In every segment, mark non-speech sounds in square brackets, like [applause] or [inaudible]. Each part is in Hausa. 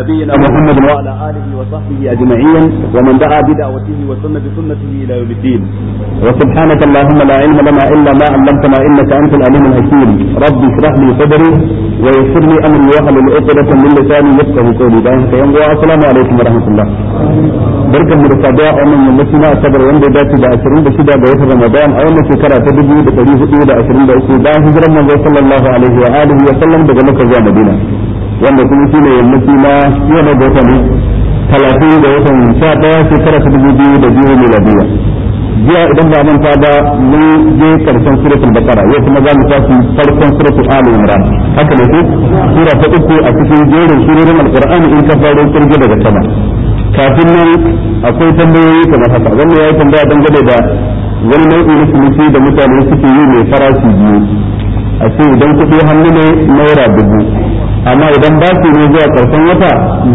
نبينا محمد وعلى آله وصحبه أجمعين ومن دعا بدعوته وسن بسنته إلى يوم الدين وسبحانك اللهم لا علم لنا إلا ما علمتنا إنك أنت العليم الحكيم رب اشرح لي صدري ويسر لي أمري واهل عقدة من لساني يفقه قولي بارك يا السلام عليكم ورحمة الله بركة من الصداع ومن أيوة من wannan yammaci na asabar wanda ya dace da 26 او watan Ramadan a wannan shekara ta 2423 bayan hijirar manzo sallallahu alaihi wa alihi wa sallam daga Makka zuwa wanda kuma shi ne yammaci na yau da watan talatin da watan sha ɗaya shekara ta dubu biyu da biyu miladiya jiya idan ba manta ba mun je karshen suratul bakara yau kuma za mu tafi farkon suratul ali imran haka ne ko sura ta uku a cikin jerin surorin alqur'ani in ka faro kirge daga sama kafin nan akwai tambayoyi kamar haka wannan yayi tambaya dangane da wani nau'i na sulusi da mutane suke yi mai farashi biyu a ce idan kuɗi hannu ne naira dubu amma idan ba su ne zuwa karshen wata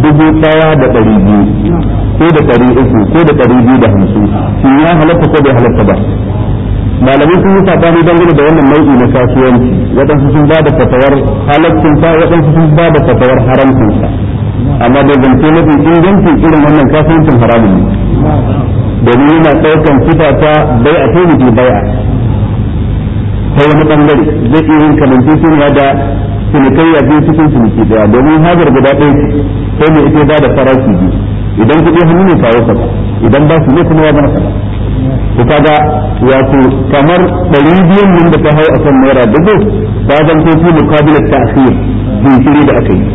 dubu daya da ɗari biyu ko da ɗari uku ko da ɗari biyu da hamsin sun ya halatta ko bai halatta ba malamai sun yi sabani dangane da wannan nau'i na kasuwanci waɗansu sun ba da fatawar halaccinsa waɗansu sun ba da fatawar haramcinsa amma da zance mafi ingancin irin wannan kasuwancin haramun ne domin yana ɗaukan fita ta bai a taimaki bai a ta wani ɓangare zai iya yin kamantacin da a biyu cikin ciniki daya domin hajar guda ɗaya ce sai mai ita ba da farashi biyu idan kuɗi hannu ne kawo kaza idan ba su ne kuma ya zama kaza ku kaga wato kamar ɗari biyan nan da ta hau kan naira dubu ta zanto fi mukabilar ta'khir jinkiri da aka yi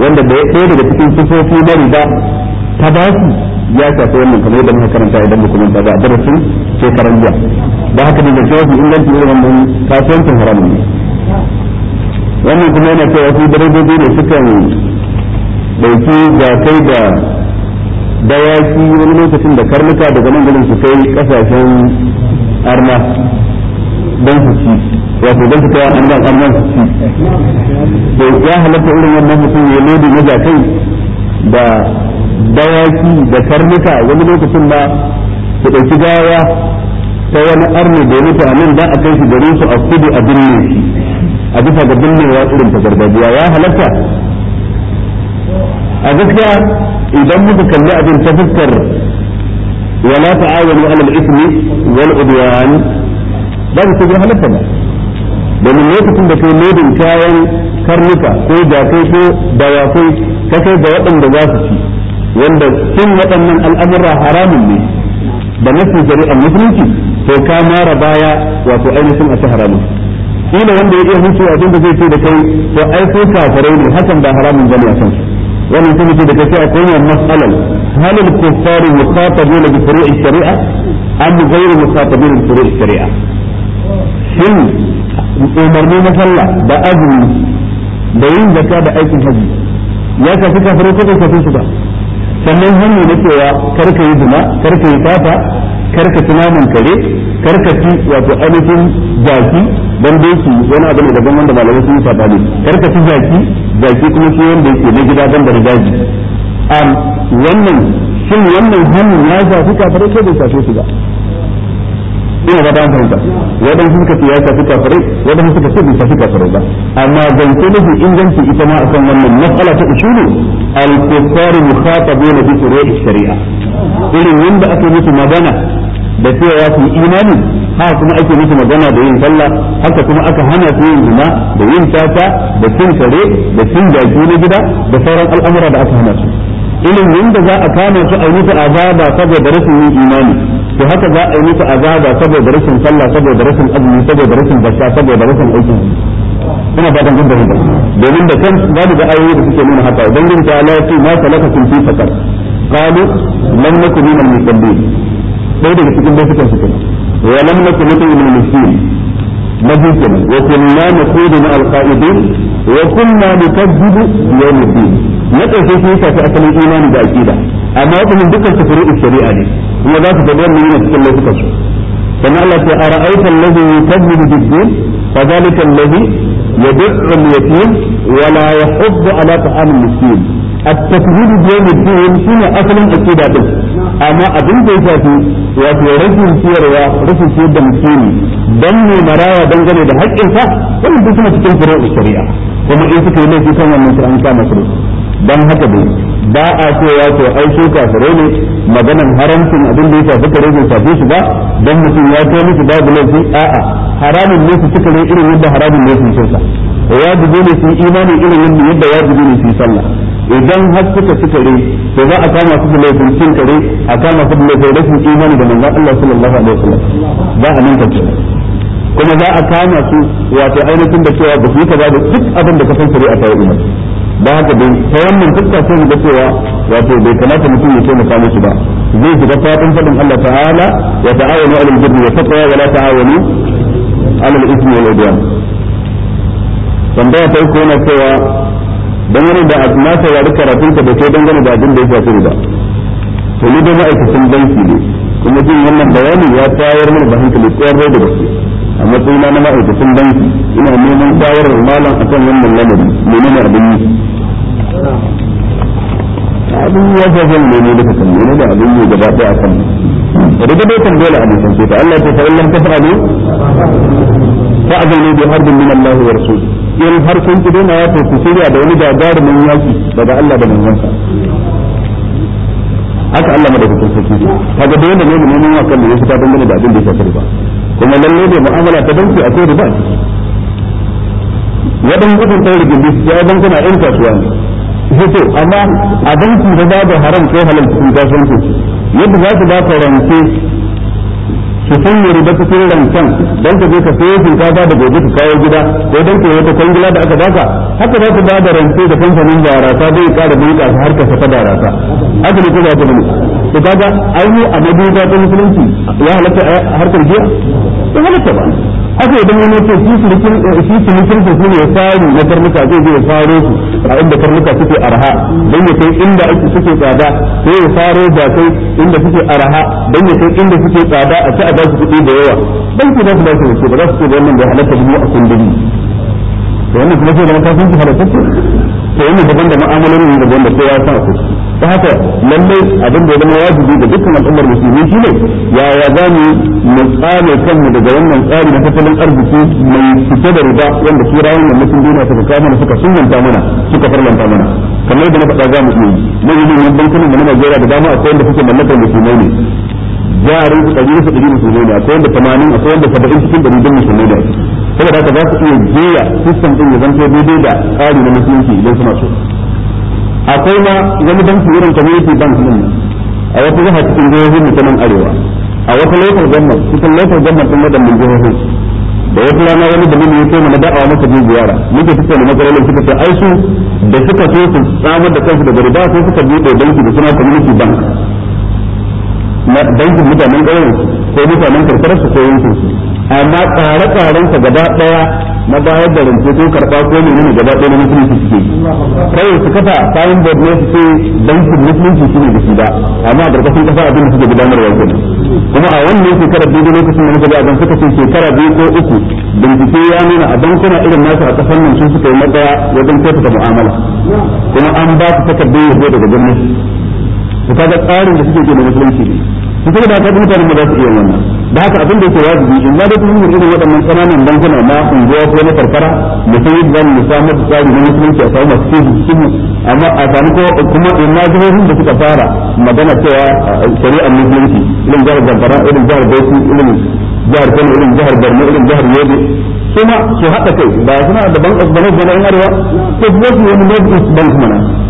wanda da ɗaya daga cikin sufofi na riba ta ba su ya shafi wannan kamar yadda muka karanta idan muka manta ba a darasin shekaran jiya da haka da zance wasu inganci irin wannan kasuwancin haramun ne wannan kuma yana cewa su darajoji ne sukan dauki kai da dawaki wani lokacin da karnuka daga nan gudun su kai kasashen arna don su ci wato don su kai arna arna su ci to ya halatta irin wannan mutum ya lodi na kai da dawaki da karnuka wani lokacin ba su ɗauki gawa ta wani arni da ya mutu a nan da a kai su gare su a kudu a binne shi a bisa ga binnewa irin ta gargajiya ya halatta a gaskiya idan muka kalli abin ta fuskar wala ta'awanu alal ismi wal udwan ba ku ga halatta ba domin lokacin da kai lodin kayan karnuka ko jakai ko dawakai ka kai ga waɗanda za su ci wanda sun waɗannan al'amura haramun ne da nufin shari'ar musulunci to ka mara baya wato ainihin a ta haramun kila wanda ya iya mutu abin da zai ce da kai to ai sai kafirai ne hakan ba haramun bane a kansu wannan sai mutu da kai akwai wannan mas'alan hal al kuffaru muqatabuna bi furu'i shari'a am ghayru muqatabuna bi furu'i shari'a shin umarni na sallah da azumi da yin zakka da aikin haji ya kafi kafirai ko kafi su ba sannan hannu na cewa karka yi zina karka yi fata karka ci kare karka ci wato ainihin jaki dan doki wani abu ne daban wanda malamai sun saba ne kar ka ci zaki zaki kuma shi wanda yake na gida ban da daji am wannan shin wannan hannu ya zafi kafirai ko bai shafe su ba ina ba da fahimta wadan suka ce ya shafi kafirai wadan suka ce bai shafi kafirai ba amma zance mafi inganci ita ma akan wannan mas'ala ta usulu al-kuffar mukhatabuna bi shari'a irin wanda aka musu magana da cewa yi imani haka kuma ake musu magana da yin sallah haka kuma aka hana su yin zina da yin tata da cin kare da cin jaki na gida da sauran al'amura da aka hana su irin da za a kama su a yi musu azaba saboda rashin yin imani to haka za a yi musu azaba saboda rashin sallah saboda rashin azumi saboda rashin zakka saboda rashin aikin ina fatan kun fahimta domin da kan babu da ayoyi da suke nuna haka ubangiji ta Allah ya ce ma salaka kun fi sakar qalu lam nakun min al-musallin ɗaya daga cikin bafukan su kenan wa lam nakum nut'imul miskin na biyu kenan wa kunna naqudu ma al-qa'idin wa kunna nukazzibu bi yawmiddin na ƙarshe shi yasa asalin imani da aqida amma wannan dukkan su furu'u shari'a ne kuma za su ga wannan yana cikin laifukan su كما قالت أرأيت الذي يكذب بالدين فذلك الذي يدع اليتيم ولا يحض على طعام المسكين التكذيب بيوم الدين هنا أصلا أكيد به amma abin da ya shafi wato rashin ciyarwa rashin ciyar da miskini dan mai maraya dangane da haƙƙinsa wani duk suna cikin furu'u shari'a kuma in suka yi laifi kan wannan shari'a an kama su haka dai ba a cewa to ai su kafirai ne maganan haramcin abin da ya shafi kare bai shafi su ba dan mutum ya kai musu babu laifi a'a haramun ne su suka ne irin yadda haramun ne su ya wajibi ne su imani irin yadda wajibi ne su sallah idan har suka ci to za a kama su da laifin cin kare a kama su da laifin rashin imani da manzon Allah sallallahu alaihi wasallam ba a nan kace kuma za a kama su wato ainihin da cewa ba su yi kaza da duk abin da ka san shari'a ta yi ba haka dai ta wannan fuska sai ga cewa wato bai kamata mutum ya taimaka musu ba zai shiga fatan fadin Allah ta'ala ya ta'awanu alal birri wa taqwa wa la ta'awanu alal ismi wal udwan tambaya ta uku yana cewa dangane da na saurari karatun ka da ke dangane da abin da ya shafi riba to ni dai ma'aikacin banki ne kuma jin wannan bayani ya tayar mana da hankali tsayar da gaske a matsayina na ma'aikacin banki ina neman shawarar malam akan wannan lamari menene abin yi abin ya ga zan ne ne duka tambaye da abin ne gaba daya akan da dai tambaye da abin san ta Allah ya ce fa illam tafa'alu fa azanu bi harbin min Allah wa rasul in har kun ki dena ya ku shirya da wani gagarumin yaki daga Allah da manzansa haka Allah ma da madaukakin sarki kaga da yanda ne mu neman wa kallon yasu ta dangane da abin da ya shafi riba kuma lalle da mu'amala ta banki akwai riba wadan gudun tsarin gindi ya dan kana yan kasuwa ne hoto amma abinci da da haram ko halal cikin kasuwanci yadda za su ba ka rance su san ya riba cikin rancen don ka je ka sayo shinkafa da gobe ka kawo gida ko don ka wata kwangila da aka baka haka za su ba da rance da kamfanin barasa zai kara bunƙasa ka ta barasa haka ne ko ba ta to kaga aini a maduba ta musulunci ya halatta harkar giya ya halatta ba idan wani shi sulukin shi sulukin ne ya na karnuka zai zai ya faro su a inda karnuka suke arha dan ya kai inda ake suke tsada sai ya faro da kai inda suke arha dan ya kai inda suke tsada a ci a ba su kuɗi da yawa dan ku da su ba su ba za su ce wannan halatta a kundin da wannan kuma sai da matakin ki halattacce to wannan daban da ma'amalar da wanda kowa sa ku ta haka lalle abin da ya zama wajibi da dukkan al'ummar musulmi shine ya ya zamu mu tsare kanmu daga wannan tsari na tattalin arziki mai cike da riba wanda turawan da mutum duniya suka kawo mana suka sunanta mana suka farlanta mana kamar da na faɗa za mu iya yi na yi ne bankunan da na Najeriya da dama akwai wanda suke mallakar musulmai ne yaran su ɗari bisa ɗari musulmai ne akwai wanda tamanin akwai wanda saba'in cikin ɗari don musulmai ne saboda haka za su iya jeya sistem ɗin ya zanto daidai da tsari na musulunci idan suna so akwai ma wani banki irin community bank ɗin a wata jiha cikin jihohin mutanen arewa a wata local government cikin local government ɗin waɗannan jihohin da wata rana wani da ya kai mana da'awa maka jin ziyara muke fito da matsalolin suka ce ai su da suka so su samar da kansu daga riba sai suka buɗe banki da suna community bank na dangin mutanen ƙauyen ko mutanen karkarar su ko yankin su amma tsare-tsaren sa gaba daya na bayar da rance ko karba ko ne gaba daya na musulunci suke kai su kafa sayin board ne su ce bankin su ne da shi ba amma karkashin kasa abin da suke da kenan kuma a wannan shekarar daidai lokacin da muka ga abin suka ce shekara biyu ko uku bincike ya nuna a bankuna irin nasu a kasan nan sun suka yi matsaya wajen kyautata mu'amala kuma an ba su takardun yabo daga gwamnati to kaga tsarin da suke ke na musulunci ne su suka da kaga mutanen da za su iya wannan da haka abin da yake wajibi in ma da kuma yin irin waɗannan ƙananan bankuna na unguwa ko na karkara da sai yadda zamu samar da tsari na musulunci a samu masu cikin cikin amma a ko kuma in ma jihohin da suka fara magana cewa shari'ar musulunci irin jihar zamfara irin jihar bauchi irin jihar kano irin jihar borno irin jihar yobe kuma su haɗa kai ba suna da ban da na yan arewa ko kuma su yi wani nau'in bank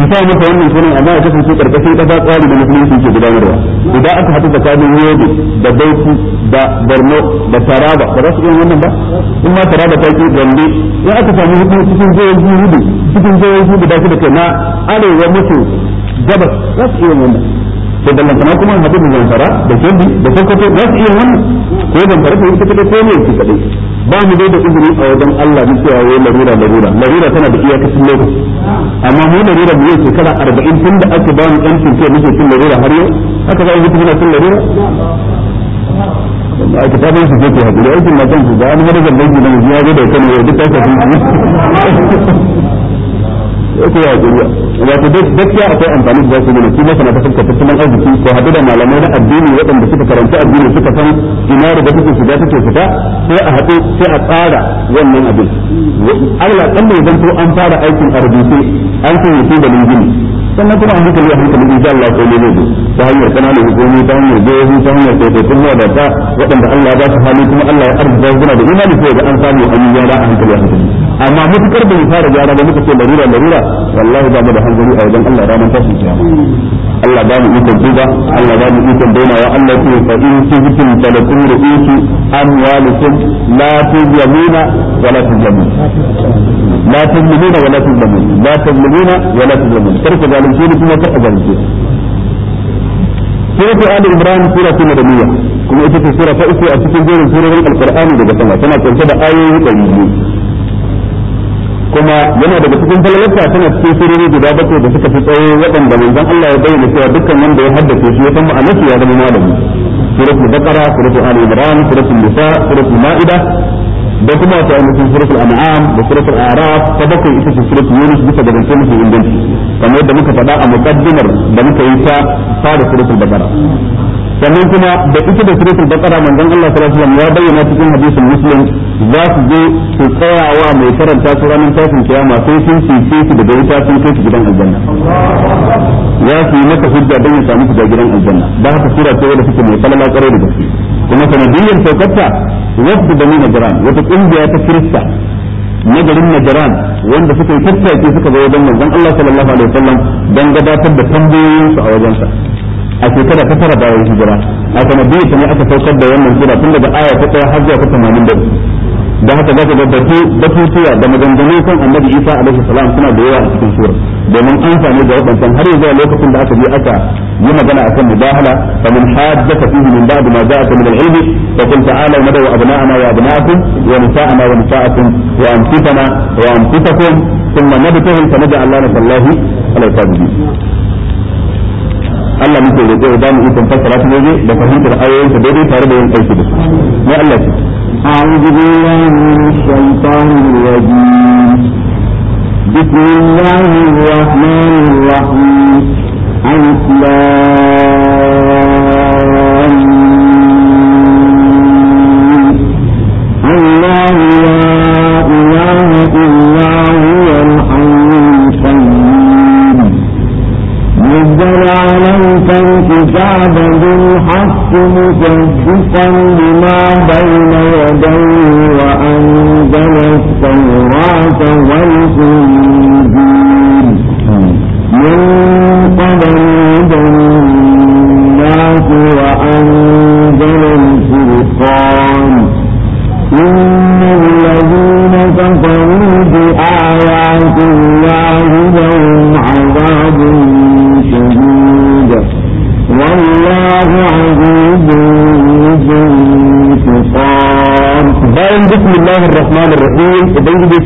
ku sa masa wannan sunan amma ya kasance karkashin kasa tsari da musulunci ke gudanarwa idan aka haɗu tsakanin yobe da bauchi da borno da taraba ba za su iya wannan ba in ma taraba ta ke gande in aka samu hudu cikin jihohi hudu cikin jihohi guda da ke na arewa maso gabas za su iya wannan da dangantana kuma hadu da zanfara da kebi da sokoto za su iya wannan ko zanfara ta yi ta kaɗai ko ne ke kadai ba mu da izini a wajen Allah mu cewa wai larura larura larura tana da iyakacin lokaci amma mu larura mu yau shekara arba'in tun da aka ba mu yancin cewa muke cin larura har yau aka za mu mutu muna cin larura a ta tafi su ke hakuri aikin na su da an har da dangi na mu ya zo da kano yau duk ta tafi ko ya guriya wato duk gaskiya akwai amfani da su ne su ne kana tafsir tattalin arziki ko hadu da malamai na addini waɗanda suka karanta addini suka san ina da take shiga take fita sai a haɗu sai a tsara wannan abin Allah kan ne zanto an fara aikin arziki an san yake da lingini sannan kuma a hankali a hankali in sha Allah ko ne zai ta hanyar kananan hukumi ta hanyar jihohi ta hanyar taifaitun mawadata waɗanda Allah ba su hali kuma Allah ya arziki arzuta suna da imani sai ga an samu an yi gyara a hankali a hankali amma mutukar da fara gyara ba muka ce larura larura wallahi ba mu da hankali a wajen Allah ranar tashin kiyama Allah ba mu ikon duba Allah ba mu ikon dainawa Allah ya ce fa in kuntum talakum ru'usu amwalukum la tuzlamuna wa la tuzlamun la tuzlamuna wa la tuzlamun la tuzlamuna wa la tuzlamun karku zalunci zalunce ni kuma kar a zalunce suratu ali imran sura ce madaniya kuma ita ce sura ta uku a cikin jerin surorin alqur'ani daga sama tana kunshe da ayoyi ɗari biyu kuma yana daga cikin falalarsa tana cikin surori guda bakwai da suka fi tsaye waɗanda manzon Allah ya bayyana cewa dukkan wanda ya haddace shi ya san ma'anarsu ya zama malami suratul baqara suratul ali imran suratul nisa suratul ma'ida da kuma ta ainihin suratul an'am da suratul araf ta bakwai ita ce suratul yunus bisa ga zance mafi inganci kamar yadda muka faɗa a muqaddimar da muka yi ta fara suratul bakara sannan kuma da ita da suratul baqara manzon Allah sallallahu alaihi wasallam ya bayyana cikin hadisin muslim za su je su wa mai karanta su ranar tashin kiyama sai sun cece su daga wuta sun kai su gidan aljanna ya su yi maka hujja don ya samu shiga gidan aljanna da haka sura ce wanda take mai falala tsare da gaske kuma sanadiyyar saukarta wasu nuna najran wata kungiya ta kirista na garin najiran wanda suka yi tattaki suka zo wajen manzon Allah sallallahu alaihi wasallam don gabatar da tambayoyinsu a wajensa a shekara ta tara bayan hijira a sanadiyar ta ne aka saukar da wannan sura tun daga aya ta tsaya har zuwa ta tamanin da da haka za ka ga batutuwa da maganganu kan annabi isa alaihi salam suna da yawa a cikin sura domin an sami ga waɗancan har yanzu a lokacin da aka je aka yi magana akan mubahala fa min haddaka fihi min ba'd ma ja'aka min al-ilm fa qul ta'ala nadu abna'ana wa abna'akum wa nisa'ana wa nisa'akum wa anfusana wa anfusakum thumma nabtahil fa naj'al lana billahi ala Allah muke roƙo ya bamu ikon fassara su daidai da fahimtar ayoyin su daidai tare da yin aiki da su ya Allah ce أعوذ بالله من الشيطان الرجيم بسم الله الرحمن الرحيم الم وفقا لما بين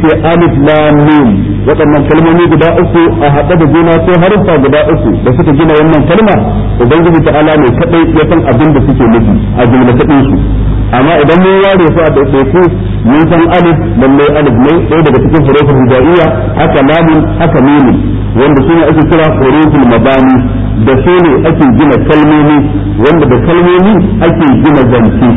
yace alif lam mim waɗannan kalmomi guda uku a haɗe da juna ko harfa guda uku da suka gina wannan kalma ubangiji ta'ala ne kadai ya san abin da suke nufi a jumla su amma idan mun ware su a ɗaiɗaiku mun san alif lallai alif ne ɗaya daga cikin hurufin hijaiya haka lamun haka mimin wanda sune ake kira hurufin mabani da su ne ake gina kalmomi wanda da kalmomi ake gina zance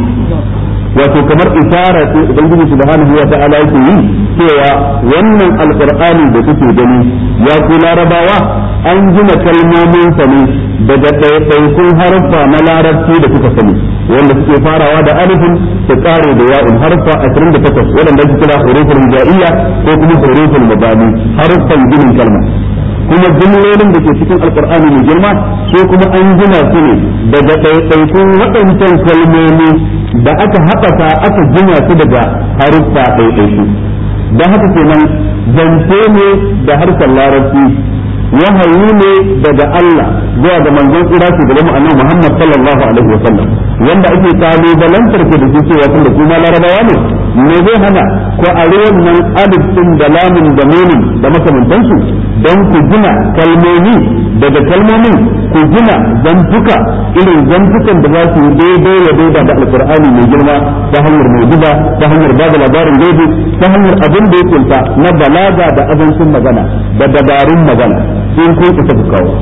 wato kamar isara ce ubangiji subhanahu wa ta'ala yake yi cewa wannan alkur'ani da kuke gani ya ku larabawa an gina kalmomin sa ne daga ɗaiɗaikun harfa na larabci da kuka sani wanda suke farawa da alifin su kare da ya'in harfa takwas waɗanda ake kira hurufun ja'iyya ko kuma hurufun mabani harfan ginin kalma kuma jimlolin da ke cikin alkur'ani mai girma su kuma an gina su ne daga ɗaiɗaikun waɗancan kalmomi da aka haɓaka aka gina su daga haruffa ɗaiɗaiku dan haka kenan zance ne da harshen larabci wahayi ne daga Allah zuwa ga manzon kira da mu annabi Muhammad sallallahu alaihi wa sallam wanda ake kalubalantar ke da cewa kun da kuma larabawa ne me zai hana ko a nan alif din da lamin da mimin da makamantansu dan ku gina kalmomi daga kalmomin ku gina zantuka irin zantukan da za su yi daidai da daida da alkur'ani mai girma ta hanyar mai mu'jiza ta hanyar ba da labarin gaibi ta hanyar abin da ya kunta na balaga da abincin magana da dabarun magana in kun isa ku kawo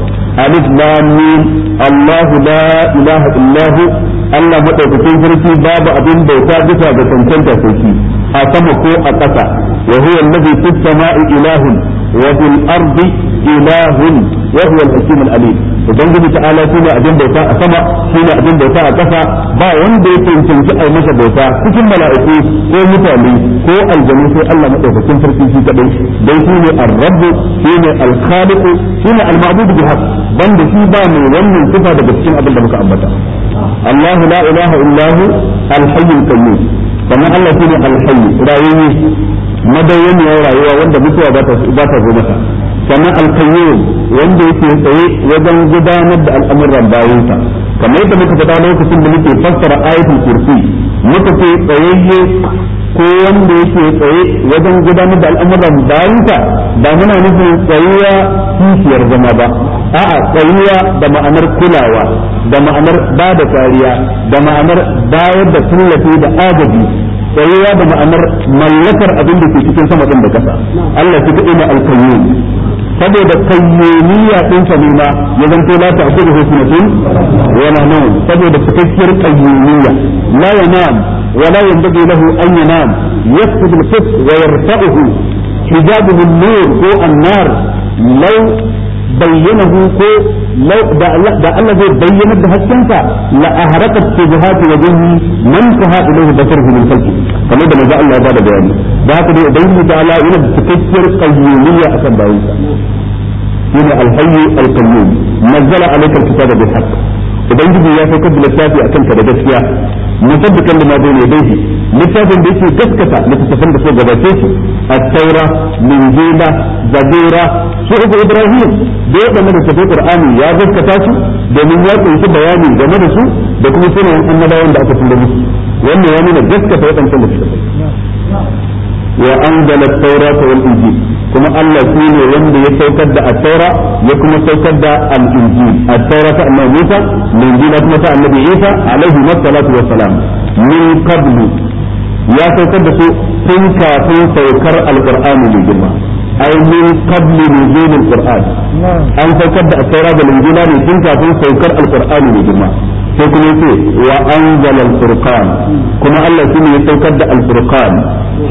alif lam mim allah la ilaha illa hu Allah madaukakin sarki babu abin bauta bisa ga cancanta sarki a sama ko a ƙasa wa huwa allazi fis sama'i ilahun wa fil ardi ilahun wa huwa al-hakim al-alim ubangiji ta'ala shine abin bauta a sama shine abin bauta a ƙasa ba wanda ya cancanci ai masa bauta cikin mala'iku ko mutane ko aljanu sai Allah madaukakin sarki shi kadai dan shine ar-rabb shine al-khaliq shine al-ma'bud bihaq banda shi ba mai wannan sifa daga cikin abin da muka ambata Allah la ilaha illa hu al Allah shine al rayuwa madawwamiyar rayuwa wanda mutuwa ba ta zo masa sana alkayyum wanda yake tsaye wajen gudanar da al'amuran bayansa kamar yadda muka faɗa lokacin da muke fassara ayatul kursi muka ce tsayayye ko wanda yake tsaye wajen gudanar da al'amuran bayansa ba muna nufin tsayuwa kishiyar zama ba a'a tsayuwa da ma'anar kulawa da ma'anar ba da kariya da ma'anar bayar da tallafi da agaji tsayuwa da ma'anar mallakar abin da ke cikin sama din da kasa Allah shi kaɗai da alkayyum saboda kayyoniya din sa ne ma ya zanto la ta'khudhu husnatun wa la nawm saboda cikakkiyar kayyoniya la nam wa la yanbaghi lahu an yanam yaqtud al-qist wa yarfa'uhu hijabu an-nur ko annar nar law بينه كو لو ده الله ده الله زي بين ده حسنسا لا اهرقت شبهات وجهه من تها اليه بصره من خلقه كما ده مزا الله بعد بيان ده كده بين تعالى الى تفكر قيوميه اكبر باين هنا الحي القيوم نزل عليك الكتاب بالحق ubangiji ya saukar da littafi a kanta da gaskiya da lima bayna yadayhi littafin da yake gaskata littafin da suka gabace shi at-taura linjila zabura suhuf ibrahim da ya da tafi qur'ani ya gaskata su domin ya kunshi bayani game da su da kuma sunan annabawan da aka tunda musu wannan ya nuna gaskata wadannan da suka wa anzala at-taurata wal injil kuma Allah shi ne wanda ya saukar da at-taura ya kuma saukar da al-injil at-taura ta annabi Musa injil kuma ta annabi Isa alaihi wassalatu wassalam min qablu ya saukar da su tun kafin saukar al-qur'ani mai girma ai min qabli nuzul al-qur'an an saukar da at-taura da injil ne tun kafin saukar al-qur'ani mai girma sai kuma yace wa anzala al-furqan kuma Allah shine ya saukar da al-furqan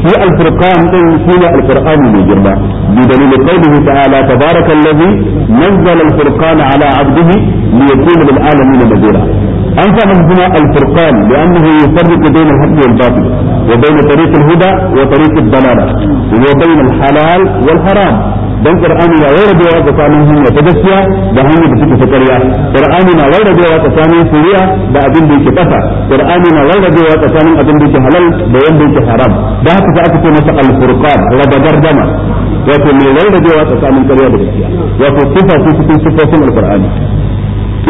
shi al-furqan din shine al-qur'ani mai girma bi dalilin qawlihi ta'ala tabarakallazi nazzala al-furqan ala 'abdihi liyakuna lil alamin nadira an sa masa suna al-furqan li'annahu yufarriqu bayna al-haqqi wal batil wa bayna tariq al-huda wa tariq ad-dalala wa bayna al-halal wal haram dan qur'ani da rarrabewa tsakanin hanya ta gaskiya da hanya da take ta ƙarya qur'ani na rarrabewa tsakanin shari'a da abin da yake kafa qur'ani na rarrabewa tsakanin abin da yake halal da wanda yake haram da haka sai aka ce masa al-furqan rabagar dama wato mai rarrabewa tsakanin ƙarya da gaskiya wato sifa su cikin sifofin al-qur'ani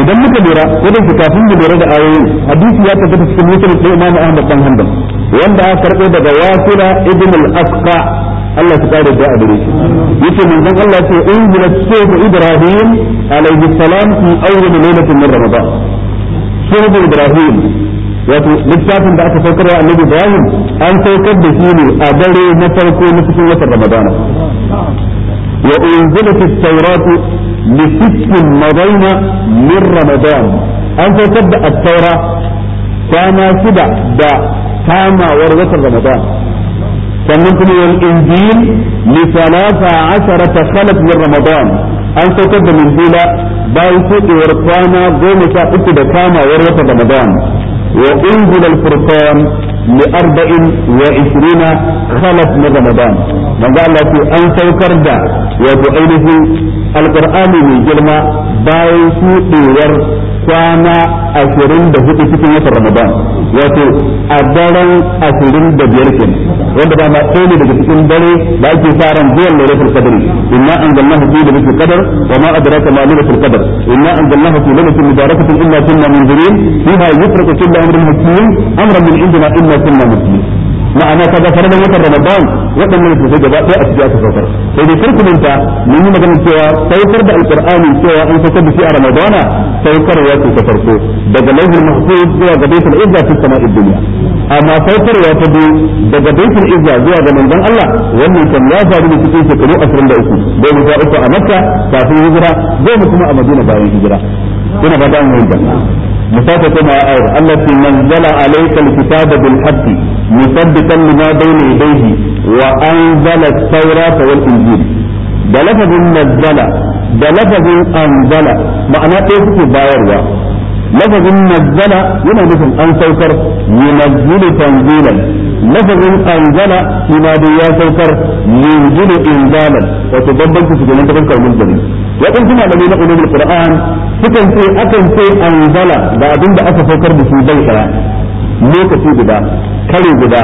idan muka lura wadansu kafin mu lura da ayoyin hadisi ya tabbata cikin musulun da imamu ahmad dan hanbal wanda aka karbo daga wasila ibn al-asqa Allah ta kare da abure shi yace manzon Allah ce unzila sura Ibrahim alayhi salam fi awwal laylatin min Ramadan sura Ibrahim wato littafin da aka saukar wa Annabi Ibrahim an saukar da shi ne a dare na farko na cikin watan Ramadan wa unzilat at-taurat li sittin madayna min Ramadan an saukar da at-taura kwana shida da kamawar watan Ramadan sannan kuma wal injil li salasa asharata khalaf min ramadan an saukar da injila bayan kodewar kwana goma sha uku da kamawar wata ramadan wa unzil al li arba'in wa ishrina khalaf min ramadan manzo Allah ce an saukar da wato ainihin alqur'ani mai girma bayan kodewar kwana ashirin da hudu cikin wata ramadan wato a daren ashirin da biyar ke wanda ba ma ɗaya daga cikin dare da ake sa ran zuwan lailatul qadr inna hafi da nufin kadar wa ma adraka ma lailatul qadr inna an anzalnahu fi lailatul mubarakatin inna kunna munzirin fiha yufraku kullu amrin hakim amran min indina inna kunna muslimin ma'ana ta ga farnan watan ramadan waɗannan su sai gaba ɗaya a cikin aka saukar sai dai karku minta mun yi magana cewa saukar da alqur'ani cewa an saukar da shi a ramadana saukarwa ce ta farko daga lauhul mahfuz zuwa ga baitul izza fi sama'id dunya amma saukarwa ta biyu daga baitul izza zuwa ga manzon Allah wannan kan ya faru ne cikin shekaru uku goma sha uku a makka kafin hijira goma kuma a madina bayan hijira ina ba da mu مسافة كما آية التي نزل عليك الكتاب بالحق مصدقا لما بين يديه وأنزل التوراة والإنجيل da lafazin nazzala da lafazin anzala ma'ana ɗaya suke bayarwa lafazin nazzala yana nufin an saukar yunazzilu tanzilan lafazin anzala shi dai ya saukar yunzilu inzalan wato bambanci su kenan ta fuskar munzali waɗansu malamai na ulumul qur'an sukan ce akan ce anzala da abin da aka saukar da shi bai daya lokaci guda kare guda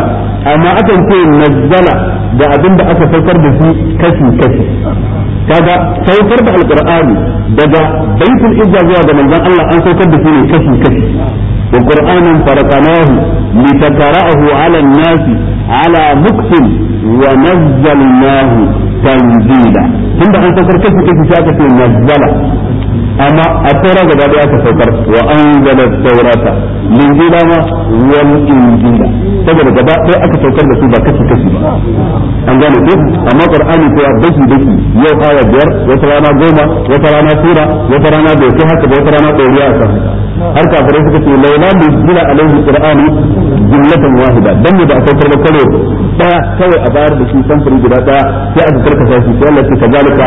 amma akan ce nazzala da abin da aka saukar da shi kashi kashi kaga saukar da alqur'ani daga baitul izza zuwa ga manzon Allah an saukar da shi ne kashi kashi وقرآنا فرقناه a على الناس على مكتب ونزلناه تنزيلا tunda an saukar kashi kashi sai aka ce nazzala amma a taura gaba da aka saukar wa anzala taurata linjila ma wal injila saboda gaba ɗaya aka saukar da su ba kashi kashi ba an gane ko amma qur'ani ko baki baki yau aya biyar wata rana goma wata rana sura wata rana bai kai haka ba wata rana ɗoriya a kan har kafirai suka ce lai ولا نزل عليه القران جملة واحدة بل اذا اتيت بالكلمة فيا سوي ابار بشي تنفري بلا تا يا ابو تركه فاسي سؤال لك كذلك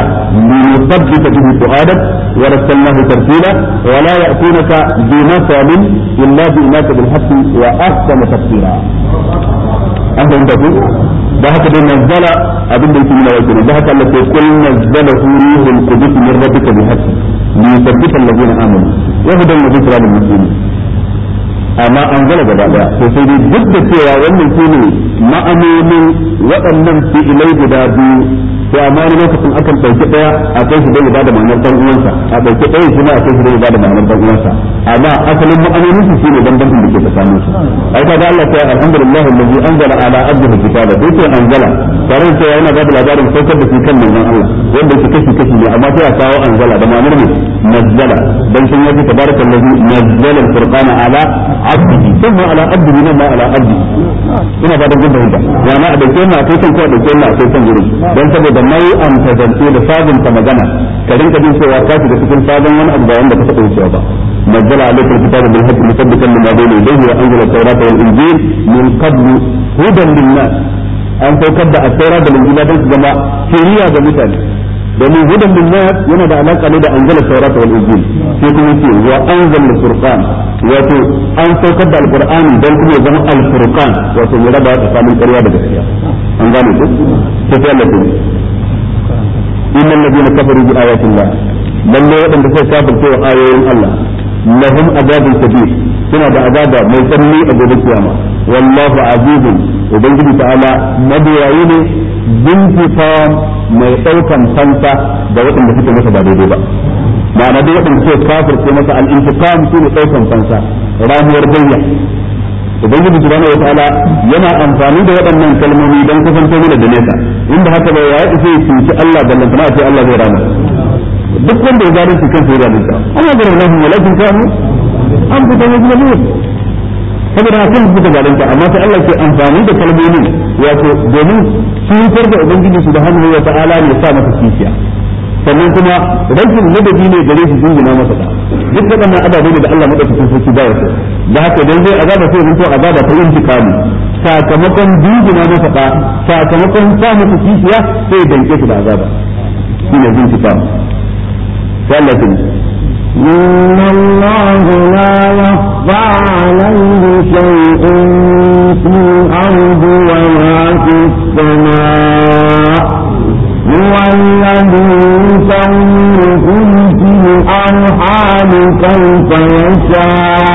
لنثبت به سؤالك ورسلناه ترتيلا ولا ياتونك بمثل الا بماك بالحق واحسن تفسيرا. انت انت تقول ده هكا نزل ابن بيت من الوزير ده هكا لك كل نزله روح القدس من ربك بالحق الذين امنوا وهدى المذكرى للمسلمين amma an gala gaba daya to sai dai duk da cewa wannan shine ma'anonin waɗannan fi'ilai guda biyu to amma wani lokacin akan ɗauki ɗaya a kai shi don bada ma'anar dan uwansa a ɗauki ɗaya kuma a kai shi don bada ma'anar dan uwansa amma asalin mu'amalin su shine bambancin da ke tsakanin su ai kaga Allah ta alhamdulillah allazi anzala ala abdihi kitaba duk ya anzala tare da yana ba da labarin saukar da shi kan manzon Allah wanda yake kashi kashi ne amma sai a kawo anzala da ma'anar ne nazzala dan sun yaji tabarakallazi nazzala alqur'ana ala abdihi thumma ala abdihi ma ala abdihi ina ba da gudunta yana a dauke ma kai kan ko a dauke na kai kan gurin dan saboda ta zance da sabon ta magana ka rinka jin cewa ka shiga cikin sabon wani abu ba wanda ka taɓa wucewa ba bil musaddiqan lima bayna نزل عليك الكتاب بالحق مصدقا لما بين يديه وانزل التوراه والانجيل من قبل هدى للناس ان توكد التوراه والانجيل بس جماعه شريعه بمثال domin hudan lin nas yana da alaka ne da anzala tawrata wal injil sai kuma ce wa anzal furqan wato an saukar da alqur'ani dan kuma ya zama alfurqan wato ya raba tsakanin ƙarya da gaskiya an gane ku sai Allah ya innal ladina kafaru bi ayati Allah lalle wadanda suka kafir wa ayoyin Allah lahum azabun kabir suna da azaba mai tsanani a gobe kiyama wallahu azizun ubangiji ta'ala mabiyayi ne bintifam mai daukan fansa da wadanda suke masa ba daidai ba ma'ana dai wadanda suka kafirce masa al-intiqam su ne daukan fansa ramuwar bayya ubangiji subhanahu wa ta'ala yana amfani da waɗannan kalmomi don kusanto mana da nesa inda haka ba ya isa ya cuci Allah ballan sana'a ce Allah zai rama duk wanda ya zalunci kansa ya zalunta amma da rahmatin walakin kanu an fita ne da saboda haka sun suka zalunta amma sai Allah ke amfani da kalmomin wato domin cutar da ubangiji subhanahu wa ta'ala ne sa masa kishiya sannan kuma rashin madadi ne gare shi jingina masa ta duk kana ababe ne da Allah madaukakin sarki ba ya so da haka dan zai azaba sai mun to azaba ta intikami sakamakon jingina masa ta sakamakon sa masa kishiya sai danke shi da azaba ne intikam sai Allah ya إن الله لا يخفى عليه شيء في الأرض ولا في السماء هو الذي يصوركم في الأرحام كيف يشاء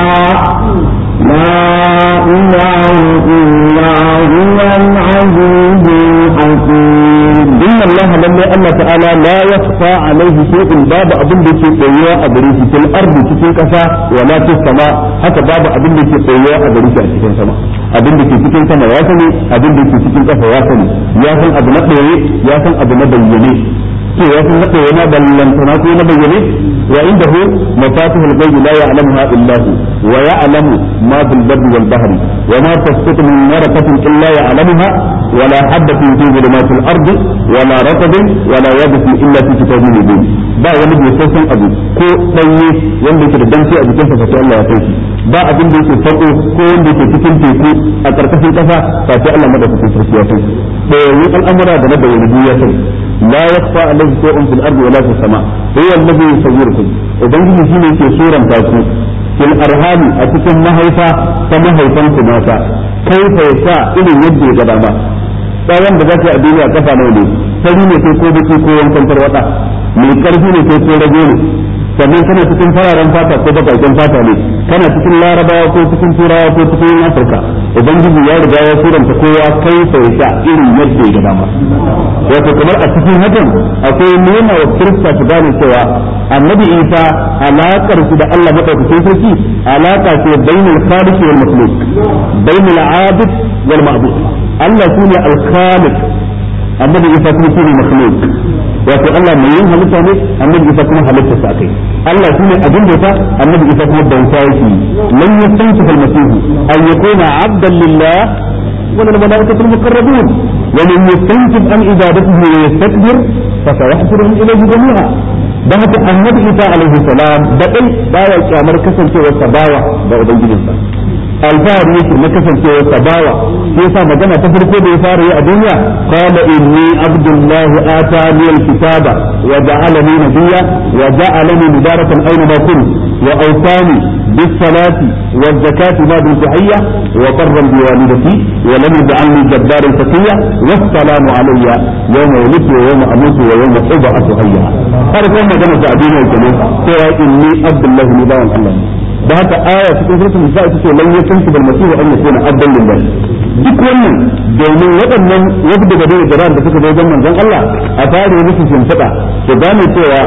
lalle Allah ta'ala la yakhfa alaihi shay'un babu abin da yake koyuwa a gare shi fil ardi cikin kasa wa la fis sama haka babu abin da yake koyuwa a gare shi a cikin sama abin da ke cikin sama ya sani abin da ke cikin kasa ya sani ya san abu na koye ya san abu na bayyane ce ya san nako yana ballantana ko na bayyane wa indahu mafatihul ghaib la ya'lamuha illa hu wa ya'lamu ma fil barri wal bahri wa ma tasqutu min waraqatin illa ya'lamuha wa la habatin fi dhulumatil ardi wa la ratbin wa la yabsin illa fi kitabin mubin ba wani busassan abu ko danye wanda yake da danci a jikinsa fa Allah ya kai ba abin da yake farko ko wanda yake cikin teku a karkashin kasa fa Allah madaukakin sarki ya kai da al'amura da na da wani ya kai لا يخفى عليه شيء في الارض ولا في السماء هو الذي يصوركم ubangiji ke suranta ku fil a cikin mahaifa ta mahaifan mata kai irin yadda ya da zaka a duniya kafa nawa ne sai ne ko biki ko yankan mai karfi ne ko ko ne sannan kana cikin fararen fata ko bakakken fata ne kana cikin larabawa ko cikin turawa ko cikin afirka ubangiji ya riga ya suranta kowa kai sai ta irin yadda ya dama wato kamar a cikin hakan akwai nuna wa kirista su gane cewa annabi isa alaƙar su da allah maɗaukakin sarki alaƙa ce bainul khaliq wal makhluq bainul abid wal ma'bud allah shine al khaliq annabi isa kuma shine makhluq wato Allah mai yin halitta ne annabi isa kuma halitta sa kai Allah shine abin da ta annabi isa kuma da bauta yake lan yastansu fil masihi an yakuna abdan lillah wa lil malaikati al-muqarrabin wa الملائكة المقربون an يستنكف wa yastakbir fa فسيحشرهم ilayhi jami'a da haka annabi isa alaihi salam da kai baya kyamar kasancewar sa bawa da ubangijinsa alfahari yake na kasancewa sa bawa sai sa magana ta farko da ya fara yi a duniya qala inni abdullahi atani alkitaba wa ja'alani nabiyya wa ja'alani mubarakan aina ma kun wa awsani bi walidati wa lam حية وبرا بوالدتي wa يجعلني alayya yawma والسلام wa yawma amutu wa yawma ويوم أبعث حيا. magana ta duniya ke ne sai inni abdullahi نبايا allah da haka aya cikin suratul nisa ita ce man masu bil masihi an yakuna abdan lillah duk wannan domin waɗannan wadda da dai da suka zo wajen manzon Allah a fare musu shimfiɗa su gane cewa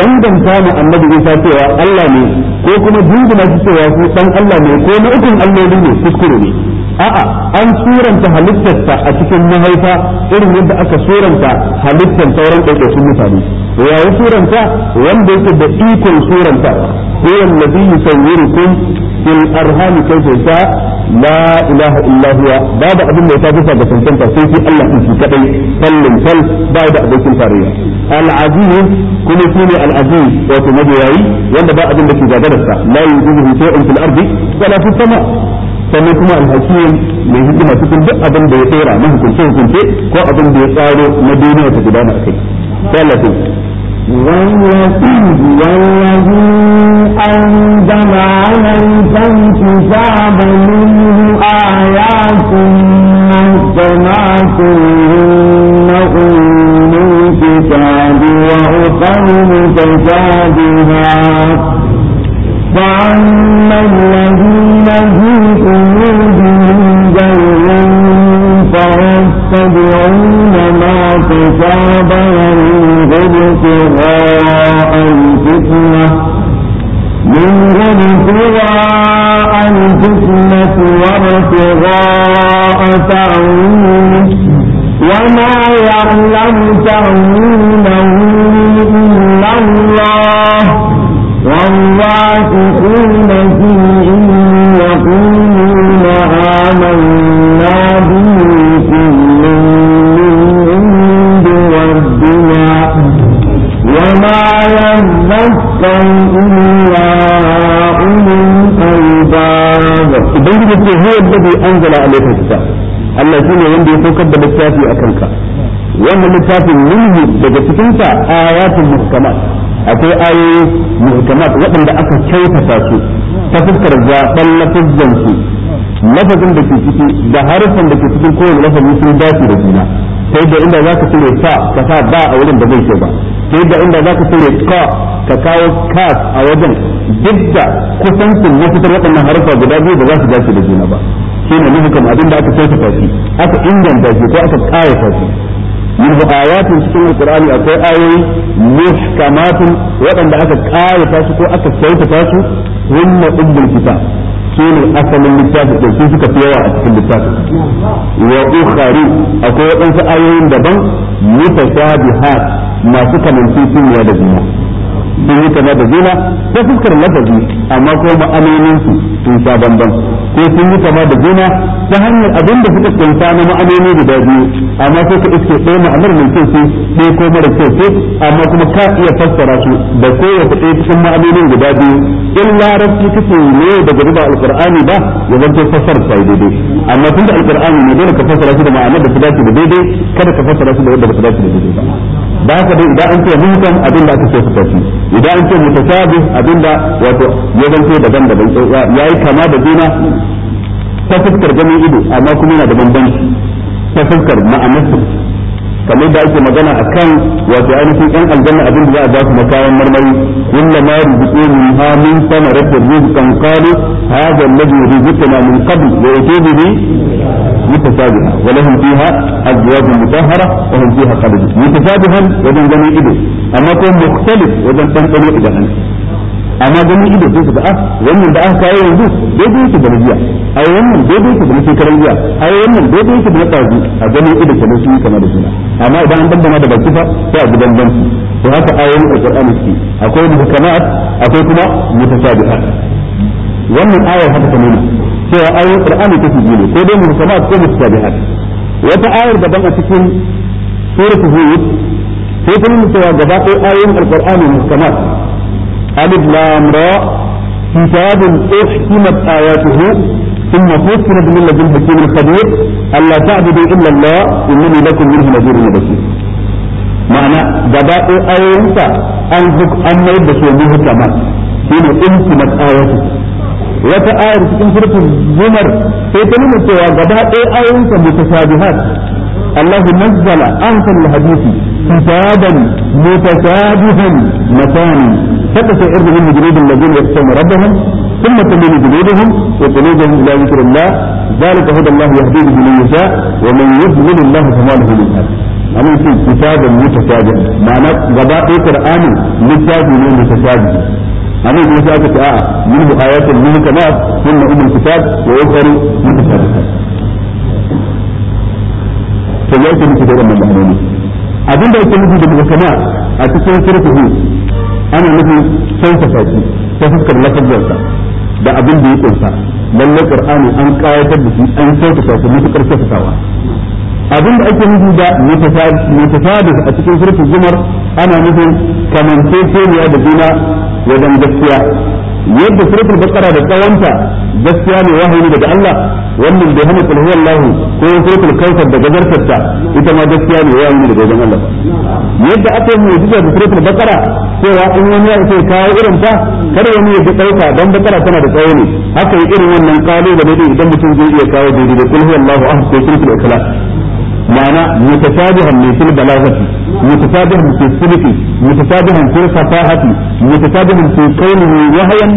danganta mu annabi Isa cewa Allah ne ko kuma dindina shi cewa su dan Allah ne ko na ukun alloli ne kuskure ne a'a an suranta halittarsa a cikin mahaifa irin yadda aka suranta halittar sauran ɗaiɗaikun mutane ya yi suranta wanda yake da ikon suranta ko wallazi yusawwirukum fil arham kayfa yasha la ilaha illa huwa babu abin da ya tafi ga tantanta sai shi Allah din shi kadai sallin sal ba da abokin tarayya al aziz kuma shine al aziz wato mabiyayi wanda ba abin da ke gagararsa la yuzihi shay'un fil ardi wala fis sama' sannan kuma alhakim mai hikima cikin duk abin da ya tsora na hukunce hukunce ko abin da ya tsaro na duniya ta gudana akai sai Allah ta والذي أنزل عليك الكتاب منه آيات محكمات هن أم الكتاب وأخر متشابهات فأما الذين في قلوبهم زيغ فيتبعون ما تشابه منه ابتغاء الفتنة منه ابتغاء الفتنة وابتغاء تأويله وما يعلم تأويله alaikum kitab Allah shine wanda ya saukar da littafi a kanka wannan littafin minhu daga cikin sa ayatul muhkamat akwai ayoyi muhkamat waɗanda aka kyautata su ta fuskar zaɓen lafazan su lafazin da ke ciki da harufan da ke cikin kowane lafazi sun dace da juna sai da inda ka cire sa ka sa ba a wurin da zai ce ba sai da inda ka cire ka ka kawo kas a wajen duk da kusancin na fitar waɗannan harfa guda biyu ba za su dace da juna ba shine abin da aka kyautata shi aka inganta shi ko aka kayata shi min ayatin cikin alqur'ani akwai ayoyi muhkamatun waɗanda aka kayata su ko aka kyautata su hunna ummul kitab su ne asalin littafi da su suka fi yawa a cikin littafin wa ukhari akwai waɗansu ayoyin daban mutashabihat masu kamancin sun da juna sun yi kama da juna ta fuskar lafazi amma ko ma'anoninsu sun sha bamban ko sun yi kama da juna ta hanyar abin da suka kunsa na ma'anoni guda biyu amma sai ka iske ɗaya ma'anar mai kyau ce ɗaya ko mara kyau ce amma kuma ka iya fassara su da kowace ɗaya cikin ma'anonin guda biyu in larabci kake ne daga riba alqur'ani ba ya zanto fassara ta daidai amma tunda alƙurani ne dole ka fassara shi da ma'anar da su dace da daidai kada ka fassara su da wanda ba ta dace da daidai ba ba haka dai idan an ce muhkam abin da aka ce su tafi idan an ce mutashabih abin da wato ya zanto daban daban yi kama da juna ta fuskar ganin ido amma kuma yana da bambanci ta fuskar ma'anarsa kamar da ake magana a kan wato ainihin yan aljanna abin da za a ba su kayan marmari kullama yarzuqu min ha min samaratin rizqan qalu هذا الذي رزقنا من قبل ويتوب به متشابها ولهم فيها أزواج مطهرة وهم فيها خالدون متشابها وجن جميع إبل أما كون مختلف وجن تنقل إذا أنت amma ganin ido sai su ga ah wannan da aka kawo yanzu daidai yake da rabiya ai wannan daidai yake da na shekarar biya ai wannan daidai yake da na tsaji a ganin ido ke sun yi da suna amma idan an dandana da baki fa sai a to haka ayoyin alqur'ani suke akwai muhkamat akwai kuma mutasabihat wannan ayar haka ta nuna cewa ayoyin qur'ani ta take biyu ko dai muhkamat ko mutabihat wata ayar daban a cikin suratul hud sai kuma nuna cewa gaba ɗaya ayoyin alqur'ani muhkamat alif lam ra كتاب أحكمت آياته ثم فسرت من لدن الحكيم الخبير ألا تعبدوا إلا الله إنني لكم منه نذير بشير ma'ana gaba ɗaya ayoyinsa an mayar da su yanzu hukama shi ne wata ayar cikin surtul zumar sai ta nuna cewa gaba ɗaya ayoyin sa mutashabihat Allah nazzala ahsan al-hadith kitaban mutashabihan matani فتح إرض da جلود yi يخشون ربهم ثم تلين جلودهم وقلوبهم إلى ذكر الله ذلك هدى الله يهدي به من يشاء ومن يضلل الله فما له من هاد amma ce kitabun mutashabi ma'ana gaba ɗaya qur'ani littafi ne mutashabi anan kuma sai aka ce a'a min hu ayatul muhkamat sunna ummul kitab wa yaqru mutashabihat to ya ce miki da wannan ma'anoni abin da yake nufi da muhkamat a cikin surfuhu ana nufin sauƙaƙa shi ta fuskar da abin da ya kunsa lalle qur'ani an kayatar da shi an sauƙaƙa shi mutukar sauƙaƙawa abin da ake nufi da mutafadi a cikin surfuhu zumar ana nufin ya da juna wajen gaskiya yadda suratul baqara da tsawonta gaskiya ne wahayi daga Allah wannan bai hana kulhu Allah ko suratul kawthar da gajartarta ita ma gaskiya ne wahayi daga wajen Allah yadda aka yi mu'jiza da suratul baqara cewa in wani ya ce kawo irin ta kada wani ya dauka dan baqara tana da tsawo ne haka yi irin wannan kalu da dai idan mutum zai iya kawo dai da kulhu Allah ahad ko suratul ikhlas معنى متشابها في البلاغة متشابها في السلك متشابها في الفصاحة متشابها في كونه وهيا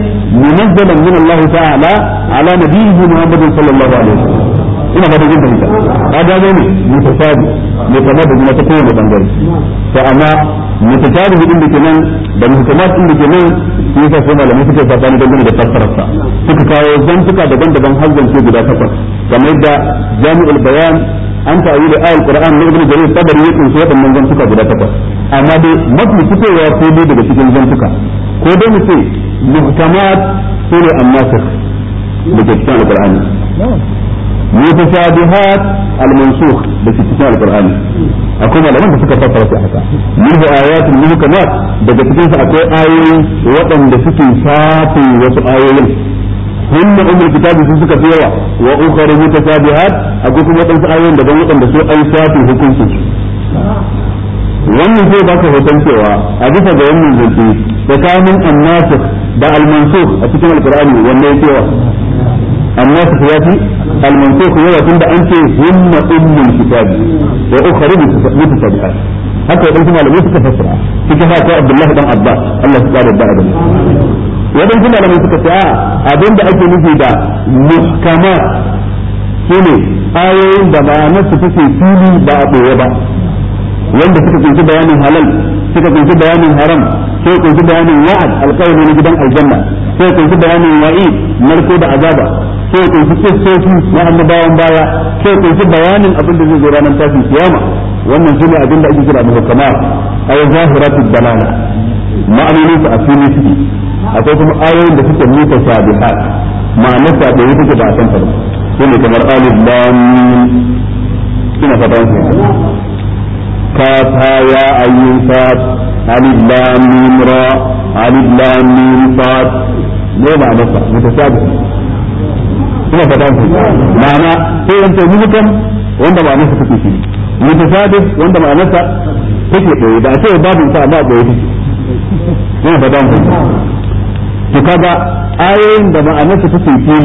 منزلا من الله تعالى على نبيه محمد صلى الله عليه وسلم ina ba da jin fahimta kaga ne ne mutasabi ne kamar da kuma ta kowane bangare to amma mutasabi din da kenan da mutasabi din da kenan sai ka sai malamai suke fasani dangane da fassararsa suka kawo zantuka daban-daban har zance guda takwas kamar da jami'ul bayan an ta'ayi da ayar Qur'an na Ibn Jarir tabari yakin sai da manzon suka guda takwas amma dai mafi fitowa ko dai daga cikin zantuka ko dai mu ce muhtamat sai amma ta da ke cikin Qur'ani mutasabihat al-mansukh da ke cikin Qur'ani akwai malaman da suka fassara su haka min da ayatul muhtamat daga cikin sa akwai ayoyi waɗanda suke safi wasu ayoyin hunna ummul kitabi su suka fi yawa a ukhra mutasabihat akwai kuma wadansu ayoyin daban wadanda su an shafe hukuncin wannan zai baka hoton cewa a bisa ga wannan zance tsakanin annasikh da almansukh a cikin alqur'ani wanda yake wa annasikh ya fi almansukh yawa tunda an ce hunna ummul kitabi wa ukhra mutasabihat haka wadansu malamai suka fassara cikin haka Abdullahi dan Abbas Allah ya kare da kuma malamai suka ce a abin da ake nufi da muskama su ne ayoyin da su take fili ba a ɓoye ba wanda suka kunshi bayanin halal suka kunshi bayanin haram sai kunshi bayanin wa'ad alƙawari na gidan aljanna sai kunshi bayanin wa'i narko da azaba sai kunshi kistoci na annabawan baya sai kunshi bayanin abin da zai zo ranar tashin kiyama wannan shine abin da ake kira muhkamat ay zahiratul dalala ma'anonin su a fili suke akwai kuma ayoyin da suke mita sabihat ma'anar sabihat take ba a san ta ba kamar alif lam ina fata ka ta ya ayyun alif lam mim ra alif lam mim ne ma'anar sa ina fata ma'ana sai mutum wanda take shi wanda take da babu sa ba fata to kaga ayoyin da ma'anarsa take fili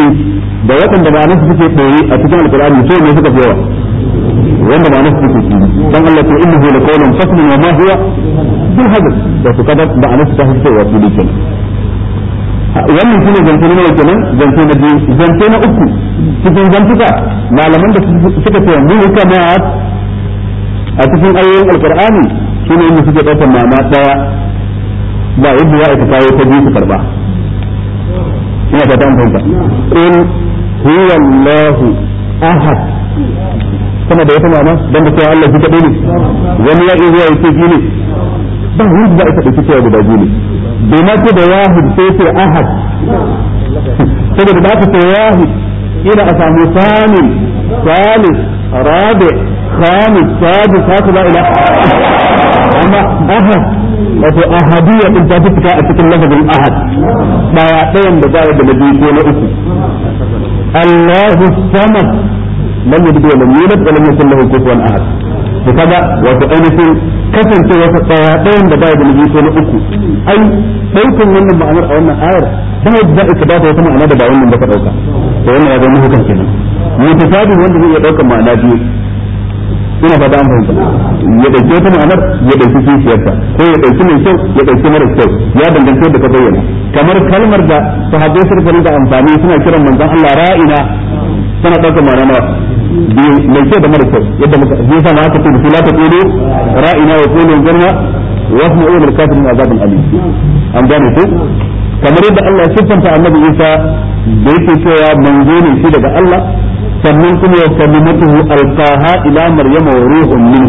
da waɗanda ma'anarsa take ɗoye a cikin alkur'ani sai ne suka yawa wanda ma'anarsa take fili dan Allah ko ta innahu laqawlan faslun wa ma huwa bil hadr da to kaga ma'anarsa ta fito wa fili kenan wannan shine zance na nan zance na biyu zance na uku cikin zantuka malaman da suka ce mu kama a cikin ayoyin alkur'ani shine inda suke ɗaukar ma'ana ɗaya ba yadda ya aika kayo ta biyu su karɓa ina ta ta fahimta in huwa Allah ahad kuma da wata mama dan da cewa Allah shi kadai ne wani ya iya zuwa yake shi ba wanda za a taɓa cewa guda biyu bai ma ce da wahid sai ce ahad saboda da aka ce wahid ila a samu sani salis rabi khamis sadis haka ba ila amma ahad wato ahadiyya din ta fita a cikin lafazin ahad daya dayan da zai da na biyu ko na uku Allahu samad lam yalid wa lam yulad wa lam yakul lahu kufuwan ahad to kaga wato ainihin kasancewa wata tsaya ɗayan da zai da na biyu ko na uku ai daukan wannan ma'anar a wannan ayar ba yadda za ka dafa wata ma'ana da ba wannan ba ka dauka to wannan ya zama hukunci ne mutasabin wanda zai iya ɗaukan ma'ana biyu ina fata an fahimta ya dauki wata ma'anar ya ɗauki kishiyarta ko ya ɗauki mai kyau ya ɗauki mara kyau ya danganta da ka bayyana kamar kalmar da sahabbai sun fara da amfani suna kiran manzon Allah ra'ina suna daukar ma'ana nawa biyu mai kyau da mara kyau yadda muka zai sa ma aka ce su la ta kudu ra'ina wa kudu janna wa asma'u lil kafirin azabun alim an gane ko kamar yadda Allah ya siffanta annabi Isa da yake cewa manzo ne shi daga Allah sannan kuma ya kalimatuhu alfaha ila maryama wa ruhun min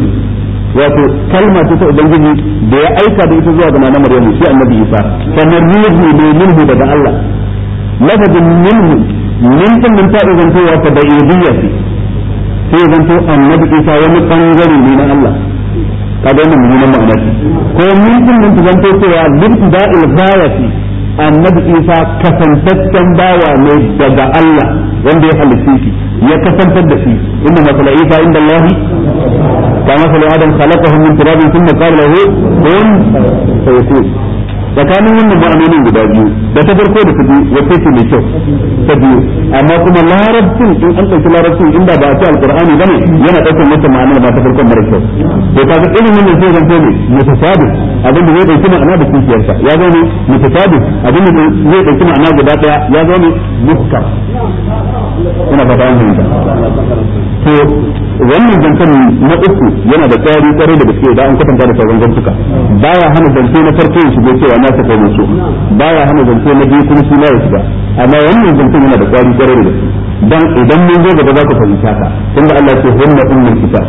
wato kalma ta ubangiji da ya aika da ita zuwa ga nana maryamu shi annabi isa sannan ruhu ne minhu daga Allah lafazin minhu min din min ta zanto wa da ibiya ce sai zanto annabi isa wani bangare ne na Allah kaga mun ma'ana ce ko min din min ta zanto cewa libda'il ghayati annabi isa kasantaccen bawa ne daga Allah wanda ya halitta shi ya kasantar da shi inda masala isa inda Allah ka masala adam khalaqahu min turabin thumma qala lahu kun fayakun tsakanin wannan ma'anonin guda biyu da ta farko da ta biyu ce mai kyau ta biyu amma kuma larabcin in an ɗauki larabcin inda ba a ce ba ne yana ɗaukar masa ma'ana ba ta farkon mara kyau to ka ga irin wannan sai zanto ne mutasabih abin da zai ɗauki ma'ana da kishiyarsa ya zo ne mutasabih abin da zai ɗauki ma'ana guda ɗaya ya zo ne muhkam ina to wannan zancen na uku yana da tsari tsare da gaske da an kwatanta da sauran zantuka baya hana zance na farko ya shigo cewa na saka musu baya hana zance na biyu kuma shi na ya shiga amma wannan zancen yana da tsari tsare da gaske dan idan mun zo gaba za ku fahimta ka tunda Allah ya ce hunna ummul kitab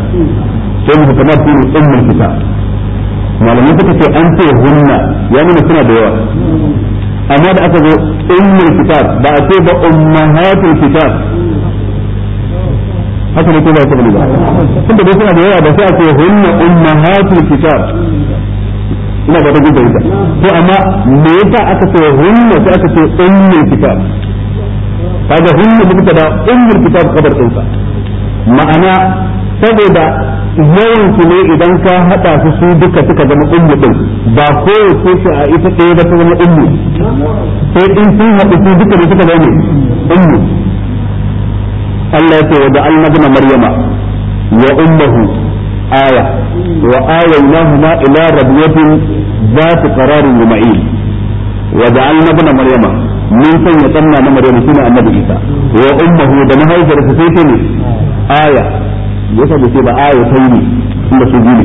sai mu kuma fi ummul kitab malamin suka ce an ce hunna ya nuna suna da yawa amma da aka zo ummul kitab ba a ce ba ummahatul kitab haka ne ko ba ku ba tunda dai suna da yawa ba sai a ce hunna ummahatul kitab ina ba ta gudda ita to amma me yasa aka ce hunna sai aka ce ummul kitab kaga hunna duka da ummul kitab kabar dinsa ma'ana saboda yawan su ne idan ka hada su su duka suka zama ummu din ba ko ko su a ita ɗaya ba ta zama ummu sai in sun hadu su duka ne suka zama ummu Allah ce wa ja'alna ibn maryama wa ummuhu aya wa awaynahuma ila rabiyatin ذات قرار ومعين وجعلنا ابن مريم من سن يتمنى مريم سنة النبي عيسى وأمه دمها يجري آية yasa da ce ba Aya sai ne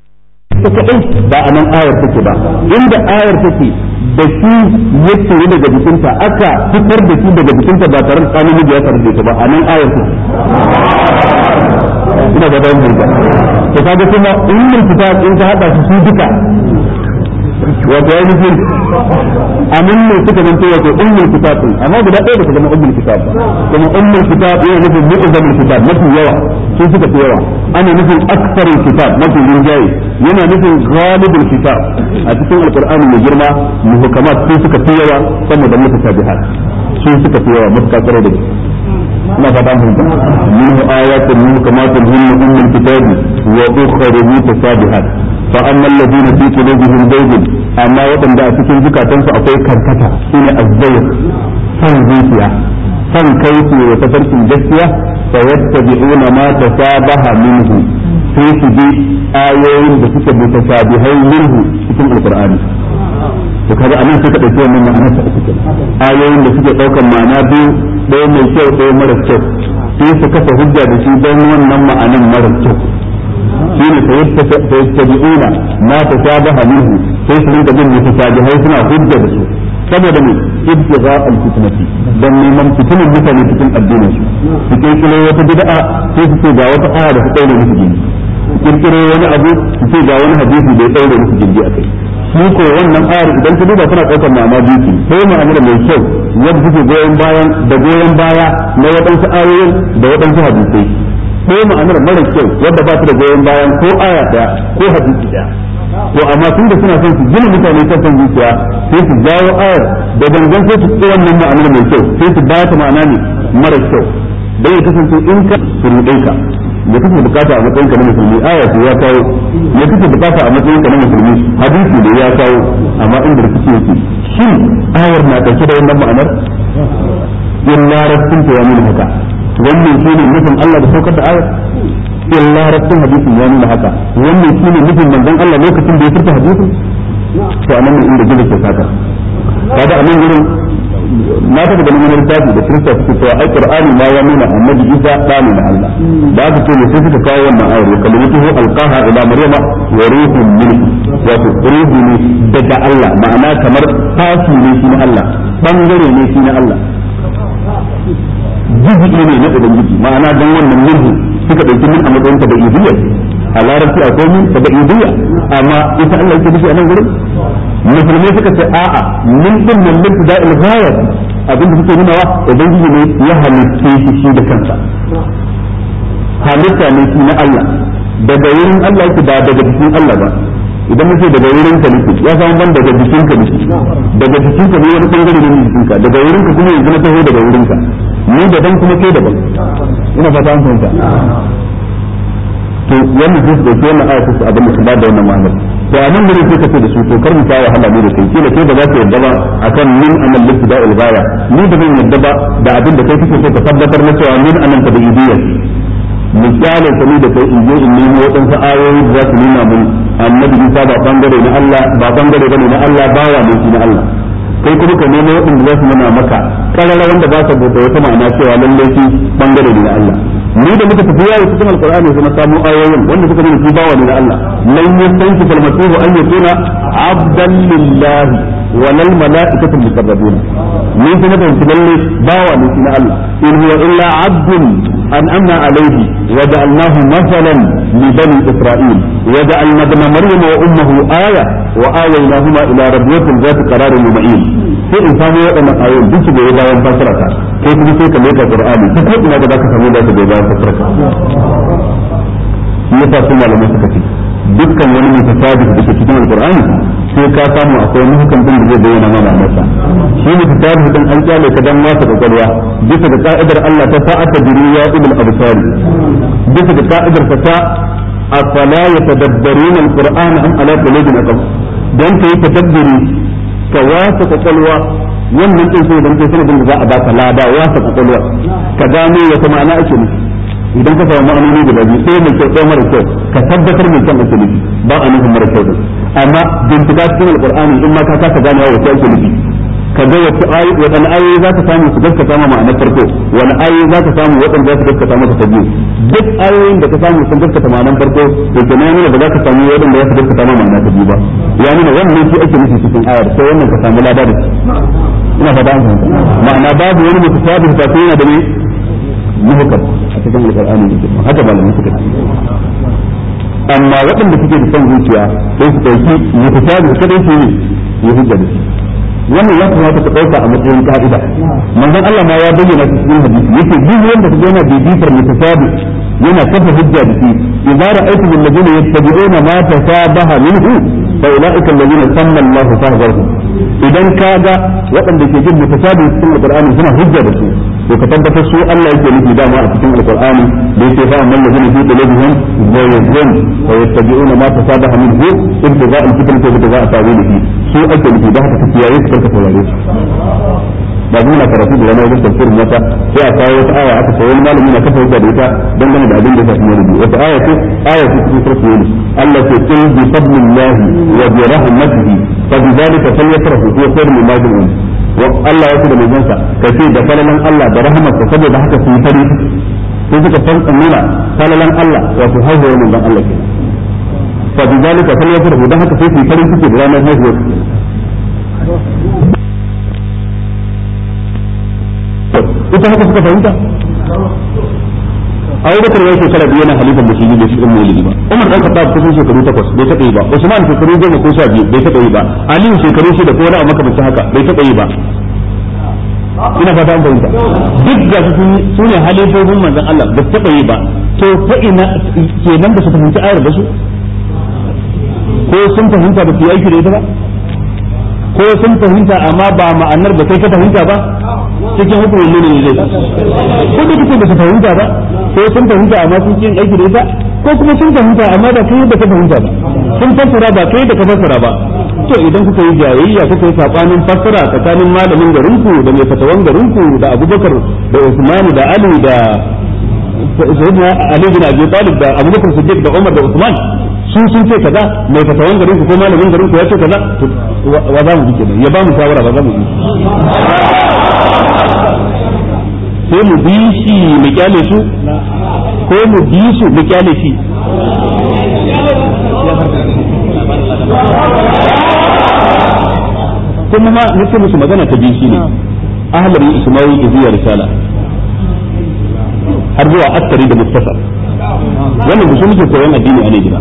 ita ba a nan ayar take ba inda ayar take da shi ya tsiri daga jikinta aka fitar da shi daga jikinta ba tare da tsanin miji ya da ta ba a nan ayar take ina da bayan jirga to kaga kuma in mun fita in ka hada su duka wato ya nufin amin ne suka zanto wato ummul kitab amma guda ɗaya da zama ummul kitab kuma ummul kitab yana nufin zama kitab mafi yawa sun suka fi yawa ana nufin aksarul kitab mafi rinjaye yana nufin galibin kitab a cikin alqur'ani mai girma mu muhkamat sun suka fi yawa sama da har sun suka fi yawa mutka kasar da ina fata mun ta min ayatun muhkamatun hunna ummul kitab wa ukhra mutashabihat fa annal ladina fi qulubihim zayd amma waɗanda a cikin zukatansu akwai karkata shine azzayg san zuciya san kai su wa tafarkin gaskiya fa yattabi'una ma tasabaha minhu sai su bi ayoyin da suke mutasabihai minhu cikin alqur'ani to kaga anan sai ka dauke wannan ma'ana ta cikin ayoyin da suke daukan ma'ana biyu ɗaya mai kyau ɗaya mara kyau sai su kasa hujja da shi don wannan ma'anan mara kyau addini fayattabi'una ما tashabaha منه sai su rinka bin mutashabihai suna hujja da su saboda ne من فتن المثل dan الدين fitinin كلا cikin addinin su cikin kilo wata bid'a sai su ce ga wata aya da ta daure hadisi da wannan ayar idan ka duba tana ɗaukar ma'ana biyu sai ma'anar mai kyau yadda take goyon bayan da goyon baya na waɗansu ayoyin da waɗansu hadisai ko ma'anar mara kyau wadda ba su da goyon bayan ko aya daya ko hadisi daya to amma tun da suna son su gina mutane kan son zuciya sai su jawo ayar da gangan sai su ko wannan ma'anar mai kyau sai su ba ta ma'ana ne mara kyau dan ya kasance in ka surudai ka ya kace bukata a matsayin ka na musulmi aya ce ya kawo ya kace bukata a matsayin ka na musulmi hadisi ne ya kawo amma inda rikici yake shin ayar na ɗauke da wannan ma'anar in larabcin ta ya nuna haka wannan shine nufin Allah da saukar da ayat illa rabbin hadisin ya nuna haka wannan shine nufin manzon Allah lokacin da ya furta hadisin to anan ne inda gida ke saka kaga anan gurin na tafi da nuna littafi da kirista suke cewa ai qur'ani ma ya nuna annabi isa dani na Allah ba aka ce ne sai suka kawo wannan ayar ya kalli tuhu alqaha ila maryama wa ruhu min wato ruhu ne daga Allah ma'ana kamar tashi ne shi na Allah bangare ne shi na Allah jizgi ne na ubangiji ma'ana dan wannan minhu suka dauki min a matsayin ta da ibiyya a larabci a komi ta da ibiyya amma ita Allah yake dashi a nan gurin musulmi suka ce a'a min din min min da ilghaya abin da suke nuna wa ubangiji ne ya halitta shi da kansa halitta ne shi na Allah daga wurin Allah yake ba daga cikin Allah ba idan muke daga wurin ka nake ya samu ban daga jikin ka nake daga jikin ka ne wani bangare ne jikin ka daga wurin ka kuma yanzu na taho daga wurin ka ni dan kuma da ban ina fata an fahimta to wannan sai da ke na aya su abin da su ba da wannan ma'anar to a nan gurin sai ce da su to kar mu kawo wahala ne da kai kila ke ba za ka yarda ba akan min amal libda al baya ni da ban yarda ba da abin da kai kake so ka tabbatar na cewa min amal tabidiyya misalin sani da kai in je in nemo waɗansu ayoyi da za su nuna mun annabi Isa ba bangare na Allah ba bangare bane na Allah bawa ne na Allah kai kuma ka nemo waɗanda za su nuna maka karara wanda ba sa da wata ma'ana cewa lallai shi bangare ne na Allah ni da muka tafi yayi cikin alqur'ani sai na samu ayoyin wanda suka nuna shi bawa ne na Allah lan yastanki falmasihu an yakuna abdan lillahi walal mala'ikatu muqarrabun ni kuma ban ci lalle wa ne na Allah in huwa illa abdun an amna alayhi wa ja'alnahu masalan li bani isra'il wa ja'alna ibn maryam wa ummuhu aya wa awaynahuma ila rabbiyatin zati qararin mu'in sai in samu wadannan ayoyin duk su goyi bayan fasaraka ka kai kuma sai ka leka qur'ani ko kuma da ka samu da ka goyi bayan fasara ka yasa su malamai suka ce dukkan wani mutasabih da ke cikin alkur'an sai ka samu akwai muhukam din da zai bayyana mana masa shi mutasabih din an kyale ka dan masa kwakwalwa bisa ga ka'idar Allah ta sa'ata ibu al absari bisa ga ka'idar ta ta afala yatadabbaruna alkur'an am ala qulubin don dan kai tadabburi ka wasa kwakwalwa wannan din sai dan kai sanadin da za a baka lada wasa kwakwalwa ka gano wata ma'ana ake nufi idan ka samu ma'anoni guda biyu ɗaya mai kyau ɗaya mara kyau ka tabbatar mai kyau ake nufi ba a nufin mara kyau amma bincika cikin alqur'ani in ma ka kasa ganewa wace ake nufi ka ga wata ayi wadanne ayoyi za ka samu su gaskata ma ma'anar farko wani ayoyi za ka samu wadanda za su gaskata maka ta biyu duk ayoyin da ka samu sun gaskata ma'anar farko da ke ne ba za ka samu wadanda za su gaskata ma ma'anar ta biyu ba ya nuna wannan shi ake nufi cikin ayar sai wannan ka samu labarin ina fata an ma'ana babu wani mutasabih ta yana da ne muhkam a cikin alqur'ani ne haka malamai suka ce amma waɗanda suke da son zuciya sai su dauki mutasabi kadai su yi ya hujja da wannan ya kamata ka ɗauka a matsayin ka'ida manzon Allah ma ya bayyana su cikin hadisi yace duk wanda kaga yana bibitar mutasabi yana kafa hujja da shi idza ra'aytum alladhina yattabi'una ma tashabaha minhu فأولئك الذين سمى الله فهجرهم إذا كاد وأن بتجد فساد في القرآن هنا هجة بسيء وكتب فسوء الله يجب لك إذا ما أتكون القرآن بيتفاع من الذين في قلوبهم لا يزرون ويتبعون ما تشابه منه ابتغاء الفتنة وابتغاء تأويله su ake da da haka kake yayi ka saurare su ba mu na karatu da wani wajen tafsirin mata sai a kawo wata aya aka wani malami na kafa da ita dangane da abin da ya shafi rubu wata aya ce aya ce cikin surat yunus Allah ke qul bi fadlillah wa bi rahmatihi fa bi dhalika falyafrahu huwa khairun mimma yajma'un wa Allah ya ce da manzansa kace da falalan Allah da rahmatsa saboda haka sun fari sai suka san nuna falalan Allah wato haihuwar manzon Allah kenan fa bi zalika fal yafrahu dan haka sai su farin ciki da ranar haihuwar ita haka suka fahimta a wani bakar yau shekara biyu yana halifan musulmi bai shirin maulidi ba umar dan khattab kusan shekaru takwas bai taɓa yi ba usman shekaru goma ko sha biyu bai taɓa yi ba aliyu shekaru shida ko wani abu makamancin haka bai taɓa yi ba ina fata an fahimta duk da su su ne halifofin manzon Allah ba taɓa yi ba to ta ina kenan ba su fahimci ayar ba su ko sun fahimta ba su yi aiki da ita ba ko sun fahimta amma ba ma'anar ba kai ka fahimta ba cikin hukumar nuna ne zai ko da kuke ba su fahimta ba ko sun fahimta amma sun yi aiki da ita ko kuma sun fahimta amma ba kai da ka fahimta ba sun fassara ba kai da ka fassara ba to idan kuka yi jayayya kuka yi sabanin fassara tsakanin malamin garinku da mai fatawan garinku da Abubakar da Usman da Ali da sayyidina ali bin abi talib da abubakar siddiq da umar da usman su sun ce kaza mai fatawan garin ku ko malamin garin ku ya ce kaza wa za mu bi kenan ya ba mu shawara ba za mu bi sai mu bi shi mu kyale su ko mu bi su mu kyale shi kuma na ce musu magana ta bi shi ne ahlar yi ismail iziya risala har zuwa aktari da mustasar wannan da su muke koyon addini a ne gida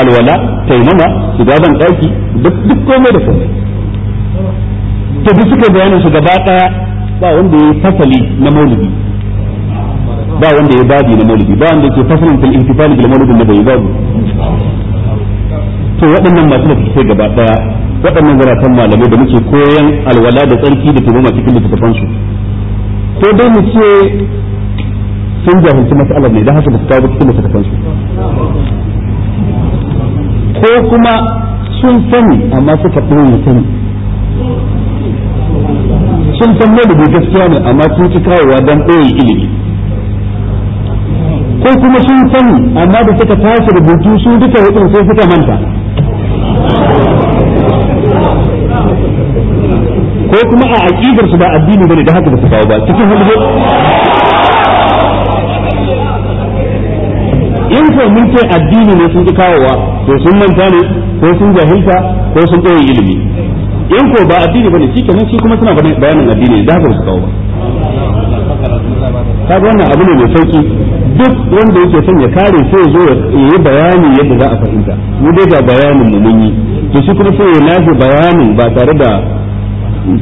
alwala taimama shiga ban daki duk komai da komai ta bi suka bayanin su gaba daya ba wanda ya fasali na maulidi ba wanda ya babi na maulidi ba wanda ke fasalin fil intifali bil maulidi da bai babu to waɗannan masu da suke gaba daya waɗannan zaratan malamai da muke koyan alwala da tsarki da taimama cikin littattafansu ko dai mu ce sun jahilci mas'alar ne da haka ba su kawo cikin littattafan su ko kuma sun sani amma suka ɓoye sani sun san ne da gaskiya ne amma sun ci kawowa don ɓoye ilimi ko kuma sun sani amma da suka tashi rubutu su duka hudun sai suka manta ko kuma a aƙidar su ba addini bane da haka da su kawo ba cikin hudu ko mun ce addini ne sun ki kawowa to sun manta ne ko sun jahilta ko sun ɗaya ilimi in ko ba addini bane shi kenan shi kuma suna bayanin addini da haka su kawo ba kaga wannan abu ne mai sauki duk wanda yake son ya kare sai ya zo ya yi bayani yadda za a fahimta mu dai ga bayanin mu mun yi to shi kuma sai ya nafi bayanin ba tare da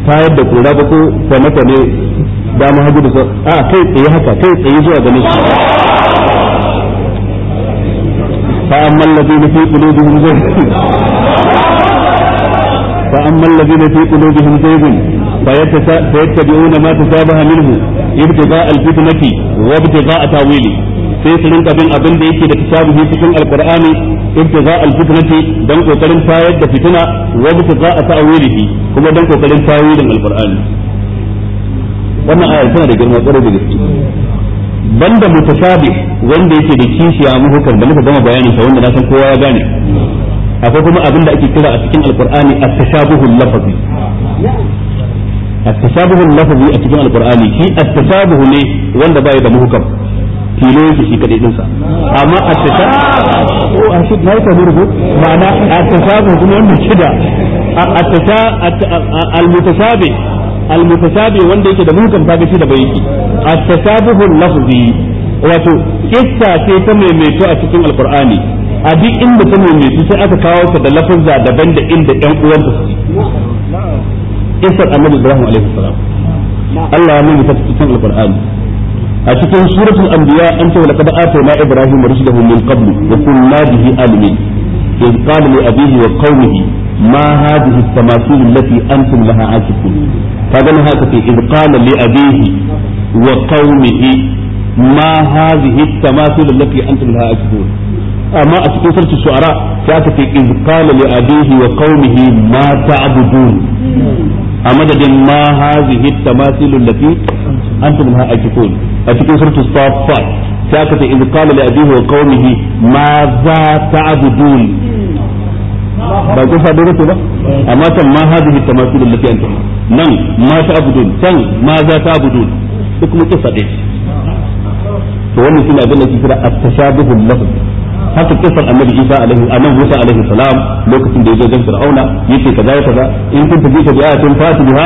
tayar da kura ba ko kwane ne da mahaji da a kai tsaye haka kai tsaye zuwa ganin shi فأما الذين في قلوبهم زيغ فأما الذين في قلوبهم زيغ فيتبعون ما تشابه منه ابتغاء الفتنة وابتغاء تاويله sai su rinka bin abin da yake da tashabuhi cikin alqur'ani ibtiza alfitnati dan kokarin tayar da fitina wa ibtiza ta'wilihi kuma dan kokarin tawilin alqur'ani wannan aya tana da girma kwarai da gaske banda mutasabi wanda yake da kishiya muhukam da muka gama bayanin sa wanda na san kowa ya gane akwai kuma abin da ake kira a cikin alqur'ani at-tashabuhul lafzi at-tashabuhul lafzi a cikin alqur'ani shi at-tashabuhu ne wanda bai da muhukam tilo yake shi kadai din sa amma at-tashabuhu a shi na ta rubu ma'ana at-tashabuhu kuma wanda shida at-tasha al-mutasabi al-mutashabi wanda yake da muhkam kaga shi da bai yake at-tashabuhu lafzi wato kissa ce ta maimaito a cikin alqur'ani a duk inda ta maimaito sai aka kawo ta da lafazza daban da inda ɗan uwanta su kissar annabi ibrahim alaihi salam Allah ya nuna ta cikin alqur'ani a cikin suratul anbiya an ce laqad atayna ibrahim rusulahu min qablu wa kunna bihi alimin إذ قال لأبيه وقومه ma hadhihi tamathil allati antum laha akifun kaga nan haka ce id qala li abihi wa qaumihi ma hadhihi tamathil a cikin sarki shu'ara sai aka ce iz qala ma ta'budun a madadin ma hazihi tamasilu laha akifun a ba ko fa dole ba amma can ma hadhihi tamathil allati antum nan ma ta'budun can ma za ta'budun duk mu kisa dai to wannan shine abin da ke kira at-tashabuhul lafzi haka kisan annabi Isa alaihi annabi Musa alaihi salam lokacin da ya je ga Fir'auna yace kaza kaza in kun ka bi ayatin fatiha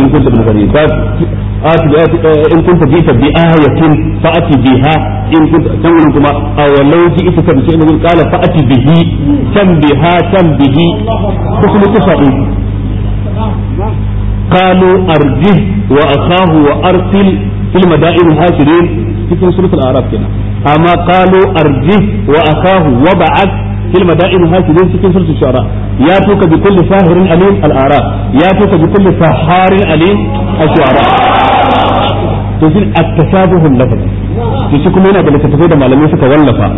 إن كنت من الغني إن كنت جئت بآية فأتي بها إن كنت تقول كما أو لو جئتك بشيء قال فأتي به كم بها كم به حكم تسعين قالوا أرجه وأخاه وأرسل في المدائن الهاشرين في سورة الأعراف كده أما قالوا أرجه وأخاه وبعث fil madaini hakidin cikin surtu shu'ara ya tuka bi kulli sahirin alim al'ara ya tuka bi kulli saharin alim ashu'ara to shi at-tashabuhul lafzi to shi kuma yana da littattafai da malamai suka wallafa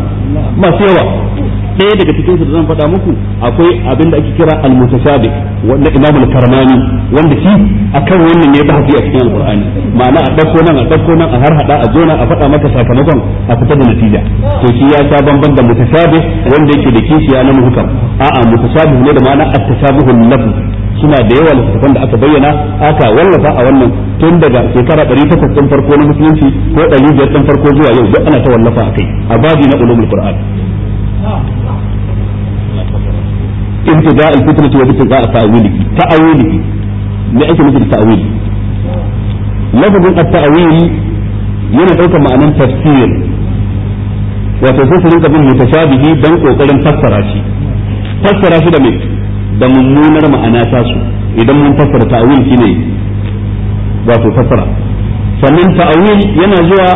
masu ɗaya daga cikin da zan faɗa muku akwai abin da ake kira al wanda imamul karmani wanda shi akan wannan ne bahasi a cikin alqur'ani ma'ana a dauko nan a dauko nan a har hada a jona a faɗa maka sakamakon a fita da natija to shi ya ta bamban da mutasabih wanda yake da kishiya na muhkam a'a mutasabih ne da ma'ana at-tashabuhu lafzi suna da yawa littattafan da aka bayyana aka wallafa a wannan tun daga shekara 800 ɗin farko na musulunci ko 500 ɗin farko zuwa yau duk ana ta wallafa a kai a babi na ulumul qur'an ibtiga al wa ibtiga ta'wilihi ta'wilihi me ake nufi da ta'wili lafazin at-ta'wil yana daukar ma'anan tafsir wato sai su rinka bin mutashabihi dan ƙoƙarin fassara shi fassara shi da me da mummunar ma'ana ta su idan mun fassara ta'wil shine wato fassara sannan ta'wil yana zuwa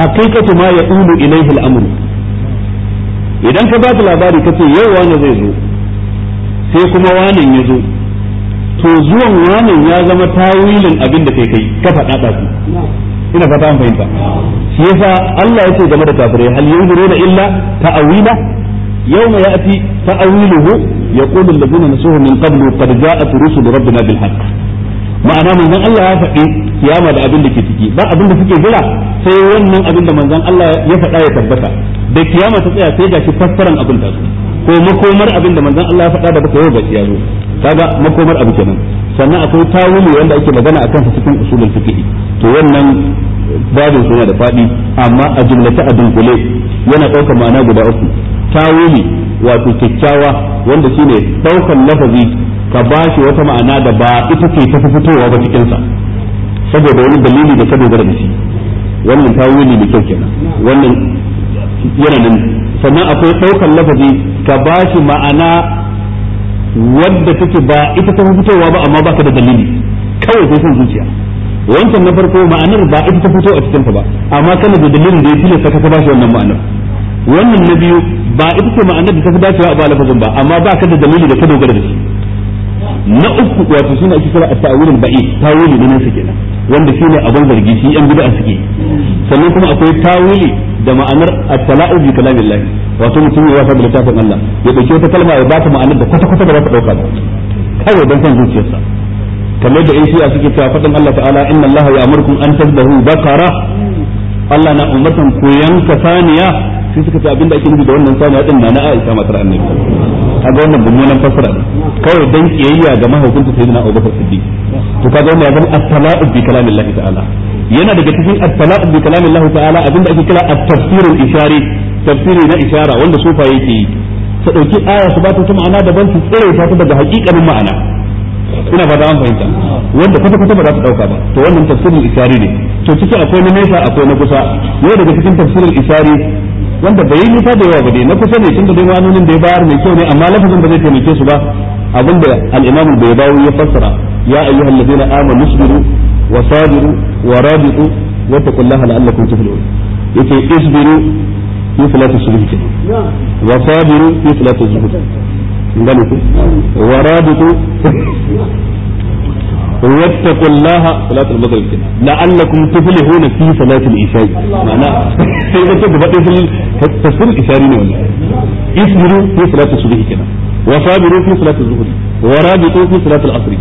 haqiqatu ma yaqulu ilayhi al-amru idan ka ba labari ka ce yau wani zai zo sai kuma wanan ya zo to zuwan wanan ya zama tawilin abin da kai kai ka faɗa ta su ina fata an fahimta shi yasa Allah ya ce game da kafirai hal da illa ta'awila yawma ya'ti ta'awiluhu yaqulu alladhina nasuhu min qablu qad ja'at rusulu rabbina bil haqq ma'ana manzon Allah ya faɗi kiyama da abin da ke ciki ba abin da suke jira sai wannan abin da manzon Allah ya faɗa ya tabbata da kiyama ta tsaya sai gashi fassaran abin ta ko makomar abin da manzon Allah ya faɗa da baka yau ga ya zo kaga makomar abu kenan sannan akwai tawuli wanda ake magana akan sa cikin usulul fiqh to wannan babin suna da faɗi amma a jumlata a dunkule yana ɗaukar ma'ana guda uku tawili wato kyakkyawa wanda shine ɗaukar lafazi ka ba shi wata ma'ana da ba ita ce ta fitowa ba cikin sa saboda wani dalili da ka dogara da shi wannan tawili da kyau kenan wannan yana nan sannan akwai ɗaukar lafazi ka ba shi ma'ana wadda take ba ita ta fitowa ba amma baka da dalili kawai sai son zuciya wancan na farko ma'anar ba ita ta fito a cikin ba amma kana da dalilin da ya saka ka ba shi wannan ma'anar wannan na biyu ba ita ce ma'anar da ta fi dacewa a ba lafazin ba amma ba ka da dalili da ka dogara da shi na uku wato shine ake kira at-ta'wil al-ba'i tawili ne nasa kenan wanda shine abin zargi shi yan bid'a suke sannan kuma akwai tawili da ma'anar at-tala'u bi kalamillah wato mutum ya wasa da littafin Allah ya dauke wata kalma ya ba ta ma'anar da kwata kwata ba za ta dauka ba kawai dan san zuciyarsa kamar da in shi suke cewa fadin Allah ta'ala inna Allah ya'murukum an tazbahu baqara Allah na ummatan ku yanka saniya sai suka ce abinda ake nufi da wannan sani din na na Aisha matar Annabi kaga wannan mummunan fasara ne kawai dan kiyayya ga mahaukunta sayyidina Bakar Siddiq to kaga wannan ya zama at-tala'u bi kalamillahi ta'ala yana daga cikin at-tala'u bi kalamillahi ta'ala abinda ake kira at-tafsir al-ishari tafsiri na ishara wanda sufa yake yi su dauki aya su ba ta ma'ana daban su tsare ta daga hakikanin ma'ana ina fata an fahimta wanda kwata kwata ba za su dauka ba to wannan tafsirin isari ne to ciki akwai na nesa akwai na kusa yau daga cikin tafsirin isari wanda bai yi nisa da yawa ba dai na kusa ne da dai ma'anonin da ya bayar mai kyau ne amma lafazin ba zai taimake su ba abinda al-imam al-baydawi ya fassara ya ayyuhal ladina amanu isbiru wa sabiru wa rabitu wa taqullaha la'allakum tuflihun yace isbiru fi salati subhi wa sabiru fi salati zuhur ngani ku wa rabitu واتقوا الله صلاة المغرب لعلكم تفلحون في صلاة العشاء معناه sai ka tabbata faɗin sun tafsir isari ne wannan isbiru fi salati subh kenan wa sabiru fi salati zuhri wa rabitu fi salati al-asr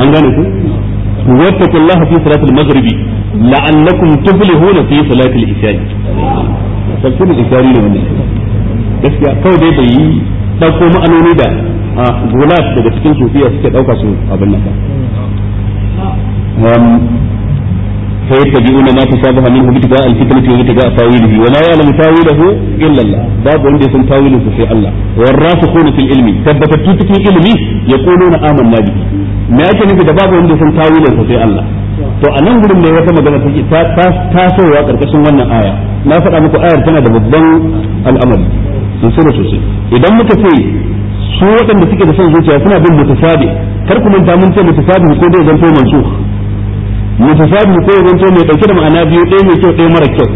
an gane ku wattaqullaha fi salati al-maghrib la'allakum tuflihuna fi salati al ɗauko ma'anoni da gulas daga cikin sufiya suke ɗauka su abin nan ba. Ta yi taji una na ta sabu hannun hukuta ga alfitar ta yi ta ga a tawili biyu, wani ya lamu tawili da hukuta illa Allah, babu wanda ya san tawili Allah, wa rasu kone fil ilmi, tabbatar cikin ilmi ya kone na aman na biyu. Me da babu wanda ya san tawili Allah. To a nan gurin da ya wata magana take ta tasowa karkashin wannan aya, na faɗa muku ayar tana da babban al'amari. sosai da sosai idan muka ce su waɗanda suke da son zuciya suna bin mutasabi kar ku manta mun ce mutasabi ko dai zanto mansukh mutasabi ko ya zanto mai dauke da ma'ana biyu ɗaya mai kyau ɗaya mara kyau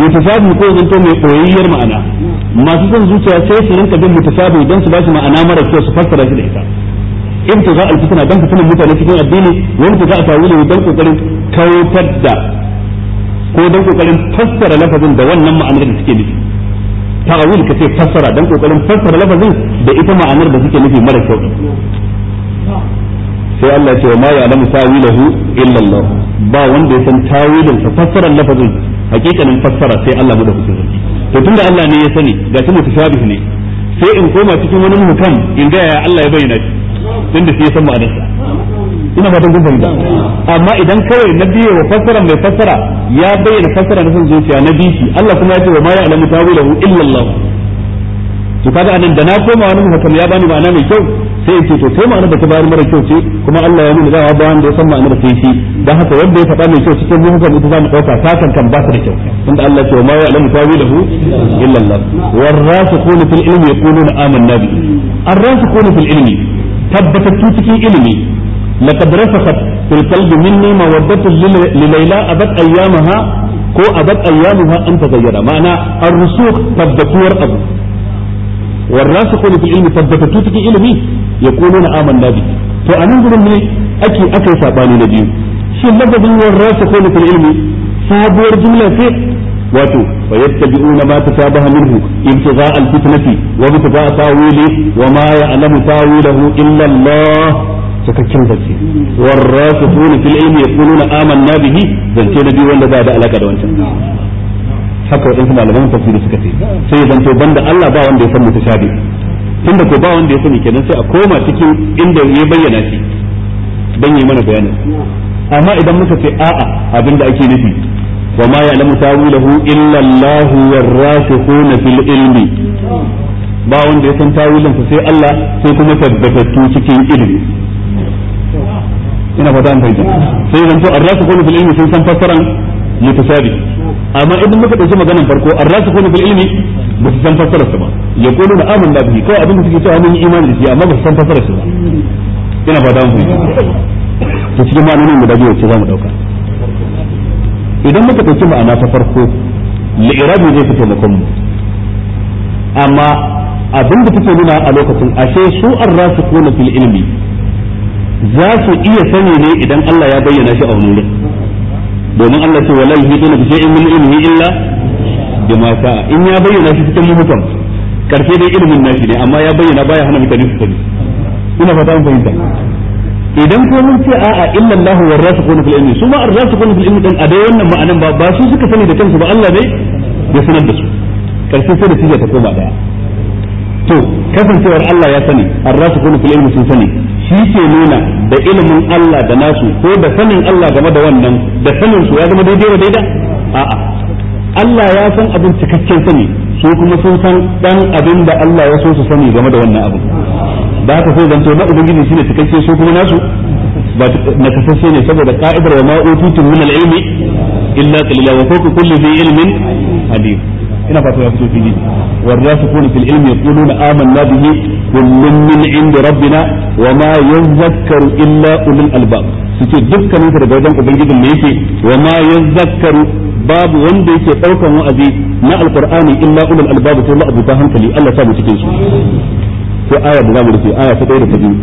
mutasabi ko ya zanto mai koyayyar ma'ana masu son zuciya sai su rinka bin mutasabi don su ba su ma'ana mara kyau su fassara shi da ita in ta za a fitina don fitinan mutane cikin addini wani ta za a tawuli don kokarin kautar da ko don kokarin fassara lafazin da wannan ma'anar da suke nufi ta'awil ka ce fassara dan kokarin fassara lafazin da ita ma'anar da suke nufi mara kyau sai Allah ce wa ma ya'lamu tawilahu illa Allah ba wanda ya san tawilin sa fassara lafazin hakikanin fassara sai Allah da kuke to tunda Allah ne ya sani ga shi mutashabih ne sai in koma cikin wani muhkam in ga ya Allah ya bayyana shi tunda sai ya san ma'anarsa ina ba don gudun amma idan kawai na biye wa fassara mai fassara ya bayyana fassara na son zuciya na bi shi Allah kuma ya ce wa ma alamu alamu tawilahu illa Allah to kaga anan da na koma wani mutum ya bani ma'ana mai kyau sai ya ce to sai ma'ana da ta bayar mara kyau ce kuma Allah ya nuna zawa bayan da ya san ma'anar sai shi dan haka wanda ya faɗa mai kyau cikin mu hukum ita zamu dauka Ta kan ba ta da kyau tunda Allah ce wa ma ya'lamu tawilahu illa Allah warasikhuna fil ilmi yaquluna amanna bi arrasikhuna fil ilmi tabbatattu cikin ilimi laqad rasakhat fil qalbi minni mawaddatun li layla abat ayyamaha ko abat ayyamuha an tagayyara ma'ana ar-rusukh tabbatuwar في العلم ثبتتو تكي علمي يقولون آمنا به to a nan gurin ne ake aka yi sabani na biyu shin lafazin warrasa ko nufin ilmi sabuwar jumla ce wato fa yattabi'una ma tatabaha minhu ibtigha'a al za wa wa ma ya'lamu tawilahu illa cikakken zance warrasifuna fil ilmi aman na bihi zance na biyu wanda ba da alaka da wancan haka wa waɗansu malaman tafsiri suka ce sai zanto banda Allah ba wanda ya san Tun da ko ba wanda ya sani kenan sai a koma cikin inda ya bayyana shi dan yi mana bayanin amma idan muka ce a'a abinda ake nufi wa ma ya'lamu tawilahu illa Allah warrasikhuna fil ilmi ba wanda ya san tawilin sai Allah sai kuma tabbatattu cikin ilimi ina fata an fahimta sai zan zanto ar-rasikhuna fil ilmi sun san fassaran mutasabi amma idan muka dauki maganar farko ar-rasikhuna fil ilmi ba su san fassarar sa ba yaquluna amanna bihi kawai abin da suke cewa mun yi imani da shi amma ba su san fassarar sa ba ina fata an fahimta to cikin ma'anonin guda biyu ce za mu dauka idan muka dauki ma'ana ta farko li'irabi zai fito makon mu amma abin da take nuna a lokacin ashe su ar-rasikhuna fil ilmi za su iya sani ne idan Allah ya bayyana shi a wani wurin domin Allah ce wala yuhiduna na shay'in min ilmihi illa bima sha'a in ya bayyana shi cikin muhukam karfe dai ilimin nashi ne amma ya bayyana baya hana mutane su sani ina fata mun fahimta idan ko mun ce a'a illa Allah wa rasikhuna fil ilmi su ma ar-rasikhuna fil ilmi dan a dai wannan ma'anan ba ba su suka sani da kansu ba Allah ne ya sanar da su karshe sai da tijiya ta koma daya to kasancewar Allah ya sani ar-rasikhuna fil ilmi sun sani shi ke nuna da ilimin Allah da nasu ko da sanin Allah game da wannan da sanin su ya zama daidai wa daida a'a Allah ya san abin cikakken sani su kuma sun san dan abin da Allah ya so su sani game da wannan abin da haka sai zanto na ubangiji shine cikakke su kuma nasu ba na kasance ne saboda ka'idar wa ma utitu min al-ilmi illa qalila wa fawqa kulli ilmin alim ina fata ya fito fili والراسخون في العلم يقولون آمنا به كل من عند ربنا وما يذكر إلا أولي الألباب suke dukkanin daga wajen ubangijin ne yake wa ma babu wanda yake daukan wa'azi na alqur'ani illa ulul albab sai ma abuta hankali Allah ta mu cikin su ko aya da zamu rufe aya ta 1 da ta 2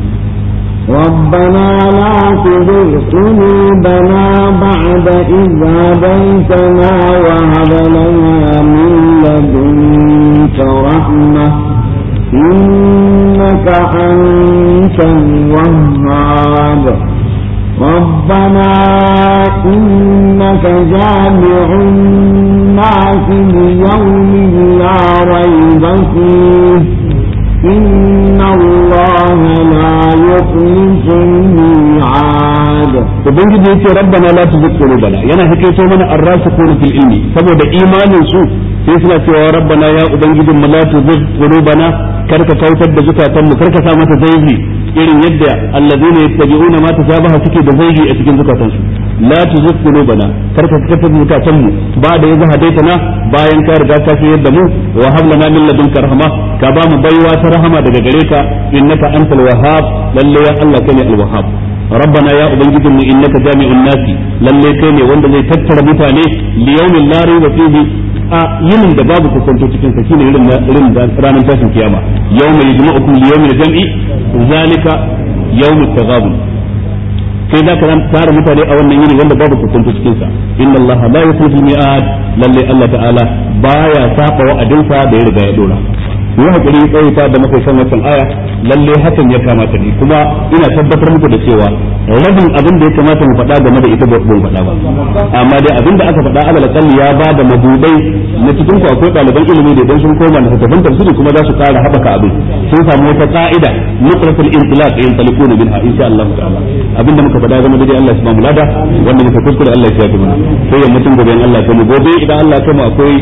ربنا لا تزغ قلوبنا بعد إذ هديتنا وهب لنا من لدنك رحمة إنك أنت الوهاب ربنا إنك جامع الناس ليوم لا ريب فيه إن الله لا ce, Rabba la lati bala, yana hake so mana an rasa kone fil ilmi, saboda imanin su sai suna cewa rabbana ya ubangijin mu la tuzigh qulubana kar kautar da zukatan mu kar sa mata zaibi irin yadda alladheena yattabi'una ma tashabaha suke da zaibi a cikin zukatan su la tuzigh qulubana kar kautar da zukatan mu ba da yanzu hadaitana bayan ka riga ka shayar da mu wa hab lana min ladunka rahma ka ba mu baiwa ta rahama daga gare ka innaka antal wahhab lalle ya Allah kai ne al wahhab ربنا يا أبنجدني إنك جامع الناس لن يكيني وانت زي تتر متاني ليوم لا ريب a yinin da babu kokonto cikin sa shine irin irin ranar tashin kiyama yawma yajma'ukum li yawmil jam'i zalika yawmut taghabun kai za ka tara mutane a wannan yini wanda babu kokonto cikin sa inna allaha la yukhlifu mi'ad lalle allah ta'ala baya saba wa'adinsa da ya riga ya dora yi hakuri tsawaita da muka san wancan aya lalle hakan ya kamata kuma ina tabbatar muku da cewa rabin abin da ya kamata mu faɗa game da ita ba mu faɗa ba amma dai abin da aka faɗa alal kalli ya ba da mabubai na cikin ku akwai ɗaliban ilimi da idan sun koma da tafin tafsiri kuma za su ƙara haɓaka abin sun samu wata ƙa'ida nukratul intilaq in insha Allah ta'ala abin da muka faɗa game da Allah ya ba lada wanda muka kuskure Allah ya mana sai gobe in Allah ya kai mu gobe idan Allah ya kai mu akwai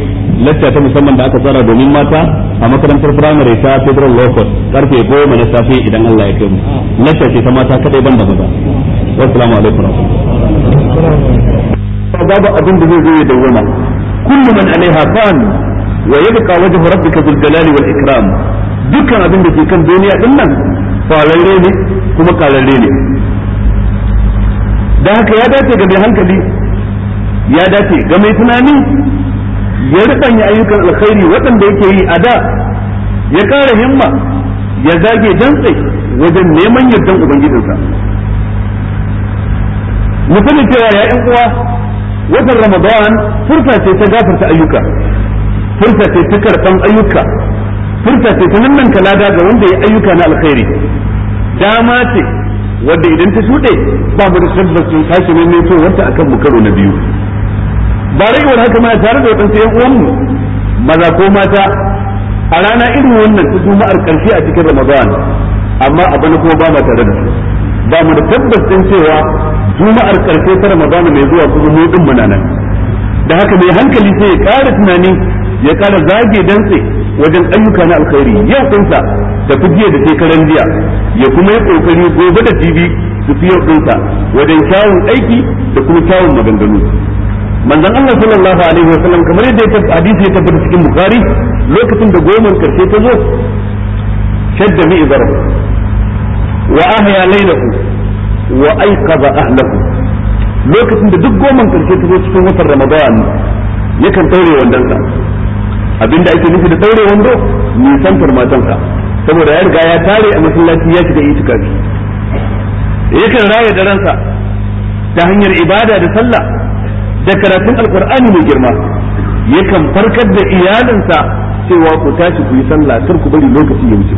latta ta musamman da aka tsara domin mata a makarantar makarantar firamare ta federal locus karfe goma na safe idan Allah ya kai mu na ce ta mata kadai ban da maza wassalamu alaikum babu abin da zai zo ya dawwama kullu man alaiha fan wa yabqa wajhu rabbika bil jalali wal ikram dukkan abin da ke kan duniya din nan fararre ne kuma kararre ne da haka ya dace ga mai hankali ya dace ga mai tunani ya rubanya ayyukan alkhairi waɗanda yake yi a da ya kara himma ya zage dantse wajen neman yardan ubangijinsa mutumin cewa ya yan uwa watan ramadan furta ce ta gafarta ayyuka furta ce ta karban ayyuka furta ce ta nan kalada ga wanda ya ayyuka na alkhairi dama ce wadda idan ta shuɗe ba mu da tabbacin tashi ne ne to wanda akan mu karo na biyu ba rayuwar haka ma tare da waɗansu ƴan uwanmu maza ko mata a rana irin wannan ta juma'ar karshe a cikin ramadan amma na kuma ba ma tare da su ba mu da tabbas din cewa juma'ar karshe ta ramadan mai zuwa kuma mu din nan da haka mai hankali sai ya ƙara tunani ya ƙara zage dantse wajen ayyuka na alkhairi yau kunsa da jiya da shekaran jiya ya kuma yi kokari gobe da jibi su fi yau kunsa wajen kyawun aiki da kuma kyawun maganganu manzon Allah sallallahu alaihi wasallam kamar yadda hadisi ya tabbata cikin bukhari lokacin da goma karshe ta zo shadda ibara wa ahya laylahu wa ayqadha ahlahu lokacin da duk goma karshe ta zo cikin watan ramadan yakan taure sa abinda ake nufi da taure wando ni farmatan ka saboda ya riga ya tare a masallaci ya shiga itikafi yakan raya daransa ta hanyar ibada da sallah da karatun alqur'ani mai girma yakan farkar da iyalinsa cewa ku tashi ku yi sallah kar ku bari lokaci ya wuce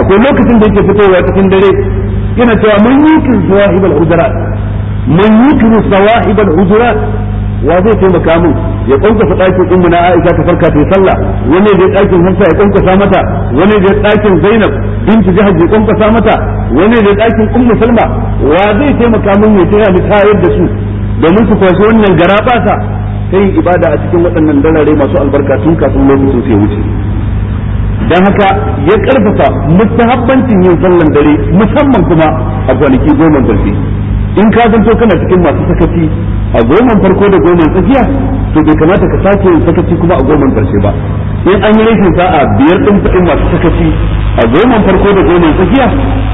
akwai lokacin da yake fitowa cikin dare yana cewa man yukin sawahib al-hujurat man yukin sawahib al-hujurat wa zai taimaka mun ya kankasa ɗakin ummu na Aisha ta farka ta yi sallah wani da ɗakin Hafsa ya kankasa mata wani da ɗakin Zainab binti Jahaj ya kankasa mata wani da ɗakin Ummu Salma wa zai taimaka mun ya tayar da su domin su kwashi wannan sa. ta yin ibada a cikin waɗannan dalare masu albarka tun kafin lokacin ya wuce dan haka ya karfafa mustahabbancin yin sallan dare musamman kuma a kwanaki goma farko in ka zanto kana cikin masu sakaci a goman farko da goman tsakiya to bai kamata ka sake yin sakaci kuma a goman karshe ba in an yi rashin sa'a biyar din in masu sakaci a goman farko da goman tsakiya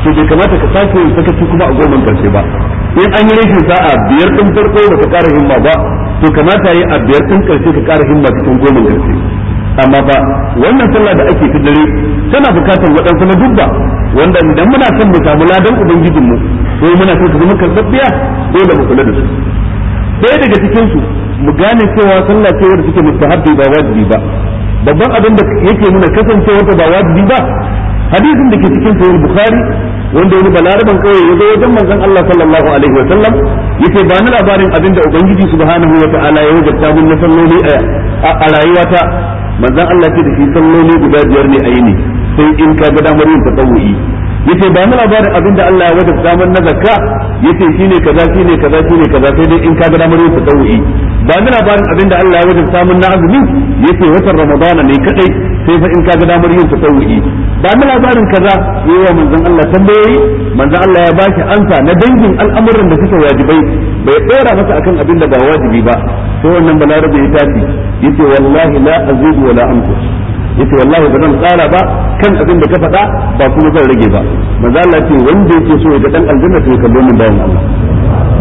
to bai kamata ka sake yin sakaci kuma a goman karshe ba in an yi rashin sa'a biyar ɗin farko ka ƙara himma ba to kamata yi a biyar ɗin karshe ka ƙara himma cikin goma karshe amma ba wannan sallah da ake ta dare tana bukatar waɗansu na dubba wanda idan muna son mu samu ladan ubangijinmu ko muna son su zama karɓaɓɓiya dole mu kula da su ɗaya daga cikin su mu gane cewa sallah ce wanda take mustahabbi ba wajibi ba babban abin da yake nuna kasancewa ba wajibi ba hadisin da ke cikin sahih bukhari wanda wani balaraban kawai ya zo wajen manzon Allah sallallahu alaihi wa sallam yace ba ni labarin abin da ubangiji subhanahu wa ta'ala ya wajabta mun na salloli a rayuwata manzon Allah ce da shi salloli guda biyar ne a yini sai in ka ga damar yin tatawuyi yace ba ni labarin abin da Allah ya wajabta mun na zakka yace shine kaza shine kaza shine kaza sai dai in ka ga damar yin tatawuyi ba ni labarin abin da Allah ya wajabta mun na azumi yace watan ramadana ne kadai sai fa in ka ga damar yin tatawuyi ba mu labarin kaza yayi wa manzon Allah tambayoyi manzon Allah ya bashi ansa na dangin al'amuran da suke wajibai bai dora masa akan abin da ba wajibi ba sai wannan balarabe ya tafi yace wallahi la azidu wala anqus yace wallahi ba zan tsara ba kan abin da ka faɗa ba kuma zan rage ba manzo Allah ce wanda yake so ya ga dan aljanna to ya kallo bayan Allah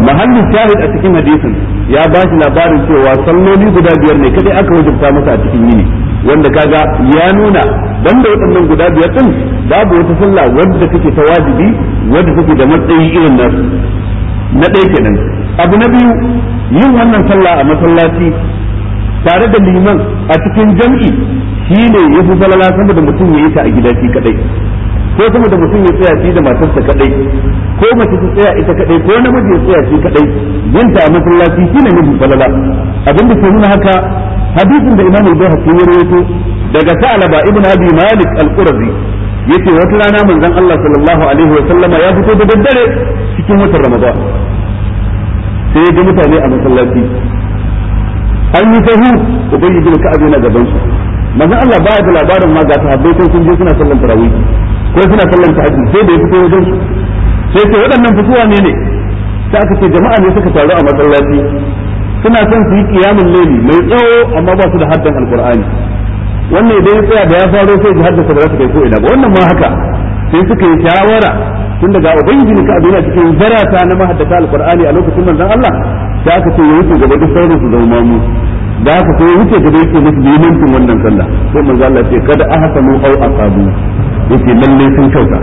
mahallin shahid a cikin hadisin ya ba labarin cewa salloli guda biyar ne kadai aka wajibta masa a cikin yini wanda kaga ya nuna banda waɗannan guda biyar din babu wata sallah wadda take ta wajibi wadda take da matsayi irin nasu na ɗaya kenan abu na biyu yin wannan sallah a masallaci tare da liman a cikin jam'i shine yafi salala saboda da mutum ya yi ta a gida shi kadai ko saboda mutum ya tsaya shi da matarsa kadai ko mace ta tsaya ita kadai ko namiji ya tsaya shi kadai yin ta a masallaci shine mafi falala abin da ke nuna haka hadisin da imamu al-Bukhari ya rawaito daga Sa'laba ibn Abi Malik al-Qurazi yace wata rana manzon Allah sallallahu alaihi wa sallama ya fito da daddare cikin watan Ramadan sai ya ga mutane a masallaci an yi sahu ubay ibn Ka'ab yana gaban su manzon Allah ba ya da labarin ma ga sahabbai ko sun je suna sallan tarawih ko suna sallan tahajjud sai da ya fito wajen su sai ce waɗannan fituwa ne ne sai aka ce jama'a ne suka taru a masallaci suna son su yi kiyamun laili mai tsawo amma ba su da haddan alqur'ani wannan idan ya tsaya da ya faro sai ji haddasa ba za su kai ko ina ba wannan ma haka sai suka yi shawara tun daga ubangiji ka abin cikin zarata na mahaddata alqur'ani a lokacin manzon Allah sai aka ce wuce gaba da sauran su zama mu da aka ya wuce gaba yake musu limancin wannan sallah sai manzon Allah ce kada ahsanu au aqabu yake lalle sun kyauta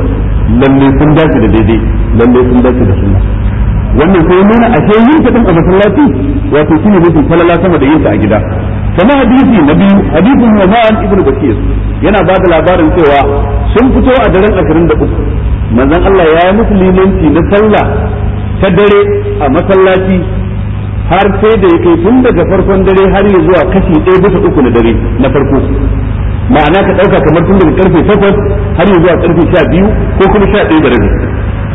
lalle sun dace da daidai lalle sun dace da sunna wannan sai nuna ashe yin ta a masallaci wato shine mafi falala sama da yin a gida kama hadisi na biyu hadisin Muhammad ibn Bakir yana ba da labarin cewa sun fito a daren 23 manzon Allah ya yi musu na sallah ta dare a masallaci har sai da ya kai tun daga farkon dare har ya zuwa kashi ɗaya bisa uku na dare na farko ma'ana ka ɗauka kamar tun daga karfe takwas har ya zuwa karfe sha biyu ko kuma sha ɗaya da rabi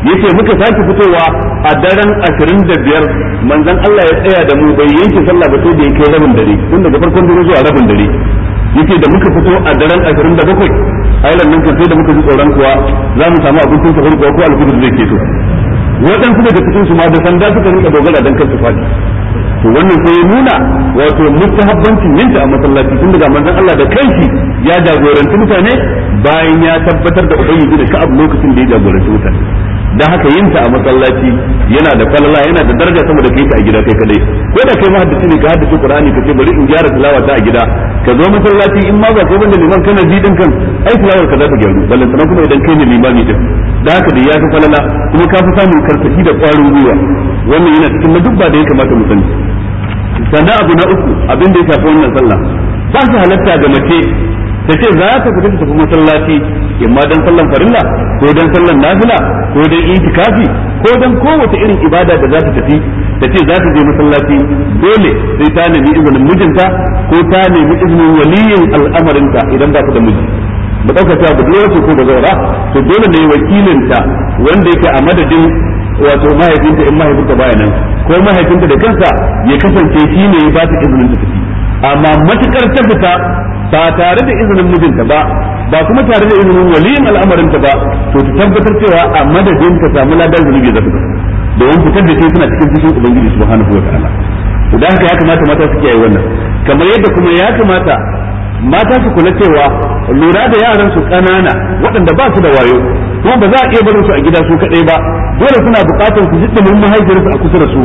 yace muka sake fitowa a daren 25 manzon Allah ya tsaya da mu bai yanke sallah ba sai da yake rabin dare tun daga farkon dare zuwa rabin dare yace da muka fito a daren 27 ailan nan kan sai da muka ji tsoron kuwa za mu samu abincin sahur ko ko alfijir zai keto waɗansu daga cikin su ma da sanda suka rinka dogara dan kansu fadi to wannan sai ya nuna wato mustahabbancin yinta a masallaci tun daga manzon Allah da kanshi ya jagoranci mutane bayan ya tabbatar da ubangiji da ka ka'ab lokacin da ya jagoranci mutane da haka yin ta a masallaci yana da falala yana da daraja sama da kai ta a gida kai kadai ko da kai haddace ne ka haddace Qur'ani ka ce bari in gyara tilawa ta a gida ka zo masallaci in ma ba ko banda liman kana ji din kan ai tilawar ka za ta gyaru ballan sanan kuma idan kai ne limami din da haka da ya fi falala kuma ka fi samun karfafi da kwarin gwiwa wannan yana cikin madubba da ya kamata mu sani sannan abu na uku abin da ya shafi wannan sallah ba shi halatta ga mace da ce za ta fita tafi masallaci ma don sallan farilla ko don sallan nafila ko dan itikafi ko don kowace irin ibada da za ta tafi da ce za ta je masallaci dole sai ta nemi izinin mijinta ko ta nemi izinin waliyin al'amarinta idan ba ta da miji ba ɗauka cewa ba ce ko zaura to dole ne wakilinta wanda yake a madadin wato mahaifinta in mahaifinta bayanan ko mahaifinta da kansa ya kasance shi ne ba ta izinin ta tafi amma matukar ta fita ba tare da izinin mijinta ba ba kuma tare da izinin waliyin ta ba to ta tabbatar cewa a madadin ta samu ladan zunubi da domin fitar da ke suna cikin fushin ubangiji subhanahu wa ta'ala idan haka ya kamata mata su kiyaye wannan kamar yadda kuma ya kamata mata su kula cewa lura da yaran su kanana waɗanda ba su da wayo kuma ba za a iya barin su a gida su kaɗai ba dole suna buƙatar su ji mun mahaifiyarsu a kusa da su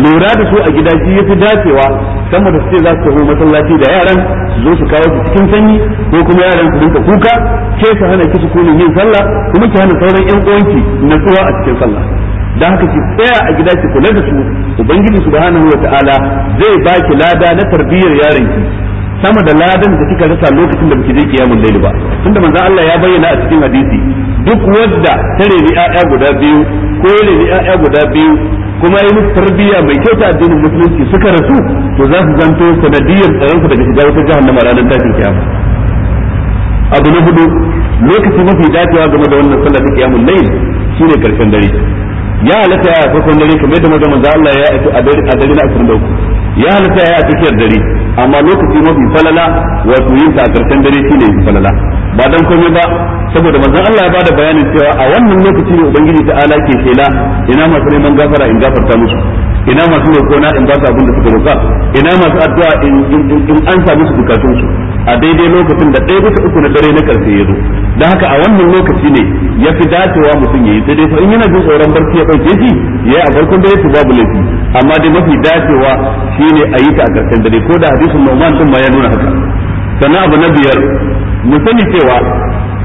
lura da su a gida ya fi dacewa sama da suke za su tafi masallaci da yaran su zo su kawo su cikin sanyi ko kuma yaran su dinka kuka ke su hana ki sukunin yin sallah kuma ki hana sauran yan uwanki natsuwa a cikin sallah dan haka ki tsaya a gida ki kula da su ubangiji subhanahu wataala zai baki lada na tarbiyyar yaran ki sama da ladan da kika rasa lokacin da baki je kiyamul layl ba tunda manzo Allah ya bayyana a cikin hadisi duk wanda ta rebi 'ya'ya guda biyu ko rebi ƴaƴa guda biyu kuma yi musu tarbiyya mai kyau ta addinin musulunci suka rasu to za su zanto sanadiyar tsaron su daga shiga wata jahannama ranar tashin kiyama abu na hudu lokaci mafi dacewa game da wannan sallar kiyamul layl shine karshen dare ya halatta ya farkon dare kamar yadda maza manzo Allah ya yi a dare na 23 ya halatta ya a tsakiyar dare amma lokaci mafi falala wato yin ta a karshen dare shine falala ba dan komai ba saboda manzon Allah ya bada bayanin cewa a wannan lokaci ne ubangiji ta ala ke kela ina masu neman gafara in gafarta musu ina masu roƙo na in ba su abin da suka roƙa ina masu addu'a in in an sa musu bukatun su a daidai lokacin da ɗaya bisa uku na dare na karshe ya zo dan haka a wannan lokaci ne ya fi dacewa mutum yayi sai dai fa in yana jin tsoron barci ya ɗauke shi ya a farkon dare su babu laifi amma dai mafi dacewa shine a yi ta a karshen dare ko da hadisin Nu'man din ma ya nuna haka sannan abu na biyar mu sani cewa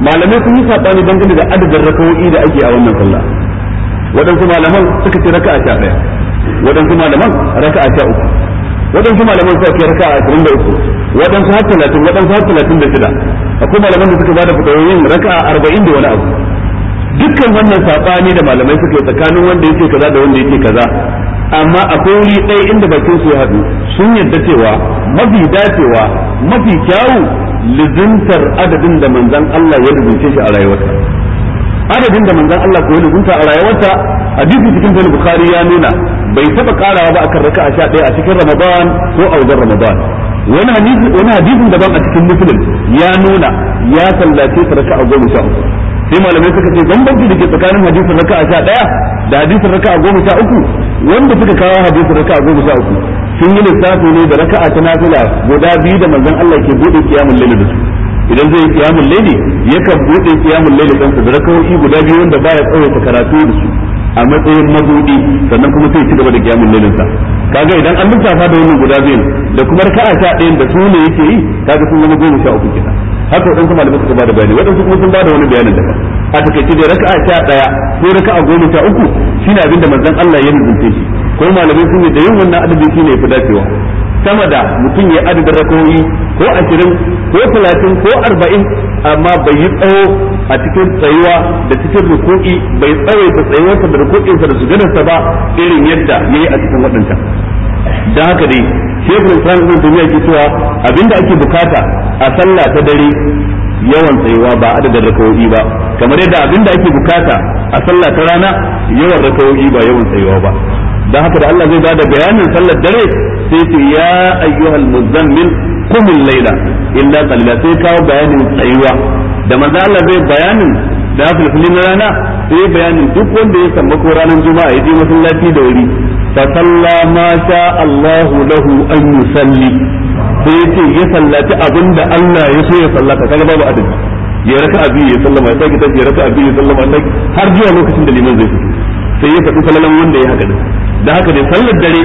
malamai sun yi sabani dangane da adadin rakawoyi da ake a wannan sallah waɗansu malaman suka ce raka'a sha ɗaya waɗansu malaman raka'a sha uku waɗansu malaman suka ce raka'a ashirin da uku waɗansu har talatin waɗansu har talatin da shida akwai malaman da suka bada fitayoyin raka'a arba'in da wani abu dukkan wannan sabani da malamai suke tsakanin wanda yake kaza da wanda yake kaza amma akwai wuri ɗaya inda bakin su ya haɗu sun yadda cewa mafi dacewa mafi kyawu lizintar adadin da manzon Allah ya rubuce shi a rayuwarsa adadin da manzon Allah ko ya rubuta a rayuwarsa hadisi cikin sahih bukhari ya nuna bai taba karawa ba akan raka'a 11 a cikin ramadan ko a wajen ramadan wani hadisi wani hadisin daban a cikin muslim ya nuna ya sallace goma sha uku sai malamai suka ce bambanci da ke tsakanin hadisin raka sha daya da hadisin a goma sha uku wanda suka kawo hadisin a goma sha uku sun yi lissafi ne da raka'a ta nafila guda biyu da manzon Allah ke buɗe kiyamun laili da su idan zai yi kiyamul ya yakan buɗe kiyamun laili don su da raka'o'i guda biyu wanda baya tsawaita karatu da su a matsayin mabudi sannan kuma sai ci gaba da kiyamun lailin sa kaga idan an lissafa da wannan guda biyu da kuma raka'a sha ɗayan da su ne yake yi kaga sun zama goma sha uku kenan haka wadansu malamai suka bada bayani wadansu kuma sun bada wani bayanin daban a takaice da raka'a sha daya ko raka'a goma sha uku shine abin da manzon Allah ya rubuce shi ko malamai sun yi da yin wannan adadin shine ya fi dacewa sama da mutum ya adadin rakoyi ko ashirin ko talatin ko arba'in amma bai yi tsawo a cikin tsayuwa da cikin rukuki bai tsawaita tsayuwarsa da sa da sujudarsa ba irin yadda ya yi a cikin wadannan da haka dai shekul islam ibn tumiya ke cewa abinda ake bukata a sallah ta dare yawan tsayuwa ba adadin rakawoyi ba kamar yadda abinda ake bukata a sallah ta rana yawan rakawoyi ba yawan tsayuwa ba da haka da Allah zai bada bayanin sallar dare sai ce ya ayyuhal muzammil qumil laila illa qalila sai kawo bayanin tsayuwa da manzo Allah zai bayanin da asal kullun na rana sai bayanin duk wanda ya samba ko ranar juma'a ya je masallaci da wuri fa salla ma sha Allahu lahu an yusalli sai yace ya sallaci abinda Allah ya so ya sallaka kaga babu adadi ya raka abi ya sallama ya sake tafi ya raka abi ya sallama ya har zuwa lokacin da liman zai fito sai ya faɗi sallalan wanda ya haka da haka ne sallar dare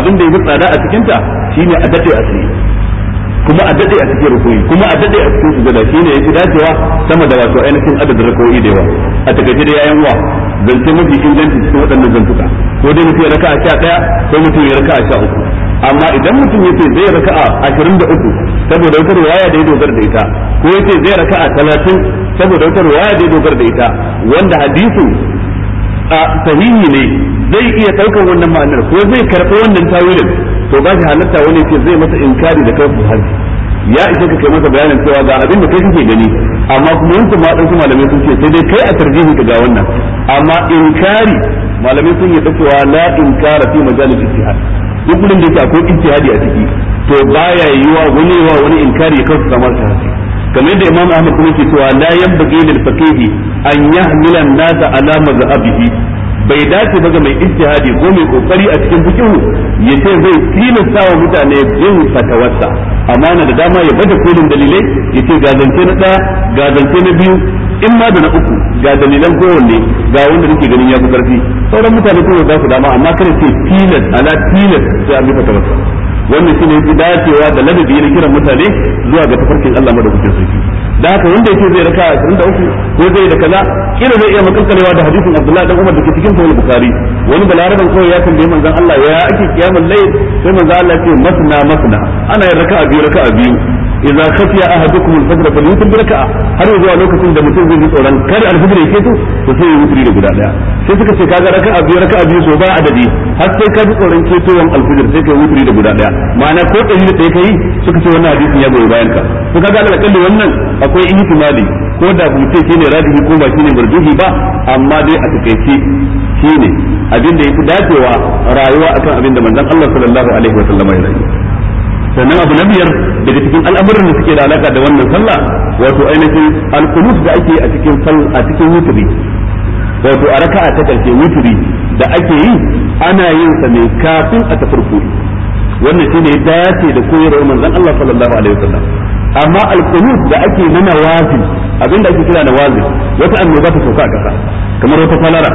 abinda ya fi tsada a cikinta shine a dade a tsaye kuma a dade a cikin rukuni kuma a dade a cikin sujada ne yake dacewa sama da wato ainihin adadin rukuni da yawa a takaice da yayan wa zance mafi inganci cikin waɗannan zantuka ko dai mutum ya a sha ɗaya ko mutum ya a sha uku amma idan mutum ya ce zai a ashirin da uku saboda wata ruwaya da ya dogara da ita ko ya ce zai a talatin saboda wata ruwaya da ya dogara da ita wanda hadisu a sahihi ne zai iya ɗaukar wannan ma'anar ko zai karɓi wannan tawilin to ba shi halatta wani ce zai masa inkari da kansu hajji ya isa ka kai masa bayanin cewa ga abin da kai kake gani amma kuma yanzu ma dan malamai sun ce sai dai kai a tarjihi ka ga wannan amma inkari malamai sun yi cewa la inkara fi majalis ijtihad duk gurin da yake akwai ijtihadi a ciki to baya yiwa wani wa wani inkari ya su kamar ta kamar yadda imam ahmad kuma ke cewa la yanbaghi lil faqih an yahmila an-nasa ala mazhabihi bai dace ba ga mai ijtihadi ko mai kokari a cikin fikihu ya ce zai tilasta wa mutane bin fatawarsa amma na da dama ya bada kolin dalilai ya ce ga zance na ɗaya ga zance na biyu in ma da na uku ga dalilan kowanne ga wanda nake ganin ya fi ƙarfi sauran mutane kuma ba su dama amma kada ce tilas ala tilas sai an bi fatawarsa wannan shine dacewa da ladabi na kiran mutane zuwa ga tafarkin Allah madaukakin sarki da haka wanda yake zai raka 23 ko zai da kaza kila zai iya makalkalewa da hadisin Abdullahi dan Umar da ke cikin sahih Bukhari wani balaraban kawai ya tambaye manzon Allah ya ake kiyamul layl sai manzon Allah ya ce masna masna ana yin raka'a biyu raka'a biyu idza khafiya ahadukum al-fajr falyutir bi rak'a har zuwa lokacin da mutum zai ji tsoron kar al-fajr yake to to sai ya wutri da guda daya sai suka ce kaga raka'a biyu raka'a biyu so ba adadi har sai ka bi tsoron ketowan al-fajr sai ka wutri da guda daya ma'ana ko dari da ɗaya kai suka ce wannan hadisin ya goyi bayan ka to kaga kalli wannan akwai ihtimali ko da mutum shine rajihi ko ba shine marjuhi ba amma dai a takeice shi abin da yafi dacewa rayuwa akan abin da manzon Allah sallallahu alaihi wa sallama ya rayu sannan abu na biyar daga cikin al'amuran da suke da alaka da wannan sallah wato ainihin alkulus da ake a cikin a cikin wuturi wato a raka'a ta karshe wuturi da ake yi ana yin sa ne kafin a farko wannan shine ya dace da koyarwar manzon Allah sallallahu alaihi wasallam amma alkulus da ake nuna wazin abinda ake kira da wazi wata annoba ta sauka a kasa kamar wata falara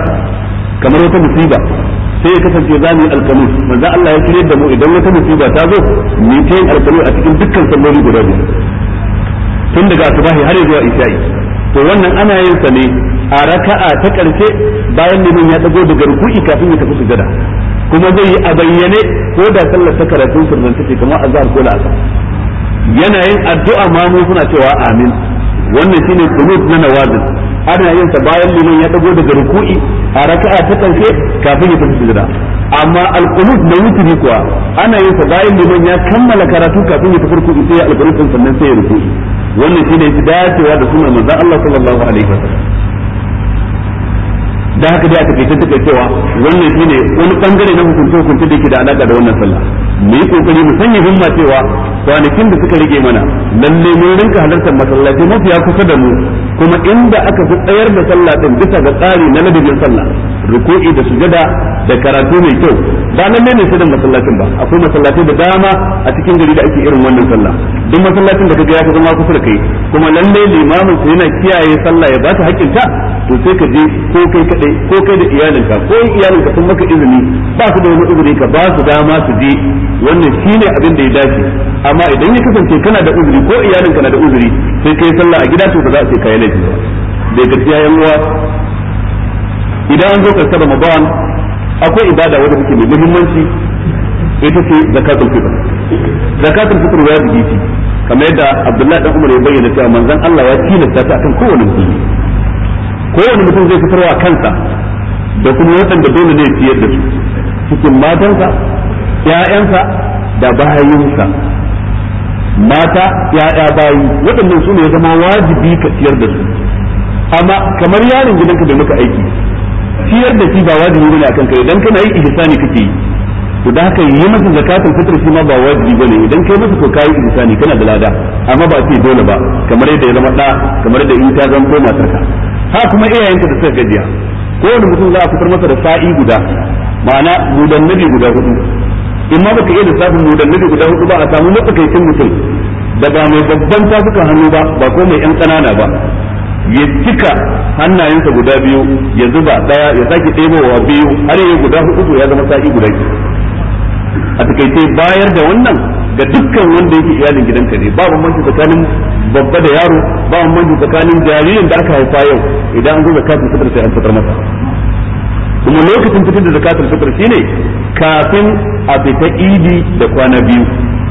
kamar wata musiba sai ya kasance za mu yi alkanu manzo Allah ya kire da mu idan wata musiba ta zo mu ta yin alkanu a cikin dukkan salloli guda biyu tun daga asubahi har zuwa isha'i to wannan ana yin sa ne a raka'a ta karshe bayan limin ya dago daga ruku'i kafin ya tafi sujada kuma zai yi a bayyane ko da sallar ta karatun sunan take kamar azhar ko la'asar yana yin addu'a ma mu suna cewa amin wannan shine qunut na nawazil ana yin sa bayan limin ya dago daga ruku'i a raka'a ta karshe kafin ya tafi sujuda amma alqunut na wuturi kuwa ana yin sa bayan liman ya kammala karatu kafin ya tafi ruku'i sai alqunut sannan sai ya ruku'i wannan shine yafi dacewa da sunan manzon Allah sallallahu alaihi wasallam da haka dai aka takaice take cewa wannan shine wani bangare na hukunce hukunce da yake da alaka da wannan sallah mu yi kokari mu sanya himma cewa kwanakin da suka rage mana lalle mun rinka halartar masallaci mafiya kusa da mu kuma inda aka fi tsayar da sallah din bisa ga tsari na ladabin sallah ruku'i da sujada da karatu mai kyau ba lallai ne sai da masallacin ba akwai masallatai da dama a cikin gari da ake irin wannan sallah duk masallacin da kaga ya fi zama kusa da kai kuma lalle limamin ku yana kiyaye sallah ya haƙƙin ta to sai ka je ko kai kadai ko kai da iyalinka ko iyalinka sun maka izini ba su da wani izini ka ba su dama su je wannan shine abin da ya dace amma idan ya kasance kana da uzuri ko iyalin kana da uzuri sai kai sallah a gida to ba za a ce kai laifi ba da gaskiya yan uwa idan an zo karshe Ramadan akwai ibada wadda take mai muhimmanci ita ce zakatul fitr zakatul fitr wajibi ce kamar yadda Abdullahi dan Umar ya bayyana cewa manzon Allah ya tilasta ta akan kowane musulmi kowane mutum zai fitar wa kansa da kuma waɗanda dole ne ciyar da su cikin matansa ‘ya'yansa da bayansa mata ya'ya bayi waɗannan su ne zama wajibi ka ciyar da su amma kamar yaron gidanka da muka aiki ciyar da shi ba wajibi bane akan kai idan kana yi ihsani kake yi to da haka yi masa zakatun fitr shi ma ba wajibi bane idan kai masa to kai ihsani kana da lada amma ba sai dole ba kamar yadda ya zama da kamar da in ta zan koma matarka ha kuma iyayenka da suka gajiya kowane mutum za a fitar masa da sa'i guda ma'ana gudan nabi guda hudu in ma baka iya lissafin mudalladi guda hudu ba a samu matsakaicin mutum da mai babban tafukan hannu ba ba ko mai yan ƙanana ba ya cika hannayensa guda biyu ya zuba daya ya sake ɗebowa biyu har ya guda hudu to ya zama sa'i guda ki a takaice bayar da wannan ga dukkan wanda yake iyalin gidanka ne ba bambanci tsakanin babba da yaro ba bambanci tsakanin jaririn da aka haifa yau idan an zo zakatun fitar sai an fitar masa kuma lokacin fitar da zakatul fitr shine kafin a fita idi da kwana biyu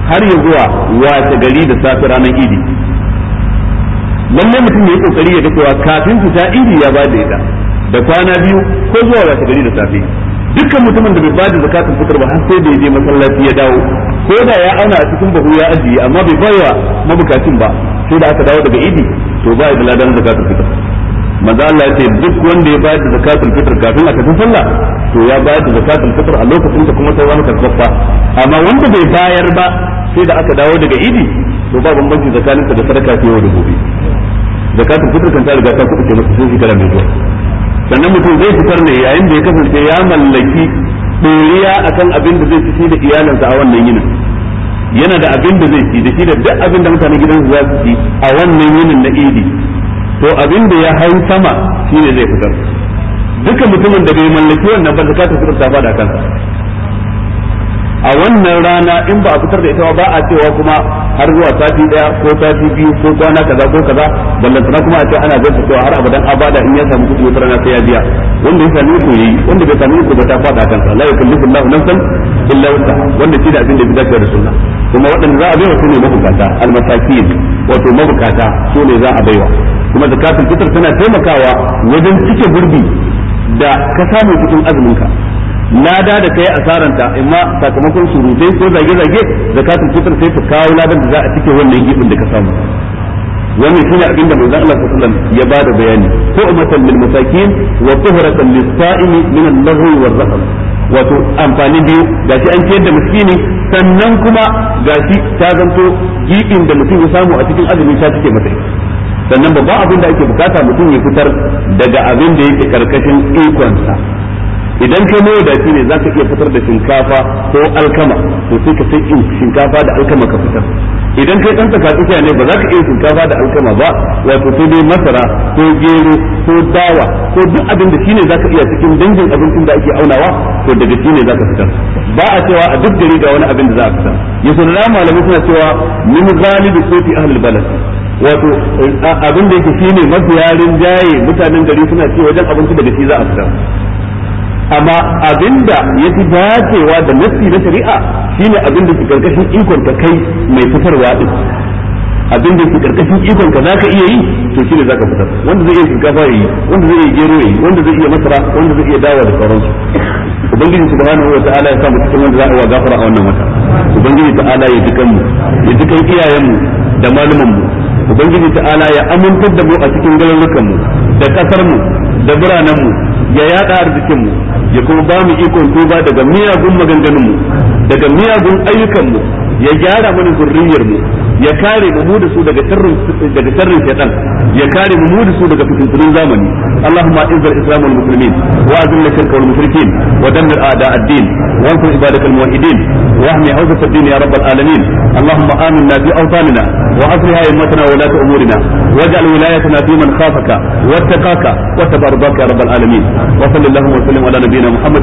har ya zuwa wata gari da safi ranar idi lalle mutum ya yi kokari ya wa kafin fita idi ya ba da ita da kwana biyu ko zuwa wata gari da safe dukkan mutumin da bai ba da zakatul fitr ba har sai da ya je masallaci ya dawo ko da ya auna a cikin bahu ya ajiye amma bai bayar mabukacin ba sai da aka dawo daga idi to ba ya da ladan zakatul fitr maza Allah ya ce duk wanda ya bayar da zakatul fitr kafin a kafin sallah to ya bayar da zakatul fitr a lokacin da kuma sai wani karfafa amma wanda bai bayar ba sai da aka dawo daga idi to ba bambanci fitr da sadaka ta yau da gobe zakatul fitr kan ta riga ta kuɗi ke sai shekara mai zuwa sannan mutum zai fitar ne yayin da ya kasance ya mallaki doriya akan abin da zai ci da iyalinsa a wannan yinin yana da abin da zai ci da shi da duk abin da mutanen gidansa za su ci a wannan yinin na idi to abin da ya hau sama shine zai fitar duka mutumin da bai mallaki wannan ba zakatul fitar ta fada kansa a wannan rana in ba a fitar da ita ba a cewa kuma har zuwa sati daya ko sati biyu ko kwana kaza ko kaza ballantana kuma a ce ana zai cewa har abadan abada in ya samu kudi wata rana sai ya biya wanda ya sami ku yayi wanda bai sami ku ba ta fada kansa la yukallifu Allahu nafsan illa wusaha wanda shi da abin da bidaka da sunna kuma waɗanda za a baiwa su ne mabukata almasakin wato mabukata su ne za a baiwa kuma zakatul fitr tana taimakawa wajen cike gurbi da ka samu cikin azumin ka lada da kai asaranta amma sakamakon surutai ko zage-zage zakatul fitr sai ta kawo ladan da za a cike wannan gibin da ka samu wannan shine abin da manzon Allah sallallahu alaihi wasallam ya bada bayani ko tu'matan lil masakin wa tuhratan lis sa'imi min al-lahwi war rafath wato amfani biyu ga gashi an ciyar da miskini sannan kuma gashi ta zanto gibin da mutum ya samu a cikin azumi ta cike masa sannan babban abin da ake bukata mutum ya fitar daga abin da yake karkashin ikonsa idan ka da shi ne za ka iya fitar da shinkafa ko alkama to sai ka sai shinkafa da alkama ka fitar idan kai dan tsaka ne ba za ka iya shinkafa da alkama ba wato sai dai masara ko gero ko dawa ko duk abin da shine ka iya cikin dangin abincin da ake aunawa to daga shine ka fitar ba a cewa a duk gari ga wani abin da za a fita ya na malamai suna cewa min ghalibi sufi ahlul balad wato abin da yake shine yarin jaye mutanen gari suna ce wajen abinci daga shi za a fita amma abinda ya fi dacewa da nassi na shari'a shine abin da ke karkashin ikon ka kai mai fitarwa din abin da ke karkashin ikon ka zaka iya yi to shine zaka fitar wanda zai iya shinkafa yi, wanda zai iya gero yi, wanda zai iya masara wanda zai iya dawa da sauransu ubangiji subhanahu wa ta'ala ya sa mu cikin wanda za a wa gafara a wannan wata ubangiji ta'ala ya ji kanmu ya ji iyayen mu da malaman mu ubangiji ta'ala ya amintar da mu a cikin garurukan mu da kasar mu da biranen mu ya yada arzikin mu ya kuma ba mu ikon tuba daga miyagun maganganun mu daga miyagun ayyukan mu ya gyara mana zurriyar mu ya kare mu mu da su daga daga shaytan ya kare mu mu da su daga fitintunin zamani Allahumma izz islam wal muslimin wa azil shirka wal mushrikin wa dammir a'da ad-din wa ansur ibadak al-muwahhidin wa ahmi hawzat ad-din ya rabb al-alamin Allahumma aminna bi awtanina wa wa umurina واجعل ولايتنا في من خافك واتقاك واتبع رضاك يا رب العالمين وصل اللهم وسلم على نبينا محمد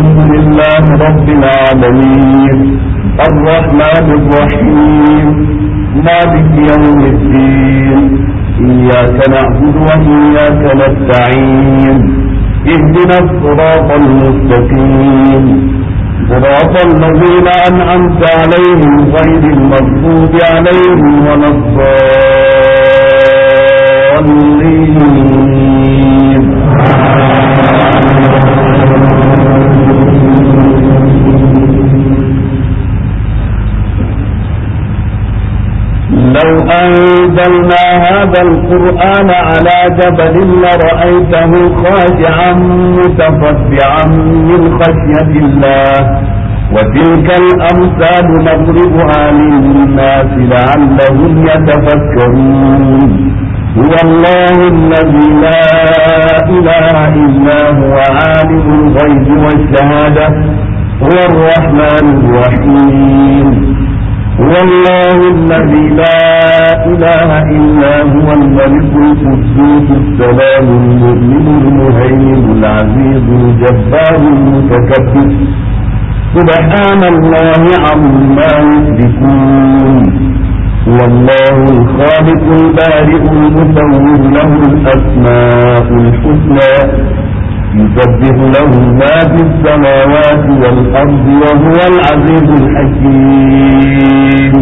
الحمد لله رب العالمين الرحمن الرحيم مالك يوم الدين إياك نعبد وإياك نستعين اهدنا الصراط المستقيم صراط الذين أنعمت عليهم غير المغضوب عليهم ولا الضالين لو أنزلنا هذا القرآن على جبل لرأيته خاشعا متصدعا من خشية الله وتلك الأمثال نضربها للناس لعلهم يتفكرون هو الله الذي لا إله إلا هو عالم الغيب والشهادة هو الرحمن الرحيم هو الله الذي لا إله إلا هو الملك القدوس السلام المؤمن المهيمن العزيز الجبار المتكبر سبحان الله عما يشركون هو الله الخالق البارئ المصور له الأسماء الحسنى يسبح له ما في السماوات والأرض وهو العزيز الحكيم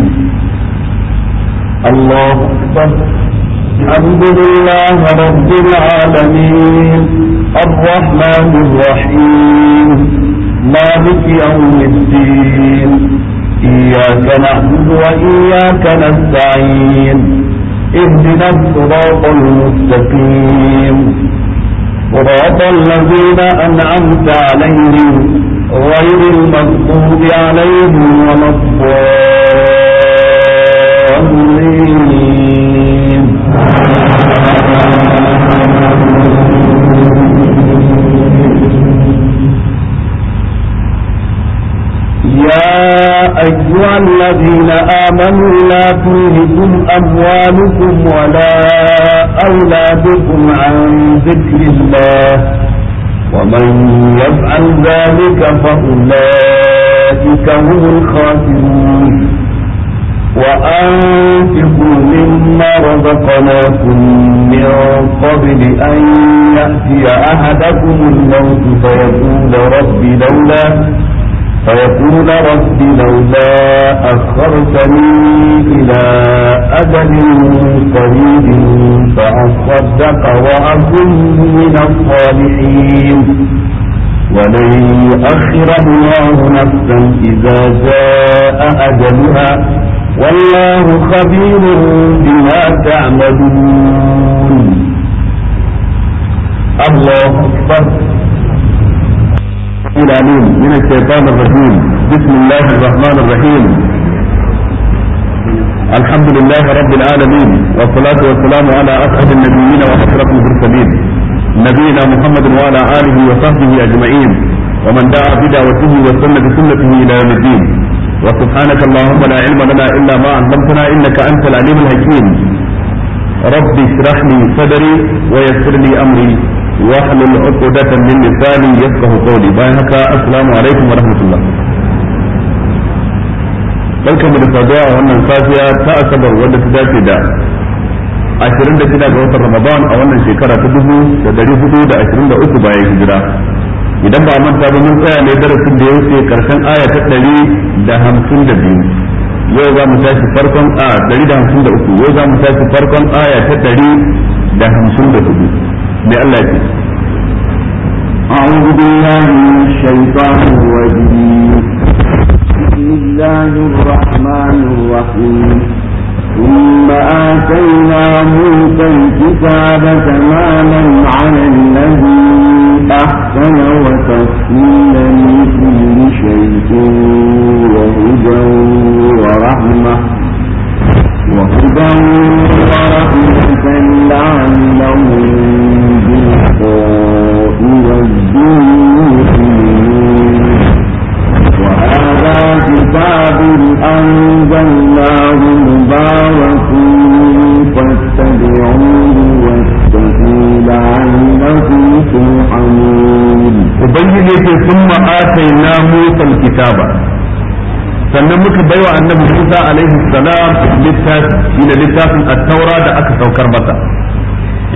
الله أكبر الحمد لله رب العالمين الرحمن الرحيم مالك يوم الدين إياك نعبد وإياك نستعين اهدنا الصراط المستقيم صراط الذين أنعمت عليهم غير المغضوب عليهم ولا الضالين يا أيها الذين آمنوا لا تلهكم أموالكم ولا أولادكم عن ذكر الله ومن يفعل ذلك فأولئك هم الخاسرون وأنفقوا مما رزقناكم من قبل أن يأتي أحدكم الموت فيقول رب لولا فيقول رب لولا أخرتني إلى أجل قريب فأصدق وأكن من الصالحين ولن يؤخر الله نفسا إذا جاء أجلها والله خبير بما تعملون الله أكبر العليم من الشيطان الرجيم بسم الله الرحمن الرحيم الحمد لله رب العالمين والصلاة والسلام على أسعد النبيين وأشرف المرسلين نبينا محمد وعلى آله وصحبه أجمعين ومن دعا بدعوته وسن بسنته إلى يوم الدين وسبحانك اللهم لا علم لنا إلا ما علمتنا إنك أنت العليم الحكيم رب اشرح لي صدري ويسر لي أمري واحلل عقدة من لساني يفقه قولي بينك السلام عليكم ورحمة الله barkan mu da saduwa a wannan safiya ta asabar wadda ta dace da da ashirin 26 ga watan Ramadan a wannan shekara ta 1423 bayan hijira idan ba a manta ba mun tsaya ne darasin da ya wuce karshen aya ta biyu yau za mu tashi farkon a da da uku yau za mu tashi farkon aya ta 154 بألاتي أعوذ بالله من الشيطان الرجيم بسم الله الرحمن الرحيم ثم آتينا موسى الكتاب تماما على الذي أحسن وتفصيلا لكل شيء وهدى ورحمة وهدى ورحمة لعن thumma atayna musa alkitaba sannan muka baiwa annabi Musa alaihi salam littafi ila littafin at-taura da aka saukar masa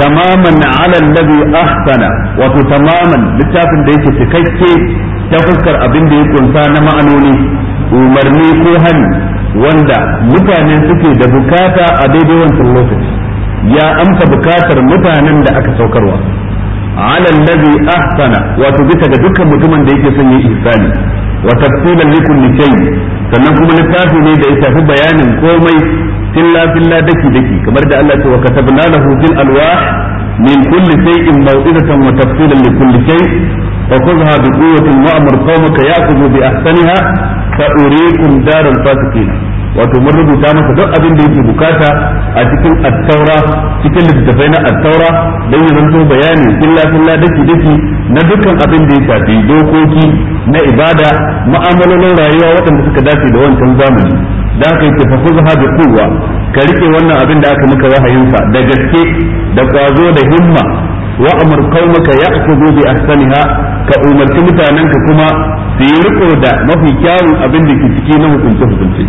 tamaman ala alladhi ahsana wato tamaman littafin da yake cikakke ta fuskar abin da ya kunsa na ma'anoni umarni ko hani wanda mutane suke da bukata a daidai wancan lokaci ya amsa bukatar mutanen da aka saukarwa على الذي أحسن وتبت جدك مدوما ديك سني إحسان وتفصيلا لكل شيء سنقوم لفافي نيدا إساف بيانا قومي سلا سلا دكي دكي كبرد رجع الله وكتبنا له في الألواح من كل شيء موئدة وتفصيلا لكل شيء فخذها بقوة وأمر قومك يأخذوا بأحسنها فأريكم دار الفاسقين wato mun rubuta masa duk abin da yake bukata a cikin at cikin littattafai na attaura taura dan ya zanto bayani illa illa daki daki na dukkan abin da ya shafi dokoki na ibada ma'amalolin rayuwa waɗanda suka dace da wancan zamani da aka yi tafafu zaha da kowa ka rike wannan abin da aka maka wahayinsa da gaske da kwazo da himma wa amur qaumaka ya'khudhu bi ahsaniha ka umarci mutanenka kuma su yi riko da mafi kyawun abin da ke ciki na hukunce hukunce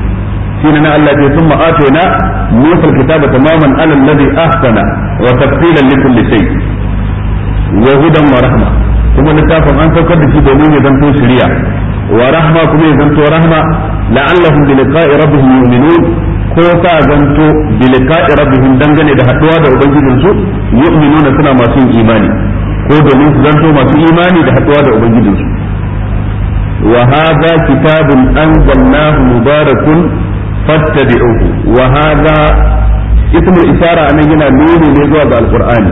shine na Allah ce thumma atayna musa kitaba tamaman ala alladhi ahsana wa tafsilan li kulli an saukar da shi domin ya zanto shari'a wa rahma kuma ya zanto rahma la'allahum bi liqa'i rabbihim yu'minun ko sa zanto bi liqa'i dangane da haduwa da ubangijinsu yu'minuna suna imani zanto imani da haduwa da وهذا كتاب أنزلناه مبارك fattabi'uhu wa hadha ismu isara anan yana nuni ne zuwa ga alqur'ani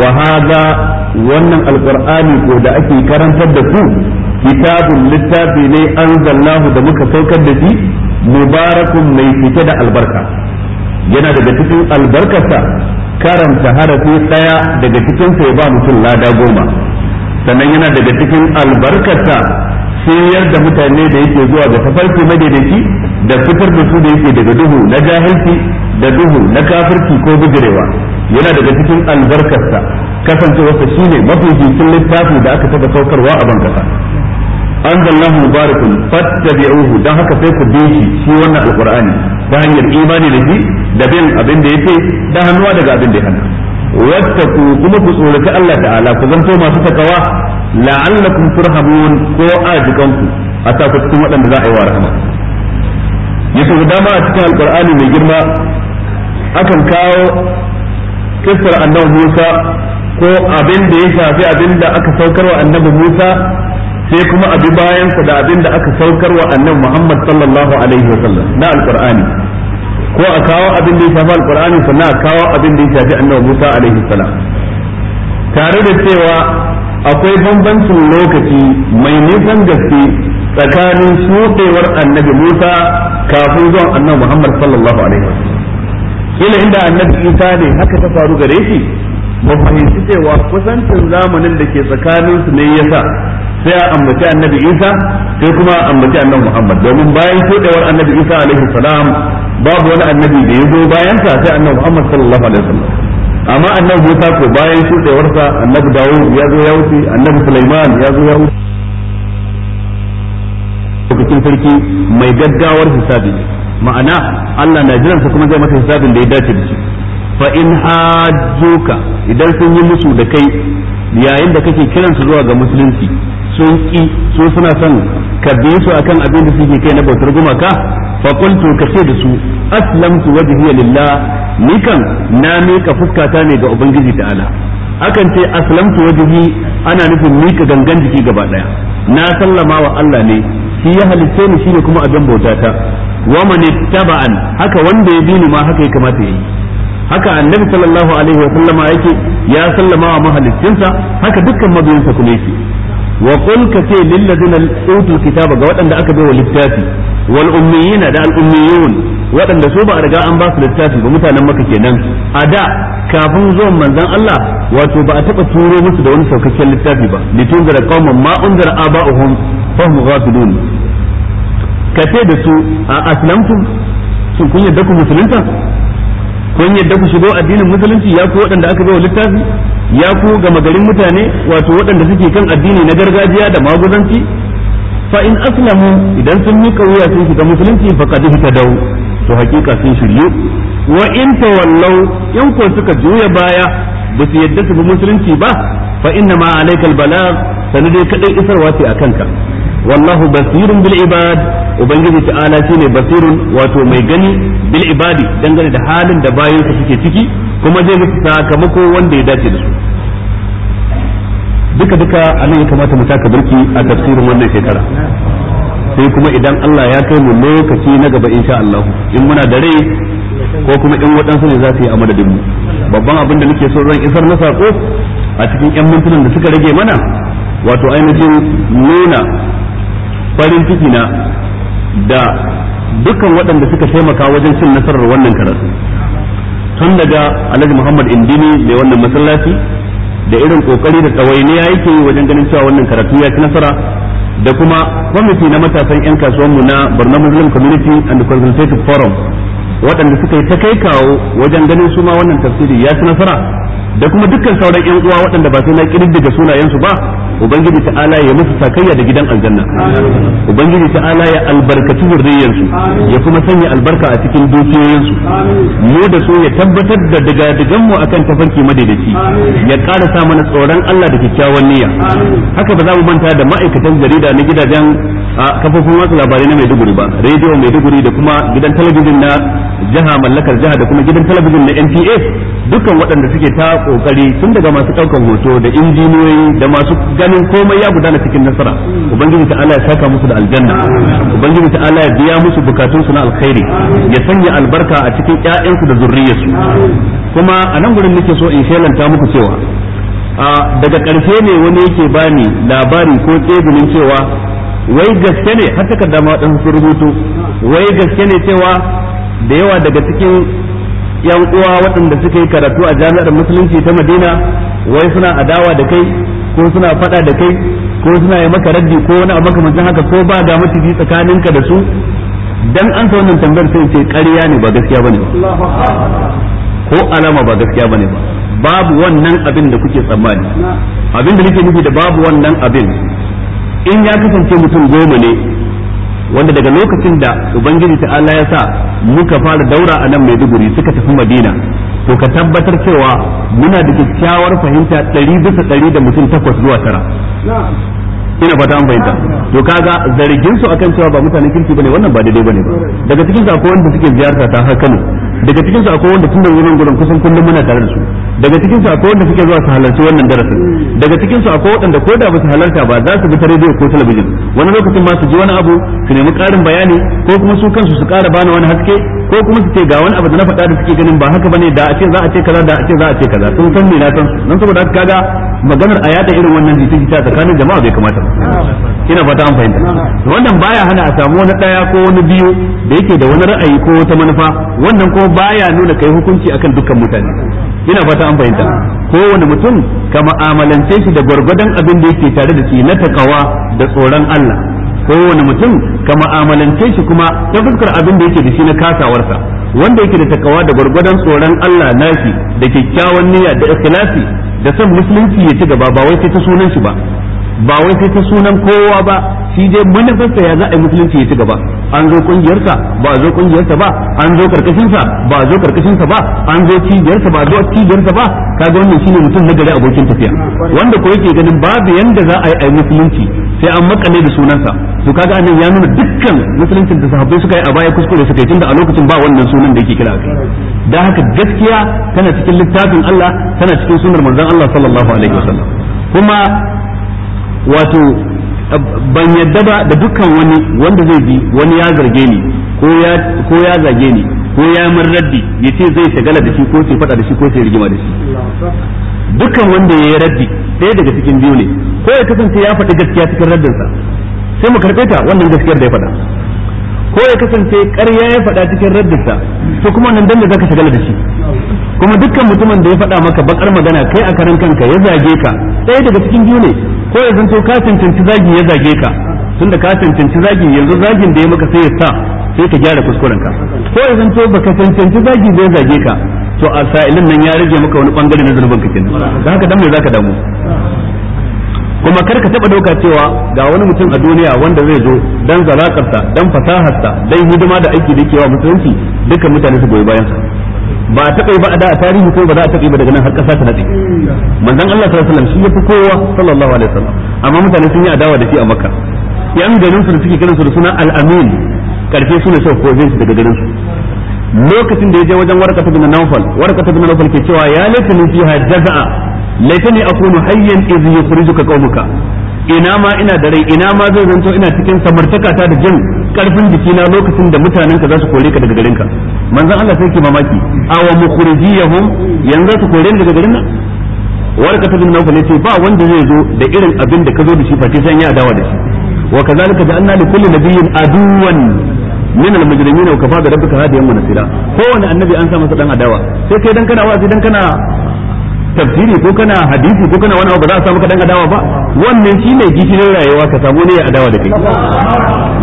wa hadha wannan alqur'ani ko da ake karantar da su hitafin littafi ne anzalnahu da muka saukar da shi mubarakun mai fita da albarka yana daga cikin albarkarsa karanta harafi daya daga cikin sai ba mutum lada goma sannan yana daga cikin albarkarsa sayar da mutane da yake zuwa ga tafarki madaidaici da fitar da su da yake daga duhu na jahilci da duhu na kafirci ko bijirewa yana daga cikin albarkarsa kasancewarsa shine jikin littafi da aka taba saukarwa a bankasa anzalallahu mubarakun fattabi'uhu dan haka sai ku bi shi shi wannan alqur'ani ta hanyar imani da shi da bin abin da yake da hannuwa daga abin da ya hana wattaku kuma ku tsorata Allah ta'ala ku zanto masu takawa la'allakum turhamun ko ajikanku a sa ku cikin waɗanda za a yi wa rahama yace da dama a cikin alqur'ani mai girma akan kawo kisar annabi Musa ko abin da ya shafi abin da aka saukarwa annabi Musa sai kuma abi sa da abin da aka saukarwa annabi Muhammad sallallahu alaihi wasallam na alqur'ani ko a kawo abin da ya shafi alqur'ani sannan a kawo abin da ya shafi annabi Musa alaihi salam tare da cewa akwai bambancin lokaci mai nisan gaske tsakanin shuɗewar annabi Musa kafin zuwan annabi Muhammad sallallahu alaihi wasallam kila inda annabi Isa ne haka ta faru gare shi ba fahimci cewa kusancin zamanin da ke tsakanin su ne yasa sai a ambaci annabi Isa sai kuma a ambaci annabi Muhammad domin bayan shuɗewar annabi Isa alaihi salam babu wani annabi da ya zo bayan sa sai annabi Muhammad sallallahu alaihi wasallam amma annabi Musa ko bayan shi warsa annabi Dawud ya zo ya wuce annabi Sulaiman ya zo ya wuce sarki mai gaggawar hisabi ma'ana Allah na jiran sa kuma zai masa hisabin da ya dace da shi fa in hajjuka idan sun yi musu da kai yayin da kake kiran su zuwa ga musulunci sun ki so suna son ka bi su akan abin da suke kai na bautar gumaka fa qultu ka ce da su aslamtu wajhiya lillah ni kan na miƙa fuskata ne ga ubangiji ta'ala akan ce aslamtu wajhi ana nufin mika gangan jiki gaba daya na sallama wa Allah ne shi ya halitta ni shine kuma abin bautata wa man ittaba'an haka wanda ya bi ni ma haka ya kamata yayi haka annabi sallallahu alaihi wa sallama yake ya sallama wa mahaliccinsa haka dukkan mabiyansa kuma yake wa qul ka ce lil ladina utul kitaba ga waɗanda aka bai wa littafi wal ummiyina da al ummiyun waɗanda su ba a riga an ba su littafi ba mutanen maka kenan a da kafin zuwan manzan Allah wato ba a taɓa turo musu da wani saukakken littafi ba a ba ma unzira aba'uhum fahum ghafilun ka ce da su a aslamtum su kun yadda ku musulunta kun yadda ku shigo addinin musulunci ya ku waɗanda aka wa littafi ya ku gama garin mutane wato waɗanda suke kan addini na gargajiya da maguzanci fa in aslamu idan sun mika wuya sun shiga musulunci faqad dau to hakika sun shiryu wa in wallau yan ko suka juya baya ba su yadda su bi musulunci ba fa inna ma alaikal balagh sanadai kadai isarwa ce akan ka wallahu basirun bil ibad ubangiji ta'ala shine basirun wato mai gani bil ibadi dangane da halin da bayansa suke ciki kuma zai musu sakamako wanda ya dace da su duka duka anan ya kamata mu taka birki a tafsirin wannan shekara sai kuma idan Allah ya kai mu lokaci na gaba insha Allah in muna da rai ko kuma in waɗansu ne za su yi a madadin mu babban abin da nake so zan isar na sako a cikin yan mintunan da suka rage mana wato ainihin nuna farin ciki na da dukan waɗanda suka taimaka wajen cin nasarar wannan karatu tun daga Alhaji Muhammad Indini mai wannan masallaci da irin kokari da tsawainiya yake yi wajen ganin cewa wannan karatu ya ci nasara da kuma kwamiti na matasan 'yan kasuwanmu na Borno Muslim Community and Consultative Forum waɗanda suka yi ta kai kawo wajen ganin suma ma wannan tafsiri ya ci nasara da kuma dukkan sauran 'yan uwa waɗanda ba sai na ƙididdiga sunayensu ba ubangiji ta'ala ya musu sakayya da gidan aljanna ubangiji ta'ala ya albarkaci zurriyar su ya kuma sanya albarka a cikin dukiyoyin su mu da su ya tabbatar da daga digan mu akan tafarki madaidaici ya ƙara sa mana tsoron Allah da kyakkyawan niyya haka ba za mu manta da ma'aikatan jarida na gidajen kafofin watsa labarai na Maiduguri ba rediyo Maiduguri da kuma gidan talabijin na jiha mallakar jiha da kuma gidan talabijin na NPA dukkan waɗanda suke ta kokari tun daga masu ɗaukan hoto da injiniyoyi da masu ganin komai ya gudana cikin nasara ubangiji ta'ala ya saka musu da aljanna ubangiji ta allah ya biya musu bukatun su na alkhairi ya sanya albarka a cikin ƴaƴansu da zurriyarsu kuma a nan gurin nake so in shelanta muku cewa daga ƙarshe ne wani yake bani labari ko tsebulin cewa wai gaske ne har takarda ma su rubutu wai gaske ne cewa da yawa daga cikin yan uwa waɗanda suka yi karatu a jami'ar musulunci ta madina wai suna adawa da kai ko suna faɗa da kai ko suna yi maka raddi ko wani abu makamancin haka ko ba ga maciji tsakaninka da su dan an ta wannan tambayar sai ce ƙarya ne ba gaskiya bane ba ko alama ba gaskiya bane ba babu wannan abin da kuke tsammani abin da nake nufi da babu wannan abin in ya kasance mutum goma ne wanda daga lokacin da ubangiji ta Allah ya sa muka fara daura a nan Maiduguri suka tafi Madina to ka tabbatar cewa muna da kyakkyawar fahimta ɗari bisa ɗari da mutum takwas zuwa tara ina fata an fahimta to kaga zargin su akan cewa ba mutanen kirki bane wannan ba daidai bane ba daga cikin su wanda suke ziyarta ta haka Kano daga cikin su akwai wanda tun da wurin gurin kusan kullum muna tare da su daga cikin su akwai wanda suke zuwa su halarci wannan darasin daga cikin su akwai wanda ko da ba su halarta ba za su bi ta rediyo ko talabijin wani lokacin ma su ji wani abu su nemi karin bayani ko kuma su kansu su ƙara bani wani haske ko kuma su ce ga wani abu da na faɗa da suke ganin ba haka bane da a ce za a ce kaza da a ce za a ce kaza sun san me na san nan saboda haka kaga maganar a yada irin wannan jita jita tsakanin jama'a bai kamata ba ina fata an fahimta wannan baya hana a samu wani daya ko wani biyu da yake da wani ra'ayi ko wata manufa wannan ko kuma baya nuna kai hukunci akan dukkan mutane ina fata an fahimta kowane mutum ka ma'amalance shi da gwargwadon abin da yake tare da shi na takawa da tsoron Allah kowane mutum ka ma'amalance shi kuma ta fuskar abin da yake da shi na kasawarsa wanda yake da takawa da gwargwadon tsoron Allah nashi da kyakkyawan niyya da ikhlasi da son musulunci ya ci gaba ba wai sai ta sunan shi ba ba wai sai ta sunan kowa ba shi dai manufarsa ya za a yi musulunci ya ci gaba an zo kungiyarsa ba zo kungiyarsa ba an zo karkashinsa ba zo karkashinsa ba an zo cibiyarsa ba zo cibiyarsa ba kaga wannan shine mutum na gari abokin tafiya wanda ko yake ganin babu yanda za a yi a musulunci sai an makale da sunansa to kaga annan ya nuna dukkan musuluncin da sahabbai suka yi a baya kuskure suka yi tunda a lokacin ba wannan sunan da yake kira kai dan haka gaskiya tana cikin littafin Allah tana cikin sunnar manzon Allah sallallahu alaihi wasallam kuma wato ban yadda ba da dukkan wani wanda zai bi wani ya zarge ni ko ya ko ya zage ni ko ya min raddi ce zai shagala da shi ko sai fada da shi ko sai rigima da shi dukkan wanda ya yi raddi ɗaya daga cikin biyu ne ko ya kasance ya faɗi gaskiya cikin raddinsa sai mu karɓe ta wannan gaskiyar da ya faɗa ko ya kasance ƙarya ya faɗa cikin raddinsa to kuma nan dan da zaka shagala da shi kuma dukkan mutumin da ya faɗa maka bakar magana kai a karan kanka ya zage ka ɗaya daga cikin biyu ne ko ya zanto ka cancanci zagi ya zage ka tunda ka cancanci zagi yanzu zagin da ya maka sai ya sa sai ka gyara kuskuren ka ko ya zanto ka cancanci zagi ya zage ka to a sa'ilin nan ya rage maka wani bangare na zunuban ka kenan da haka dan me zaka damu kuma kar ka taba dauka cewa ga wani mutum a duniya wanda zai zo dan zalakarta dan fasaharsa dan hidima da aiki da yake wa musulunci dukkan mutane su goyi bayan sa ba a taɓa ba a da a tarihi ko ba za a taɓa ba daga nan har ƙasa ta nade manzon Allah sallallahu alaihi wasallam shi kowa sallallahu alaihi wasallam amma mutane sun yi adawa da shi a Makka yan garin su da suke kiransu da suna al-amin karshe su ne daga garin su lokacin da ya je wajen warqata bin nawfal warqata bin nawfal ke cewa ya laifin fiha jaza'a laitani akunu hayyan idh yukhrijuka qaumuka ina ma ina da rai ina ma zai zanto ina cikin samartaka ta da jin karfin jikina lokacin da mutanen ka za su kore ka daga garin ka manzon Allah sai ke mamaki awa mukhrijiyahum yanzu su kore daga garin nan warka na bin nawfal yace ba wanda zai zo da irin abin da ka zo da shi fa sai ya dawa da shi wa kazalika ja'alna li kulli nabiyyin aduwan min al-mujrimina wa kafa bi rabbika hadiyan wa kowane annabi an sa masa dan adawa sai kai dan kana sai dan kana tafsiri ko kana hadisi ko kana wani abu ba za a samu ka dan adawa ba wannan ne gishirin rayuwa ka samu ne adawa da kai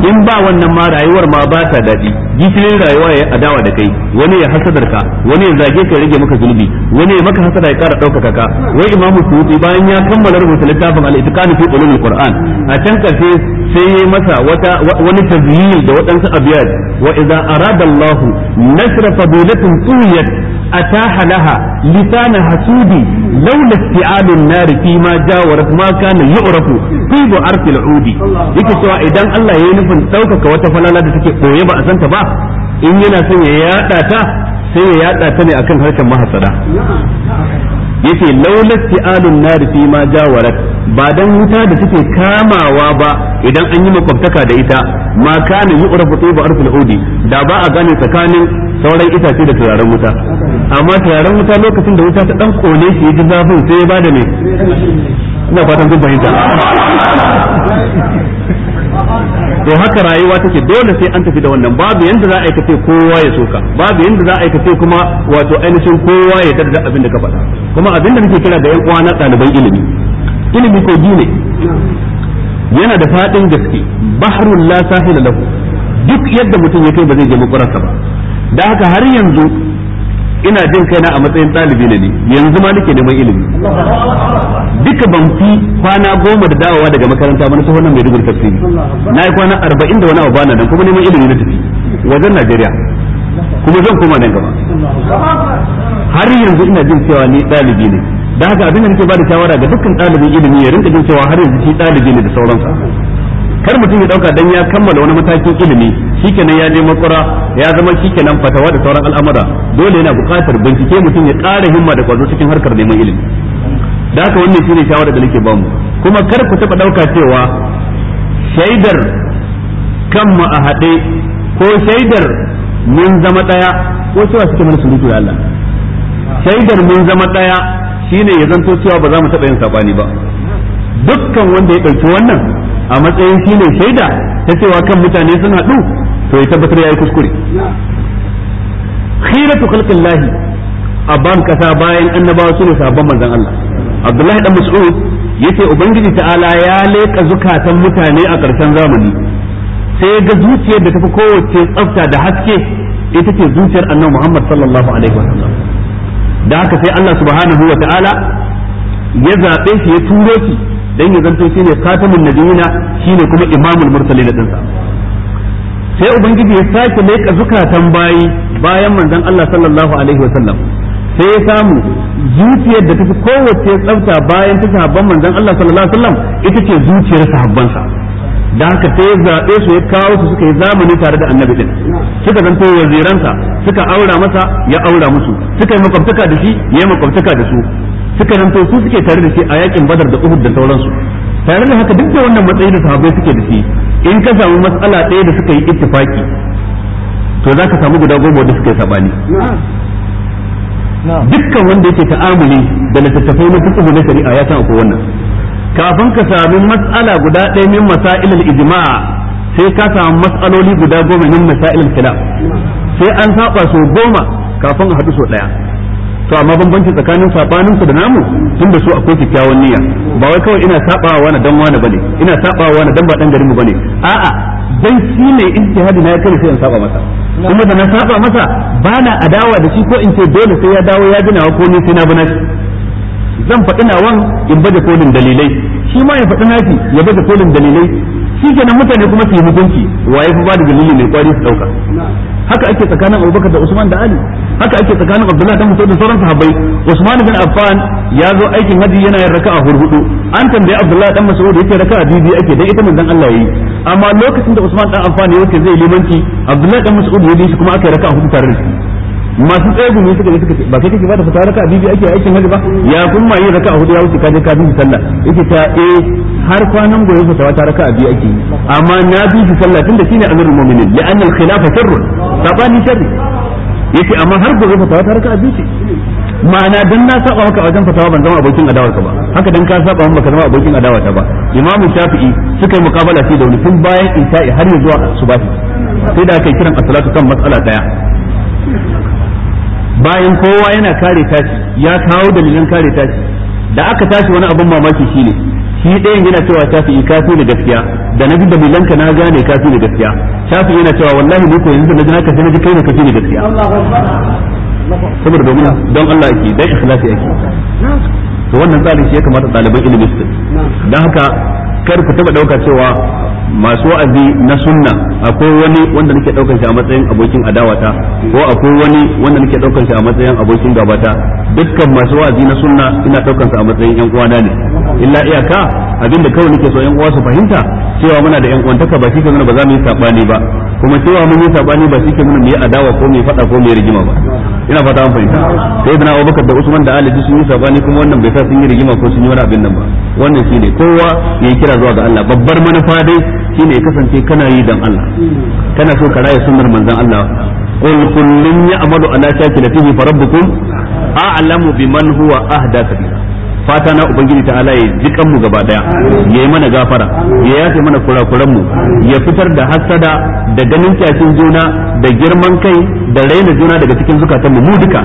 in ba wannan ma rayuwar ma ba ta daɗi gishirin rayuwa ya adawa da kai wani ya hasadar ka wani ya zage ka rage maka zunubi wani ya maka hasada ya kara ɗaukaka ka wai imamu suwuti bayan ya kammala rubuta littafin al-itiqan fi ulumul qur'an a can karshe sai ya masa wata wani tazyil da waɗansu abiyat wa idza arada Allah nasra fadilatin tuyat ataha laha lisana hasudi laula isti'alun nar fi ma jawarat ma kana yu'rafu fi bu'arfi al'udi yake cewa idan Allah ya yi nufin ɗaukaka wata falala da take ɓoye ba a san ta ba in yana son ya yada ta sai ya yada ta ne akan harshen mahasada yace laulat ti'alun nar fi ma jawarat ba dan wuta da take kamawa ba idan an yi makwabtaka da ita ma kana yu'rafu tuba arful hudi da ba a gane tsakanin sauran itace da turaren wuta amma turaren wuta lokacin da wuta ta dan kone shi ji zafin sai ya bada ne ina fatan kun fahimta to haka rayuwa take dole sai an tafi da wannan babu yanda za a yi kace kowa ya soka babu yanda za a yi kace kuma wato ainihin kowa ya darda abin da ka faɗa kuma abin da muke kira da yan uwa na ɗaliban ilimi ilimi ko ne yana da faɗin gaske bahrul la sahila lahu duk yadda mutum ya kai ba zai je mukurarsa ba da haka har yanzu ina jin kaina a matsayin ɗalibi ne yanzu ma nake neman ilimi duka ban fi kwana goma da dawowa daga makaranta ba na tsohon mai rubuta tafsiri na yi kwana arba'in da wani abu bana dan kuma neman ilimi na tafi wajen Najeriya kuma zan koma nan gaba har yanzu ina jin cewa ni ɗalibi ne da haka abin da nake ba da shawara ga dukkan ɗalibin ilimi ya rinka jin cewa har yanzu shi ɗalibi ne da sauransa kar mutum ya dauka dan ya kammala wani matakin ilimi shikenan ya je makura ya zama shikenan fatawa da sauran al'amura dole yana buƙatar bincike mutum ya ƙara himma da kwazo cikin harkar neman ilimi da haka wannan shine shawara da nake bamu kuma kar ku taba dauka cewa shaidar kan mu a haɗe ko shaidar mun zama ɗaya ko cewa suke mana surutu ya Allah shaidar mun zama ɗaya shine ya zanto cewa ba za mu taba yin saɓani ba dukkan wanda ya ɗauki wannan a matsayin shi ne shaida ta cewa kan mutane sun haɗu to ya tabbatar ya yi kuskure kalkin lahi a ban kasa bayan annabawa su ne sabon manzan Allah Abdullahi dan Mas'ud ce ubangiji ta'ala ya leƙa zukatan mutane a ƙarshen zamani sai ga zuciyar da tafi kowace tsafta da haske ita ce zuciyar annabi Muhammad sallallahu alaihi wa sallam. da haka sai Allah subhanahu wa ta'ala ya zaɓe shi ya turo shi dan ya zanto shine khatamun nabiyina shine kuma imamul mursalin din sa sai ubangiji ya sake leka zukatan bayi bayan manzon Allah sallallahu alaihi wa sallam sai ya samu zuciyar da tafi kowace tsafta bayan ta sahabban manzon Allah sallallahu alaihi wa sallam ita ce zuciyar sahabban sa da haka sai ya zaɓe su ya kawo su suka yi zamani tare da annabi din suka zanto waziransa suka aura masa ya aura musu suka yi makwabtaka da shi ya yi makwabtaka da su suka zanto su suke tare da shi a yakin badar da uhud da sauransu tare da haka duk da wannan matsayi da sahabbai suke da shi in ka samu matsala ɗaya da suka yi ittifaki to za ka samu guda goma da suka yi sabani dukkan wanda yake ta'amuli da littattafai na fiqh na shari'a ya san akwai wannan kafin ka samu matsala guda ɗaya min masailul ijma'a sai ka samu matsaloli guda goma min masailul khilaf sai an saba so goma kafin a haɗu so ɗaya to amma bambanci tsakanin sabanin ku da namu tun da su akwai kyakkyawan niyya ba wai kawai ina sabawa wani dan wani bane ina sabawa wani dan ba dan garin mu bane a'a dan shi ne ijtihadi na kai sai in saba masa kuma da na saba masa ba na adawa da shi ko in ce dole sai ya dawo ya gina ko ni sai na bana zan faɗi nawan in baje kolin dalilai shi ma ya faɗi ya baje kolin dalilai shi kenan mutane kuma su yi hukunci waye fa ba da dalili mai kwari su dauka haka ake tsakanin Abubakar da Usman da Ali haka ake tsakanin Abdullah da Mas'ud da sauran sahabbai Usman bin Affan ya zo aikin haji yana yin raka'a hurhudu an tambaye Abdullah dan Mas'ud yake raka'a bibi ake dan ita manzon Allah yayi amma lokacin da Usman dan Affan ya wuce zai limanci Abdullah dan Mas'ud ya bi shi kuma aka raka'a hudu tare da shi masu tsegumi suka je suka ce ba kai kake ba da fatawa raka'a bibi ake aikin hajji ba ya kun ma yi a hudu ya wuce ka je ka bi sallah yake ta eh har kwanan gobe fita ta raka'a bi ake amma na bi shi sallah tunda shine amirul mu'minin li'anna al-khilafa sharrun sabani sirr yake amma har gobe ka ta bi ce ma'ana dan na saba maka wajen fatawa ban zama abokin adawar ka ba haka dan ka saba maka zama abokin adawar ta ba imamu shafi'i suka yi mukabala shi da wani tun bayan isha'i har ya zuwa subahi sai da aka kiran as-salatu kan mas'ala daya bayan kowa yana kare tashi ya kawo dalilan kare tashi da aka tashi wani abin mamaki ne shi ɗayan yana cewa in kafi da gaskiya da na bi dalilan ka na gane kafi da gaskiya shafi yana cewa wallahi ni ko yanzu da na ji sai na ji kai na kafi da gaskiya saboda domin don Allah yake dai ikhlasi yake to wannan tsari shi ya kamata ɗaliban ilimi su dan haka kar ku taba dauka cewa masu wa'azi na sunna akwai wani wanda nake daukar shi a matsayin abokin adawata ko akwai wani wanda nake daukar shi a matsayin abokin gabata dukkan masu wa'azi na sunna ina daukar su a matsayin yan uwana ne illa iyaka abinda kawai nake so yan uwa su fahimta cewa muna da yan uwantaka ba shi kan ba za mu yi sabani ba kuma cewa mun yi sabani ba shike mun yi adawa ko mai fada ko mai rigima ba ina fata an fahimta sai da Abubakar da Usman da Ali sun yi sabani kuma wannan bai sa sun yi rigima ko sun yi wani abin nan ba wannan shine kowa ya yi kira zuwa ga Allah babbar manufa dai shine ya kasance kana yi dan Allah kana so ka raya sunnar manzon Allah qul kullun ya'malu ala shakilatihi farabbukum a'lamu biman huwa ahda sabila fata na ubangiji ta ya jikan mu gaba daya ya yi mana gafara ya yafe mana kurakuran mu ya fitar da hasada da ganin kyashin juna da girman kai da raina juna daga cikin zukatan mu mu duka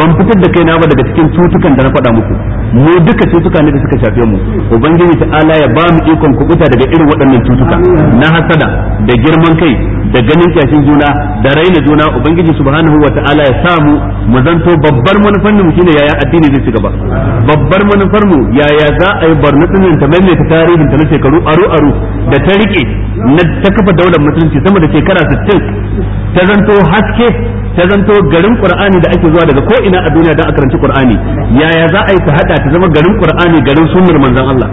ban fitar da kaina ba daga cikin cutukan da na faɗa muku mu duka cutuka ne da suka shafe mu ubangiji ala ya ba mu ikon kubuta daga irin waɗannan cutuka na hasada da girman kai da ganin kyashin juna da raina juna ubangiji subhanahu wata'ala ya sa mu mu zanto babbar manufar mu shine yaya addini zai ci gaba babbar manufar mu yaya za a yi barnatsin ta maimaita tarihin ta na shekaru aru aru da ta rike na ta kafa daular musulunci sama da shekara 60 ta zanto haske ta zanto garin qur'ani da ake zuwa daga ko ina a duniya don a karanci qur'ani yaya za a yi ta hada ta zama garin qur'ani garin sunnar manzon Allah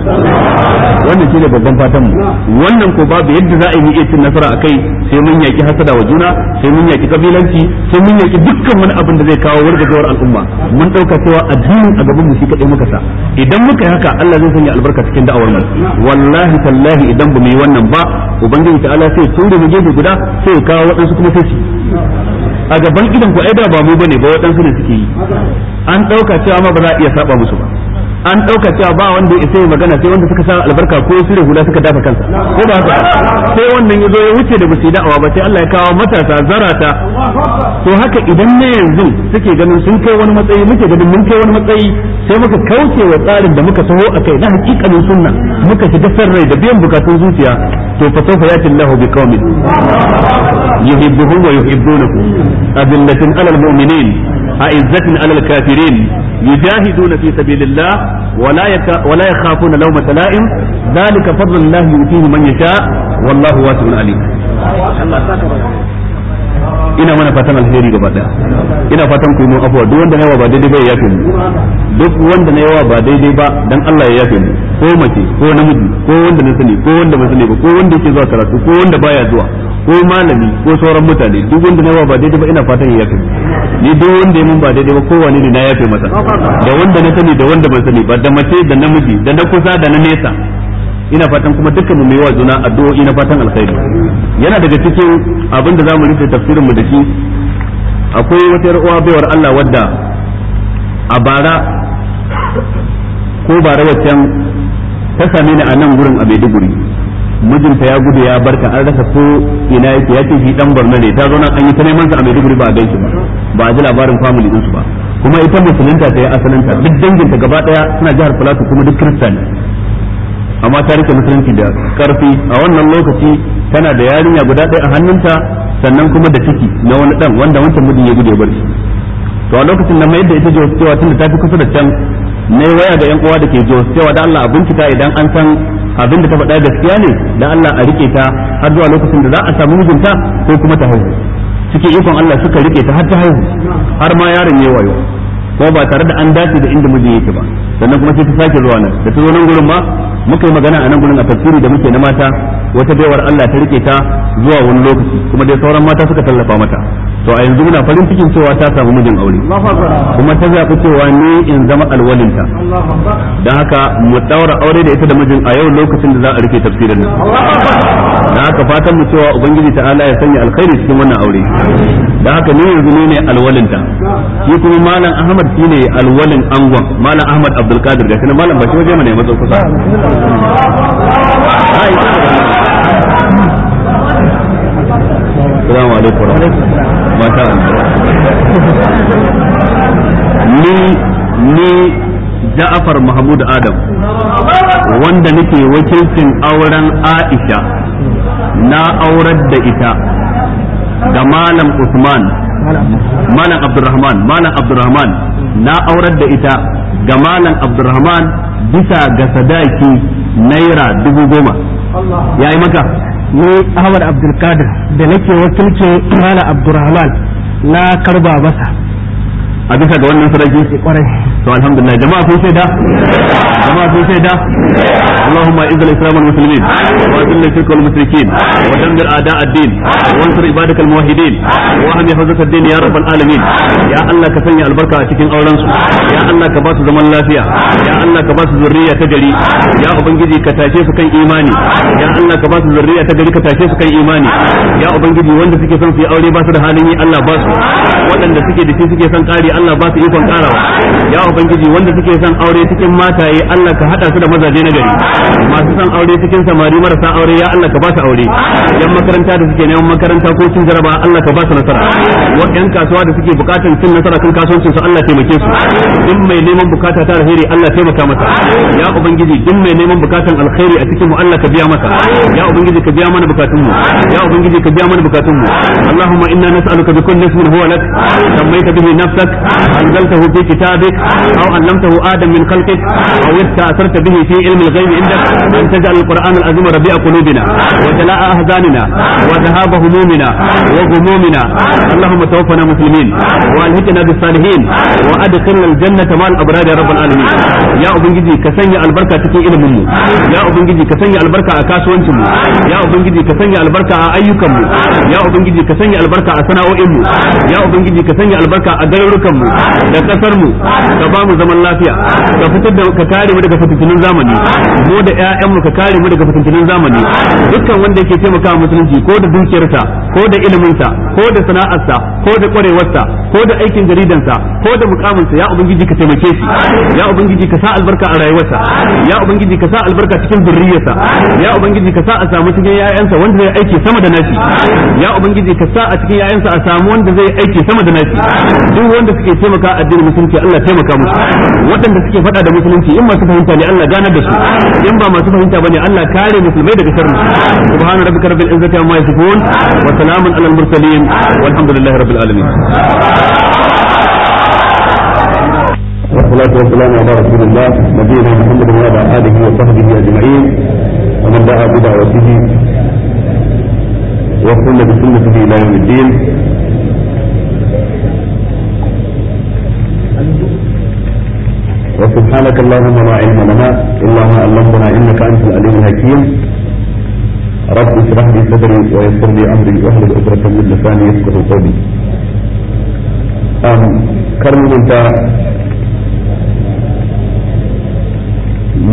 wannan shine babban fatan mu wannan ko babu yadda za a yi iya cin nasara akai sai mun yaki hasada wa juna sai mun yaki kabilanci sai mun yaki dukkan wani abin da zai kawo wargazawar al'umma mun dauka cewa addinin a gaban mu shi kadai muka sa idan muka yi haka Allah zai sanya albarka cikin da'awar mu wallahi tallahi idan ba mu yi wannan ba ubangiji ta'ala sai tura mu gefe guda sai kawo waɗansu kuma sai gwamnati a gaban idan ku ai da ba mu bane ba waɗansu ne suke yi an ɗauka cewa ma ba za a iya saba musu ba an ɗauka cewa ba wanda ya sai magana sai wanda suka sa albarka ko su hula suka dafa kansa ko ba haka sai wannan ya zo ya wuce da basu da'awa ba sai Allah ya kawo matasa zarata to haka idan ne yanzu suke ganin sun kai wani matsayi muke ganin mun kai wani matsayi sai muka kauce wa tsarin da muka taho a kai na hakikanin sunna muka shiga rai da biyan bukatun zuciya to fa sawfa yati Allahu bi yuhibbuhum wa yuhibbunahu adillatin alal mu'minin a'izzatin alal kafirin yujahiduna fi sabilillah wala wala yakhafuna lawma tala'im dhalika fadlullah yutihi man yasha wallahu wasi'un alim ina mana fatan alheri gaba daya ina fatan ku mun afuwa duk wanda na yawa ba daidai ba ya yafe mu duk wanda na yawa ba daidai ba dan Allah ya yafe mu ko mace ko namiji ko wanda na sani ko wanda ba sani ba ko wanda yake zuwa karatu ko wanda baya zuwa ko malami ko sauran mutane duk wanda na yawa ba daidai ba ina fatan ya yafe ni duk wanda ya mun ba daidai ba kowane ne na yafe masa da wanda na sani da wanda ban sani ba da mace da namiji da na kusa da na nesa ina fatan kuma dukkan mu wa juna addu'o'i na fatan alkhairi yana daga cikin abin da zamu rufe tafsirin mu da shi akwai wata ruwa uwa baiwar Allah wadda a bara ko bara waccan ta same ni a nan gurin a Maiduguri mijinta ya gudu ya barka an rasa ko ina yake ya ce shi dan barna ne ta zo an yi ta neman sa a Maiduguri ba a ba ba a ji labarin family din su ba kuma ita musulunta ta yi asalinta duk danginta gaba daya suna jihar Plateau kuma duk kirista amma ta rike musulunci da karfi a wannan lokaci tana da yarinya guda ɗaya a hannunta sannan kuma da ciki na wani dan wanda wancan mijin ya ya bari to a lokacin nan mai da ita Jos cewa tunda ta fi kusa da can ne waya da yan uwa da ke Jos cewa da Allah a bincika idan an san abin da ta faɗa gaskiya ne da Allah a rike ta har zuwa lokacin da za a samu mijinta ko kuma ta haihu cikin ikon Allah suka rike ta har ta haihu har ma yaron ya wayo ko ba tare da an dace da inda mijin yake ba sannan kuma sai ta sake zuwa nan da ta zo nan gurin ma muka yi magana a nan gurin a tafsiri da muke na mata wata baiwar Allah ta rike ta zuwa wani lokaci kuma dai sauran mata suka tallafa mata to a yanzu muna farin cikin cewa ta samu mijin aure kuma ta zaɓi cewa ni in zama alwalinta don haka mu daura aure da ita da mijin a yau lokacin da za a rufe tafsirin nan don haka fatan mu cewa ubangiji ala ya sanya alkhairi cikin wannan aure don haka ni yanzu ne alwalinta shi kuma malam ahmad shi ne alwalin angon malam ahmad abdulkadir ga shi malam ba shi waje mana ne matsa kusa السلام عليكم ورحمة الله ni ni Ja'far Mahmud Adam wanda nake wakilcin auren Aisha na aurar da ita da Malam Usman Malam Abdulrahman Malam Abdulrahman na aurar da ita ga Malam Abdulrahman bisa ga sadaki naira dubu goma ya maka ni Ahmad Abdulkadir da nake wakilcin Abdul rahman na karba masa a bisa ga wannan sarki sai kwarai to alhamdulillah jama'a sun shaida jama'a sun shaida Allahumma izil islam wal muslimin wa zilla shirk wal mushrikin wa dammir a'da ad-din wa ansur ibadak al muwahhidin wa ahmi hawzak ad-din ya rabbal alamin ya Allah ka sanya albarka a cikin auren su ya Allah ka ba su zaman lafiya ya Allah ka ba su zurriya ta gari ya ubangiji ka tashe su kan imani ya Allah ka ba su zurriya ta gari ka tashe su kan imani ya ubangiji wanda suke son su yi aure ba su da halin yi Allah ba su waɗanda suke da shi suke son ƙari Allah ba su ikon karawa ya ubangiji wanda suke son aure cikin mataye Allah ka hada su da mazaje na gari masu son aure cikin samari marasa aure ya Allah ka ba su aure yan makaranta da suke neman makaranta ko cin jaraba Allah ka ba su nasara wa yan kasuwa da suke bukatun cin nasara kan kasuwancin su Allah taimake su duk mai neman bukata ta alheri Allah taimaka masa ya ubangiji duk mai neman bukatun alheri a cikin mu Allah ka biya masa ya ubangiji ka biya mana bukatun mu ya ubangiji ka biya mana bukatun mu Allahumma inna nas'aluka bi kulli ismin huwa lak sammaita bihi nafsak أنزلته في كتابك أو علمته آدم من خلقك أو استأثرت به في علم الغيب عندك أن تجعل القرآن العظيم ربيع قلوبنا وجلاء أحزاننا وذهاب همومنا وغمومنا اللهم توفنا مسلمين وألهجنا بالصالحين وأدخلنا الجنة مع الأبرار يا رب العالمين يا أبنجي كسني البركة تكي إلمه يا أبنجي كسني البركة أكاسوانتم يا أبنجي كسني البركة أيكم يا أبنجي كسني البركة أسناؤهم يا أبنجي كسني البركة أدرركم yankunan mu da kasar mu ka ba mu zaman lafiya ka fitar da ka kare mu daga fitintunin zamani mu da ƴaƴan mu ka kare mu daga fitintunin zamani dukkan wanda yake taimaka musulunci ko da dukiyarsa ko da iliminsa ko da sana'arsa ko da ko da aikin jaridansa ko da mukaminsa ya ubangiji ka taimake shi ya ubangiji ka sa albarka a rayuwarsa ya ubangiji ka sa albarka cikin zurriyarsa ya ubangiji ka sa a samu cikin ƴaƴansa wanda zai aiki sama da nashi ya ubangiji ka sa a cikin ƴaƴansa a samu wanda zai aiki sama da nashi duk wanda suke taimaka addinin musulunci Allah taimaka musu waɗanda suke faɗa da musulunci in masu fahimta ne Allah ganar da su in ba masu fahimta bane Allah kare musulmai daga sharri subhana rabbika rabbil izzati amma yasifun wa salamun alal mursalin walhamdulillahi rabbil alamin والصلاة والسلام على رسول الله نبينا محمد وعلى آله وصحبه أجمعين ومن دعا بدعوته وسن بسنته إلى يوم الدين وسبحانك اللهم لا علم لنا إلا ما علمتنا إنك أنت العليم الحكيم رب اشرح لي صدري ويسر لي أمري واحلل عقدة من لساني يفقه قولي أم كرم أنت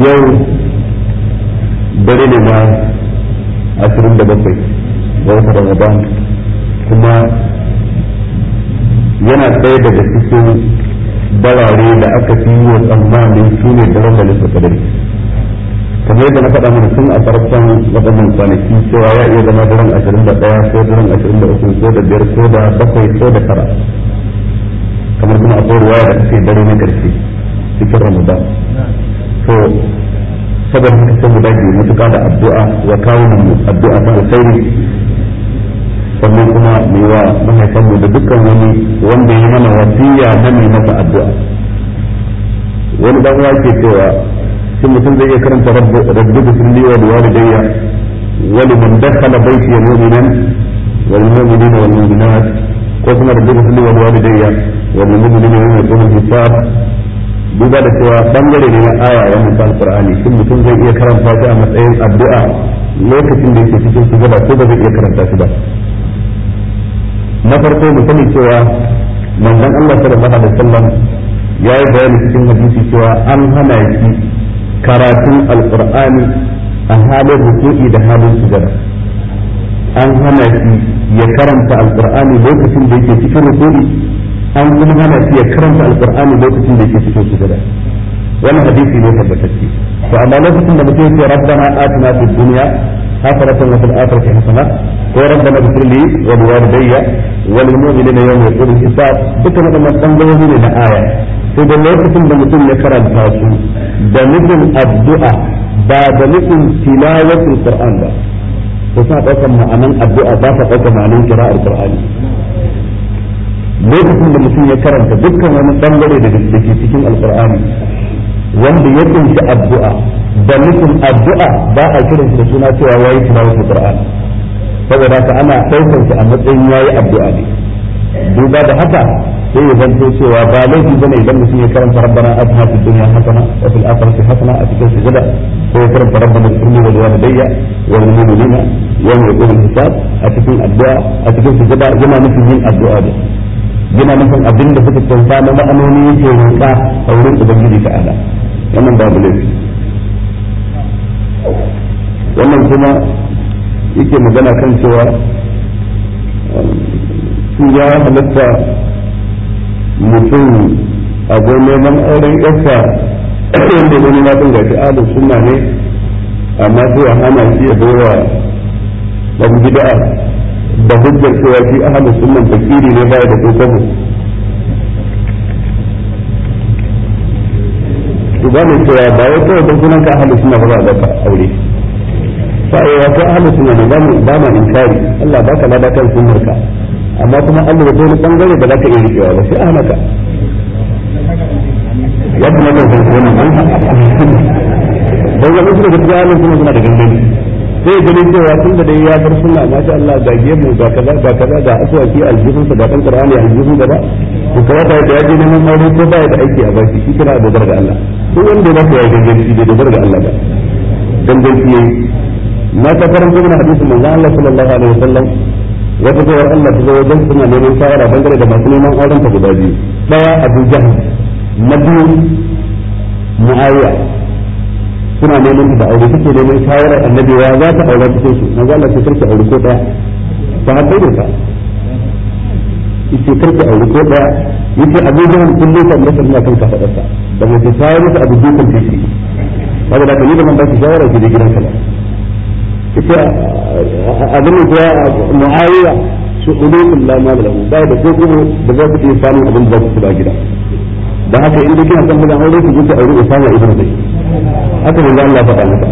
يوم دليل ما ashirin da bakwai ga wata ينا kuma yana barare da aka fi yi wa tsammanin su ne da rasa lissa kadari kamar yadda na faɗa mana tun a farkon waɗannan kwanaki cewa ya iya zama daren ashirin da ɗaya ko daren ashirin da uku ko da biyar ko da bakwai ko da tara kamar kuma akwai ruwaya da ake dare na ƙarshe cikin ramadan to saboda haka sai mu dage mutuka da addu'a wa kawo mu addu'a ta alkhairi sannan kuma mai wa mahaifanmu da dukkan wani wanda ya mana wasiya na mai masa addu'a wani dan uwa ke cewa shin mutum zai iya karanta rabbi da sirri wa walidayya wa liman dakhala baiti mu'minan wal mu'minina wal mu'minat ko kuma rabbi da sirri wa walidayya wa lil mu'minina yawma yaqumul hisab duba da cewa bangare ne na aya wannan ta alqur'ani shin mutum zai iya karanta shi a matsayin addu'a lokacin da yake cikin gaba ko ba zai iya karanta shi ba na farko da sani cewa manzon Allah sallallahu alaihi wasallam ya yi bayani cikin hadisi cewa an hana shi karatun alqur'ani a halin ruku'i da halin sujada an hana shi ya karanta alqur'ani lokacin da yake cikin ruku'i an kuma hana shi ya karanta alqur'ani lokacin da yake cikin sujada wannan hadisi ne tabbatacce to amma lokacin da mutum ya rabbana atina fid dunya hasanatan wa fil akhirati hasana ko rabbana ighfir li wa li walidayya wa lil mu'minina yawma yaqumul hisab dukkan wannan bangarori ne na aya sai da lokacin da mutum ya karanta su da nufin addu'a ba da nufin tilawatul qur'an ba to sa san ma'anan addu'a ba ta ɗaukar ma'anan qira'ar qur'ani lokacin da mutum ya karanta dukkan wani bangare daga cikin alqur'ani wanda ya kunshi addu'a da nufin addu'a ba a kiran shi da suna cewa yayi tilawar Qur'an saboda ka ana daukar shi a matsayin yayi addu'a ne duba da haka sai ya zanto cewa ba laifi bane idan mutum ya karanta rabbana atina fid dunya hasana wa fil akhirati hasana a cikin sujada ko ya karanta rabbana irni wal walidayya wal mu'minina yawma yaqumul hisab a cikin addu'a a cikin sujada yana nufin yin addu'a ne yana nufin abin da suka kyauta na ma'anoni yake roƙa a wurin ubangiji ala wannan babu laifi wannan kuma yake magana kan cewa um, ya halatta mutum a neman auren yarsa inda wani na ɗin gashi adon suna ne amma zuwa hana shi ya bai wa ɗan gida'a da hujjar cewa shi ahlus sunnan fakiri ne baya da kokon ba mai cewa ba wai kawai don sunan ka ahlus suna ba za a aure ba a yawa ka ahlus ne ba ma inkari Allah baka lada kan sunnar ka amma kuma Allah ya wani bangare da zaka iya rikewa ba sai a ya kuma da wannan ba ya mutu da gaskiya ne kuma suna da gangan sai ganin cewa tun da dai ya bar suna masha Allah ga gemu ga kaza ga kaza ga aswaki aljihun sa ga dan qur'ani aljihun gaba ko kawai da ya je neman aure ko ba da aiki a baki shi kira da daraja Allah duk wanda ya ya gangan shi da daraja Allah ba dan shi na ta faran kuma hadisi manzo Allah sallallahu alaihi wasallam wata bayar Allah ta zo wajen suna neman shawara bangare da masu neman auren ta guda biyu daya Abu Jahl na biyu Muawiya suna neman da aure take neman shawara annabi ya za ta aure cikin su na zalla ce karki aure ko daya ta da ta yace karki aure ko daya yace kun lokacin da kan da sallah kan ta da mai shawara ta Abu Jahl ta shi wanda da kalli da man ba ki shawara ki da gidan kala yace abin da ya Muawiya su ulul la ma lahu ba da ko kuma da za ku yi samun abin da za ku ci ba gida da haka in kina san da aure ki je ki aure Usama ibn Zayd haka ne Allah faɗa maka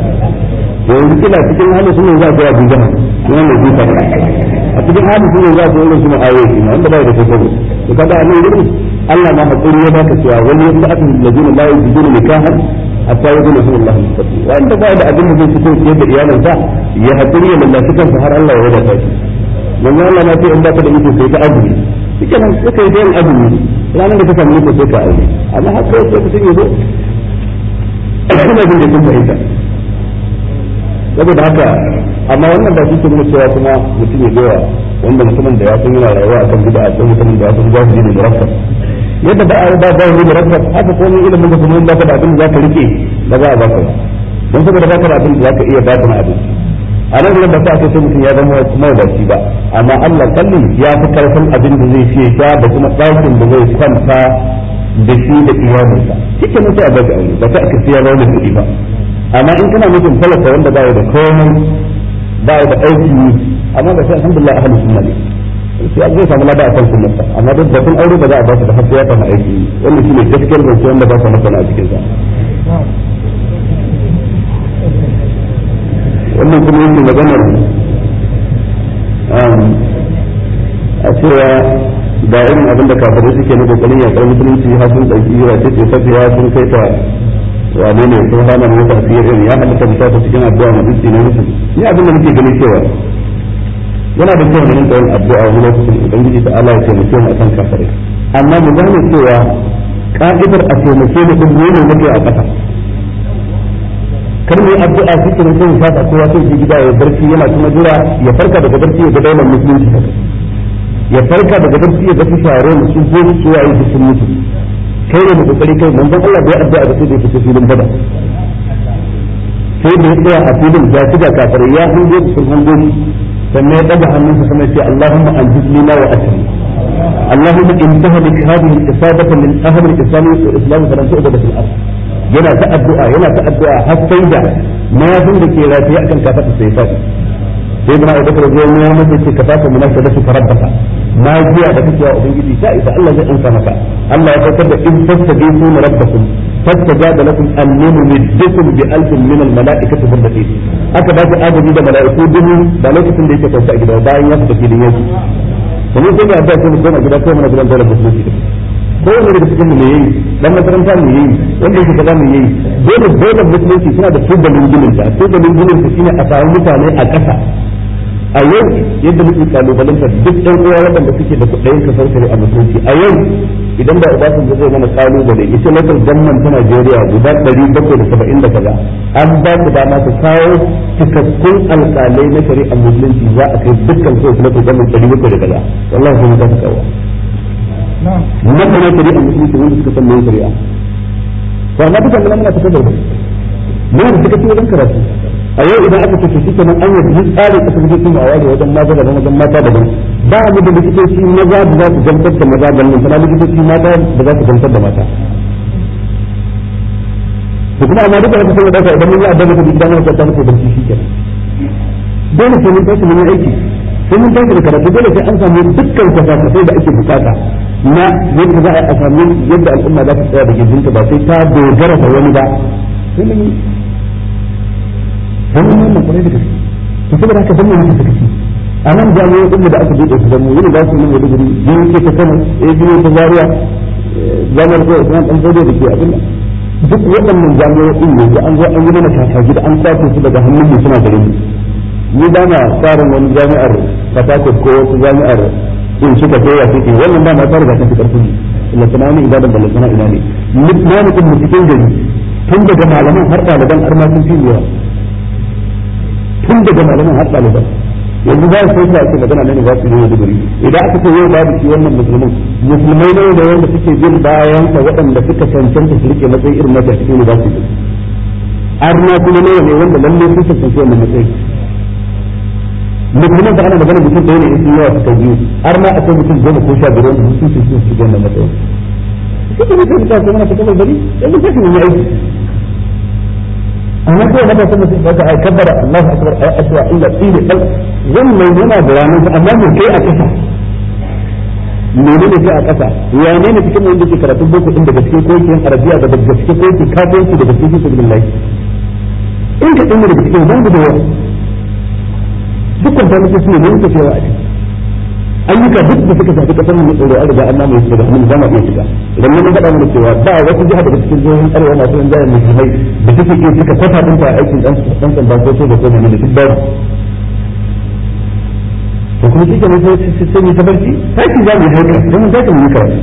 yanzu kila cikin halin sunan za ku yaji jama'a kuma ne duka a cikin halin sunan za ku irin su ma'ayoyi ne wanda bai da kokari to kada a nan gurin Allah ma hakuri ya baka cewa wani yasa akan ladina la yajiduna nikahan hatta yajiduna sallallahu alaihi wasallam wanda bai da abin da zai fito ke da iyalansa ya hakuri ya lallashi kan har Allah ya wadata shi manzo Allah ma sai in baka da iko sai ta azumi shikenan sai kai da azumi ranan da ka samu iko sai ka aure amma har sai ka mutum ya ina jin da kun fahimta saboda haka amma wannan ba shi ke nuna cewa kuma mutum ya yawa wanda mutumin da ya san yana rayuwa a kan a kan mutumin da ya san jahili da murakkab yadda ba a ba da murakkab haka ko ne ilimin da kuma in baka da abin da zaka rike ba za a baka ba don saboda baka da abin da zaka iya ka na abin a nan gudan ba sa ake sai mutum ya zama mawadaci ba amma Allah kallin ya fi karfin abin da zai fiye da kuma tsakin da zai kwanta da shi da iyalinsa cikin mutu a bada aure ba ta aka siya ba wani kuɗi ba amma in kana mutum talaka wanda ba da komai ba da aiki ne amma ba sai alhamdulillah ahli sunna ne sai an zai samu lada a kan sunnarsa amma duk batun aure ba za a ba su da har ya samu aiki wannan shine gaskiyar zance wanda ba sa masana a cikin wannan kuma yake maganar um, a cewa da irin abin da kafirai suke na kokarin yakar musulunci har sun ɗauki ira ce ce ya sun kai ta wane ne sun hana ne ta fiye irin ya halitta da ta cikin addu'a na dukki na musu ni abin da muke ganin cewa yana da kyau ne da yin addu'a wani lokacin ubangiji ta Allah ya taimake mu akan kafirai amma mu gane cewa ka'idar a taimake da kun ne muke a ƙasa kar mu yi addu'a cikin sun fata kowa sai ji gida ya barci yana kuma jira ya farka daga barci ya ga daular musulunci ya farka daga barci ya ga su da su sun zo su yayi da sun mutu kai ne mu kokari kai mun dan Allah bai addu'a ga sai da su filin bada sai da ya tsaya a filin ya ci da kafare ya hango sun hango sannan ya daga hannunsa sama ya ce Allahumma anjidni ma wa al-isabata min ahli al-islam wa al-islam fa lan تؤبد fil الأرض yana ta addu'a yana ta addu'a har sai da mayafin da ke rafi ya kan kafa sai fadi sai ibn Abu Bakar zai mai mata ce ka fata na jiya da kake wa ubangiji ta isa Allah zai maka Allah ya saukar da in fastajibu rabbakum فاستجاب لكم أني من الملائكة بالبشير أكا باقي آدم إذا ملائكو دمي ملائكة ليس توسع جدا وباين يفضل في دنياك ومن ثم يبدأ ko cikin yayi dan makaranta mu yayi wanda yake kaza yayi dole dole musulunci suna da tubalin ginin ta tubalin ginin ta shine a samu mutane a ƙasa a yau yadda muke kalubalanta duk ɗan uwa waɗanda suke da kuɗayen kasar a musulunci a yau idan da ubatan da zai mana kalubale ita na gamman ta Najeriya guda ɗari bakwai da saba'in da kaza an ba ku dama ku kawo cikakkun alƙalai na a musulunci za a kai dukkan su na gamman ɗari bakwai da kaza wallahi kuma za su kawo. Na kare a musulunci wanda suka san mai a Wa na dukkan muna fitar da muna da cikakken wajen karatu. a yau idan aka tafi shi kenan an yi tsarin asibitocin a wajen wajen maza daban wajen mata daban ba mu da likitoci maza da za su gamsar da maza da nan kuma likitoci mata da za su gamsar da mata to kuma amma duka haka sai dauka idan mun yi addabi da gidan mu ta mutu barci shi kenan dole sai mun tashi mun aiki sai mun tashi da karatu dole sai an samu dukkan kwasa da ake bukata na yadda za a samu yadda al'umma za ta tsaya da gindinta ba sai ta dogara da wani ba sai mun dan wannan kwarai da gaske to saboda haka dan wannan suka ci a nan jami'o'i din da aka bude su da mu yana da su ne da guri biyu ke ta Kano eh biyu ta Zaria eh, jami'ar ko Usman dan Bodo da ke abin duk waɗannan jami'o'in ne da an zo an yi mana kakaki da an sace su daga hannun mu suna gare mu ni ba na tsarin wani jami'ar fatakot ko wasu jami'ar in suka koya suke wannan ba na tsara ga kansu karfin ne lakana ne ibadan da lakana ina ne na mutum mutum cikin gari tun daga malaman har ɗaliban har ma sun fi yawa tun daga malamin har ɗaliban yanzu ba su sai ake magana nan ba su yi ne guri idan aka ce yau babu shi wannan musulmin musulmai ne da wanda suke jin bayan sa waɗanda suka cancanta su rike matsayin irin na cikin yi arna kuma ne ne wanda lalle sun cancanci wannan matsayi musulmin da ana magana mutum da yanayin sun yawa su kai biyu arna a kai mutum goma ko sha biyar wanda sun cancanci su rike wannan matsayi suka mutum da kuma na cikin bari yanzu sai su nemi aiki amma sai na mutum mutum ai kabbara Allahu akbar ai illa fi da kal mai yana da ranar amma mun kai a kasa menene kai a kasa ya ne ne cikin wanda ke karatu boko din da cikin ko yan arabiya da gaske ko yake kafanci su billahi in ka da gaske wanda da yawa dukkan mutum ne ne cewa a cikin ayyuka duk da suka shafi kasar mu tsoro an riga an mai shiga mun zama iya shiga idan mun faɗa mana cewa ba wata jiha daga cikin jihohin arewa masu yin jihar musulmai da suke iya duka kwata ɗin ta aikin ɗan ɗan sanda ko so da ko da duk babu to kuma shi kenan sai sai ni tabarci sai ki zamu yi haka dan za ka mu yi karatu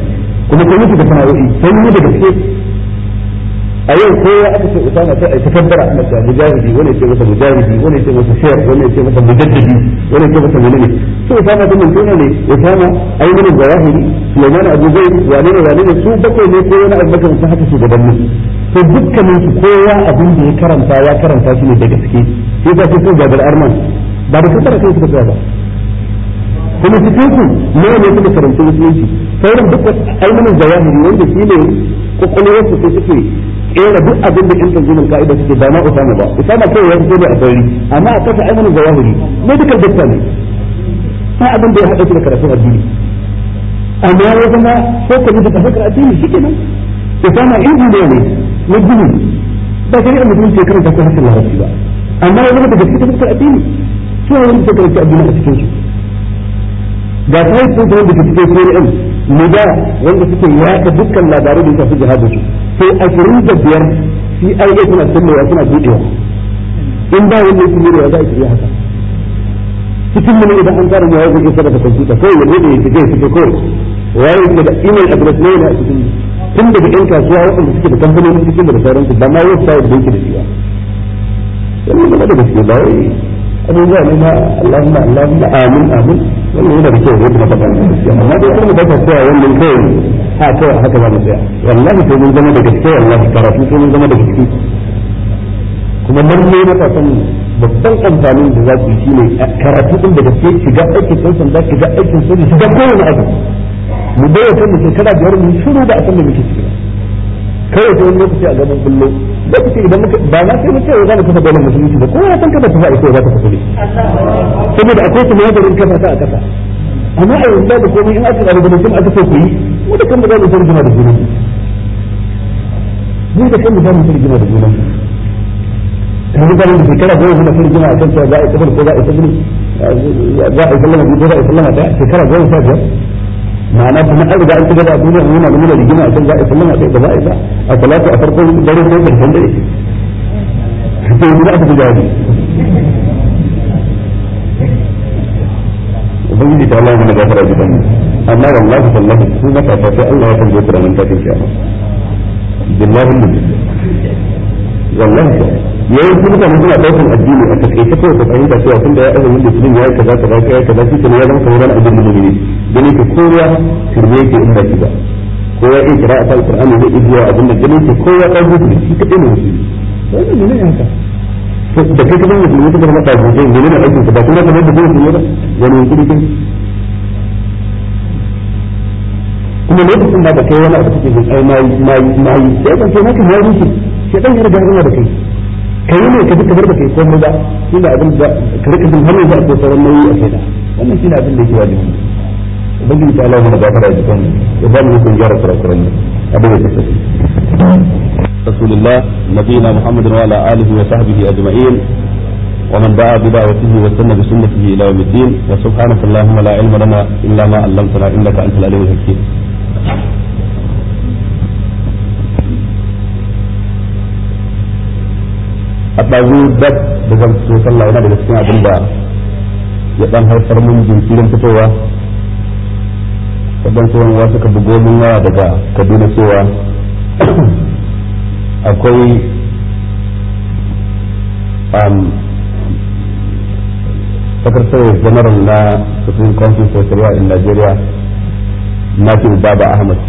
kuma kai mutu da sana'o'i sai mu daga gaske a yau ko ya aka ce usama sai a takabbara ana cewa mujahidi wani ce masa mujahidi wani ce masa shayar wani ce masa mujaddidi wani ce masa menene to usama da mun tuna ne usama ai mun zawahiri Sulaiman Abu Zaid wani ne wani ne su bakwai ne ko wani abu bakan su haka shugabanni to dukkanin su kowa abin da ya karanta ya karanta shi ne da gaske sai ka ce ko Jabir Arman ba da kasar kai su tsaya ba kuma cikin su ne ne suka karanta musulunci sai duk ainihin jawahiri wanda shi ne su sai suke kera duk abin da in jinin ka'ida suke ba na usama ba usama kai ya fito ne a sauri amma a kasa ainihin jawahiri ne duka dukka ne sai abin da ya haɗa su da karatun addini amma ya zama ko ka mutu ka fakar addini shi ke nan usama injiniya ne na gini ba shari'ar musulunci ya karanta ko harshen larabci ba amma ya zama daga cikin fakar addini suna wani da karanta addini a cikin su ga sai sun da ke cikin ne da wanda suke yaka dukkan labarai da shafi jihadin su sai a cikin da biyar ai kuma suna kullewa kuma buɗewa in ba wanda yake mirewa za a haka cikin mun idan an fara yawo ke sarrafa kwamfuta kawai ya buɗe yake fita ya fita kawai waye ke da email address na yana a cikin tun daga ɗan kasuwa waɗanda suke da kamfanonin cikin da sauransu ba ma yau sai da yake da shi ba. Yanzu ba da gaskiya ba wai abubuwa ne na Allahumma Allahumma amin amin wannan yana da kyau yadda ka faɗa amma dai kuma baka cewa wannan kai a kai haka ba mu tsaya wallahi sai mun zama daga gaske wallahi karatu sai mun zama daga gaske kuma lalle mata san babban amfanin da za ku yi shine karatu din da gaske shiga aikin sai sanda shiga aikin sai shiga kowane abu mu bayyana kan shekara biyar mu shiru da akan da muke ciki kawai ta wani lokaci a gaban kullo lokaci idan muka ba na sai mace za mu kafa dole musulunci ba kowa san kafa tufa ita za ta kafa ne saboda akwai kuma yadarin kafa ta a kasa amma a yanzu da komai in aka tsara da mutum aka so ku yi mu da kanmu za mu tarjuma da juna mu da kanmu za mu tarjuma da juna kan yi barin da shekara goma muna tarjuma a kan cewa za a yi kafar ko za za a yi sallama ko za a yi sallama ta shekara goma sha biyar ma'ana kuma an riga an cigaba a duniya an yana da rigima a can za a yi sallama sai gaba a isa a salatu a farkon dare ko karshen dare sai yanzu aka fi jawabi ubangiji ta Allah mana gafara gidan amma wallahi mata ta sai Allah ya kiyama billahi wallahi yayin su mutane suna daukan addini a takaice kawai ka fahimta cewa da ya azumin musulun ya yi kaza kaza ya yi kaza shi kenan ya zama kamar wani abin musulmi gani ka kowa shirme yake in ba shi ba ko ya iya kira a kan qur'ani zai iya abin da gani ka kowa ɗan musulmi shi kaɗai ne musulmi wannan ne yanka da kai kaɗai musulmi ta zama ɗan musulmi ne na aikin ka ba kuma kamar da zai musulmi ba wani yankuri kai kuma lokacin ba da kai wani abu cikin ai mayi mayi mayi sai ka ce na ka mayi shi sai ɗan da kai kai ne ka duka barka kai komai ba shi da abin da ka rika jin hannu za a kai sauran nauyi a kai da wannan shi ne abin da yake wajibi ubangiji ta Allah mana gafara da kan ya ba mu kun gyara kurakuran ne abin da take رسول الله نبينا محمد وعلى اله وصحبه اجمعين ومن دعا بدعوته وسن بسنته الى يوم الدين وسبحانك اللهم لا علم لنا الا ما علمتنا انك انت العليم الحكيم a ɗazu dab da zan so sallah yana daga cikin abin da ya ɗan haifar mun jinkirin fitowa waɗansu wani wasu ka bugo min waya daga kaduna cewa [clears throat] akwai um, sakatare general na cikin council for sharia in nigeria nafi baba ahmad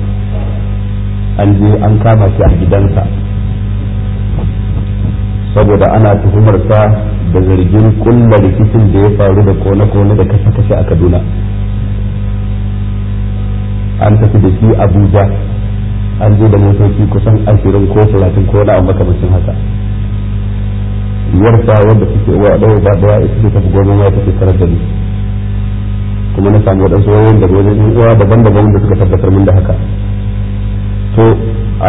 an je an kama shi a gidansa saboda ana tuhumar sa da zargin kulla rikicin da ya faru da kone-kone da kashe-kashe a kaduna an tafi da shi abuja an je da motoci kusan ashirin ko talatin ko na makamacin haka yarsa wanda suke wa ɗaya ba ɗaya ita ce tafi gobe ya tafi sanar da ni kuma na samu waɗansu wayoyin daga wajen yan uwa daban-daban da suka tabbatar min da haka to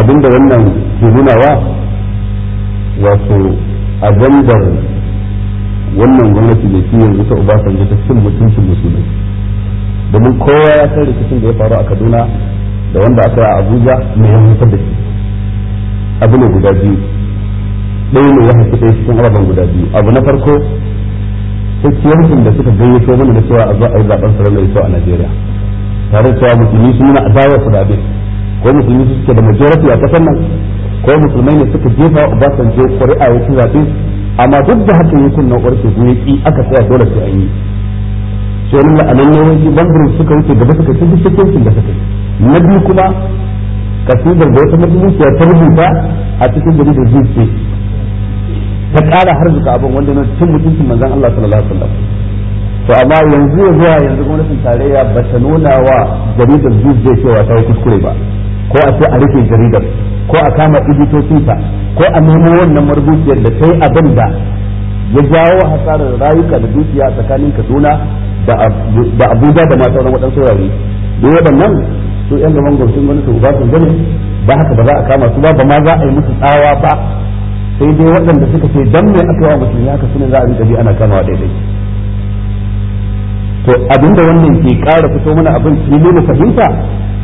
abinda wannan ke nunawa wato ajandar wannan gwamnati da ke yanzu ta Obasanjo ta cin mutuncin musulmi domin kowa ya san rikicin da ya faru a Kaduna da wanda aka yi a Abuja mai yan da shi abu ne guda biyu ɗaya ne ya haifi ɗaya cikin araban guda biyu abu na farko tsakiyarkin da suka gayyato mana da cewa a zo a yi zaben sarari mai a Najeriya tare da cewa musulmi na nuna adawar su da abin ko musulmi suke da majority a kasar nan ko musulmai ne suka jefa je ƙuri'a ya ci zaɓe amma duk da haka yi kunna ƙwarfe ko yaki aka tsaya dole su an yi sai nan yawan ne ban birnin suka wuce gaba suka cikin cikin cikin da suka na biyu kuma kasidar da wata majalisiyar ta rubuta a cikin jaridar ce ta ƙara harzuka abin wanda na cin mutuncin manzan Allah sallallahu alaihi wasallam to amma yanzu ya zuwa yanzu gwamnatin tarayya ba ta nuna wa jaridar zuci cewa ta yi kuskure ba ko a ce a rufe jaridar ko a kama editocinta ko a nemo wannan marubuciyar da sai abin da ya jawo hasarar rayuka da dukiya tsakanin Kaduna da Abuja da ma wani waɗansu wurare don waɗannan su yan gaban gwamnatin gwamnati ba su gane ba haka ba za a kama su ba ba ma za a yi musu tsawa ba sai dai waɗanda suka ce dan mai aka yawa ya haka ne za a rika bi ana kamawa daidai to abinda wannan ke ƙara fito mana abin shi ne mu fahimta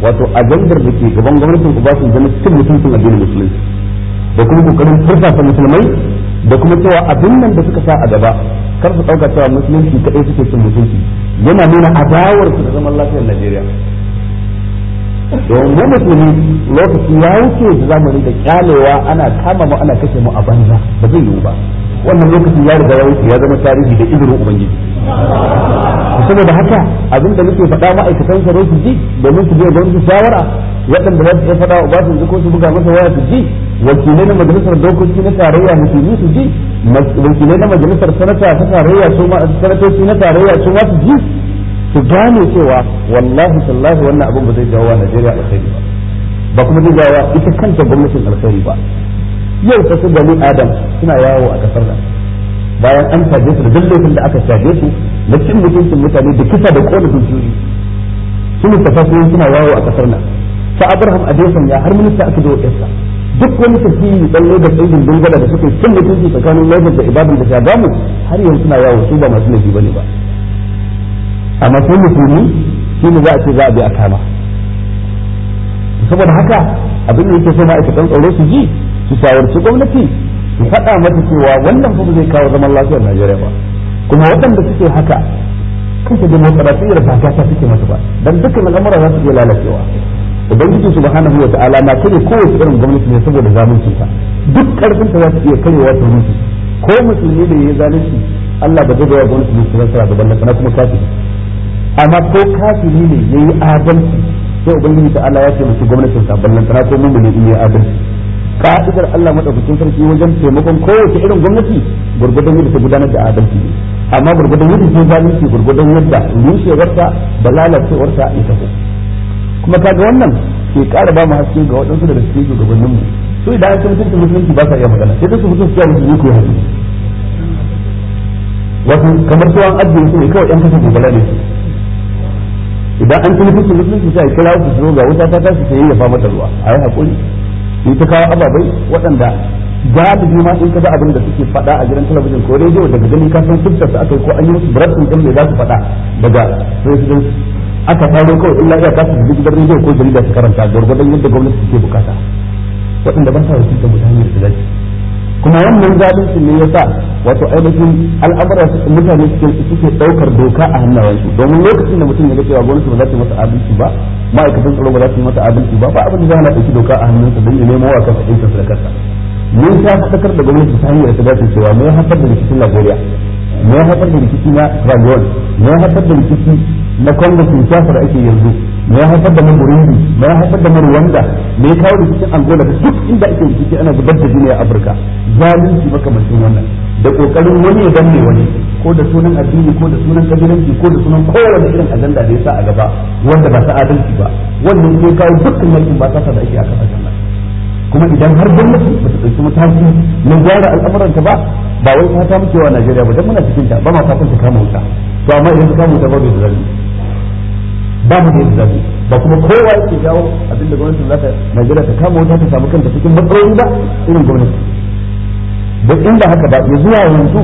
wato ajandar da ke gaban gwamnatin su zama cikin mutuncin addinin musulunci da kuma kokarin furfasa musulmai da kuma cewa abin nan da suka sa a gaba kar su ɗauka cewa musulunci kaɗai suke cin mutunci yana nuna adawar su da zaman lafiyar Najeriya don mu musulmi lokaci ya wuce da zamani da kyalewa ana kama mu ana kashe mu a banza ba zai yiwu ba wannan lokaci ya riga ya wuce ya zama tarihi da izinin ubangiji saboda haka abin da muke faɗa ma'aikatan tsaro su ji domin su je gwamnati shawara waɗanda za su iya faɗa ba su ko su buga masa waya su ji wakilai na majalisar dokoki na tarayya musulmi su ji wakilai na majalisar sanata ta tarayya su ma sanatoci na tarayya su ma su ji su gane cewa wallahi tallahi wannan abin ba zai jawo wa Najeriya alkhairi ba ba kuma zai jawo ita kanta gwamnatin alkhairi ba yau ta su gani Adam suna yawo a kasar nan bayan an caje su da dallolin da aka caje su na cin mutuncin mutane da kisa da kona dukiyoyi sun tafafi suna yawo a kasar nan sa Abraham Adesan ya har minista aka zo yarsa duk wani tafiyi dan da dangin dangada da suke cin mutunci tsakanin Lagos da Ibadan da Shagamu har yanzu suna yawo su ba masu laifi bane ba amma sai musulmi shi ne za a ce za a bi a kama saboda haka abin da yake so ma'aikatan tsaro su ji su shawarci gwamnati su faɗa mata cewa wannan fa zai kawo zaman lafiyar Najeriya ba kuma waɗanda suke haka kanta demokaratiyyar ba ta suke mata ba dan dukkan al'amura za su iya lalacewa ubangiji bahana wa ta'ala na kare kowace irin gwamnati ne saboda zalunci ta duk ƙarfin ta za su iya karewa ta mutu ko musulmi da ya yi zalunci Allah ba zai ga gwamnati ne su nasara da ballan kuma kafiri amma ko kafiri ne yi adalci sai ubangiji ta Allah ya ce mace gwamnatin sa ballan tana ko mun ne yayi adalci ka'idar Allah madaukakin sarki wajen taimakon kowace irin gwamnati gurgurdan yadda ta gudanar da adalci amma gurgurdan yadda ta zalunci gurgurdan yadda rushewarta da lalacewarta ya tafi kuma kaga wannan ke kara ba mu haske ga waɗansu daga cikin shugabanninmu su idan an san mutunci musulunci ba sa iya magana sai su su ya musulunci ku ya wato kamar tuwon arziki ne kawai yan kasa gobala ne idan an tuni fitin musulunci sai kira su zo ga wuta ta tashi sai ya fa mata ruwa a yi hakuri in ta kawo ababai waɗanda da ma in ka ga abin da suke faɗa a gidan talabijin ko rediyo daga ganin ka san su aka yi ko an yi musu brashin ɗin mai za su faɗa daga president aka faro kawai illa iya kasu da gidan rediyo ko jarida su karanta gwargwadon yadda gwamnati suke bukata waɗanda ba sa wakilta mutane da su kuma wannan zalunci ne ya sa wato ainihin al'amuran mutane suke suke daukar doka a hannayensu domin lokacin da mutum ya ga cewa gwamnati ba za ta masa adalci ba ma'aikatan tsaro ba za su masa adalci ba ba abin da za na ɗauki doka a hannunsa don ya nemo wa kansa ɗinsa da kansa mun ta fatakar da gwamnati ta hanyar ta cewa mun haifar da rikicin Najeriya mun haifar da rikici na Rayuwar mun haifar da rikici na Congress Kinshasa da ake yanzu me ya haifar da mu Burundi ya haifar da mu Rwanda ne ya kawo rikicin Angola da duk inda ake rikici ana zubar da jini a Afirka zalunci makamancin wannan da kokarin wani ya danne wani ko da sunan addini ko da sunan kabilanci ko da sunan kowane irin ajanda da ya sa a gaba wanda ba ta adalci ba wannan ne kawo dukkan yakin ba ta da ake a kasashen nan kuma idan har gwamnati ba ta ɗauki mataki na gyara al'amuranta ba ba wai ta ta muke wa Najeriya ba dan muna cikin ta ba ma ta kama wuta to amma idan ta kama wuta ba bai da zalunci ba mu da yadda ba kuma kowa yake jawo abin da gwamnatin za ta Najeriya ta kama wata ta samu kanta cikin matsayi ba irin gwamnati duk inda haka ba ya zuwa yanzu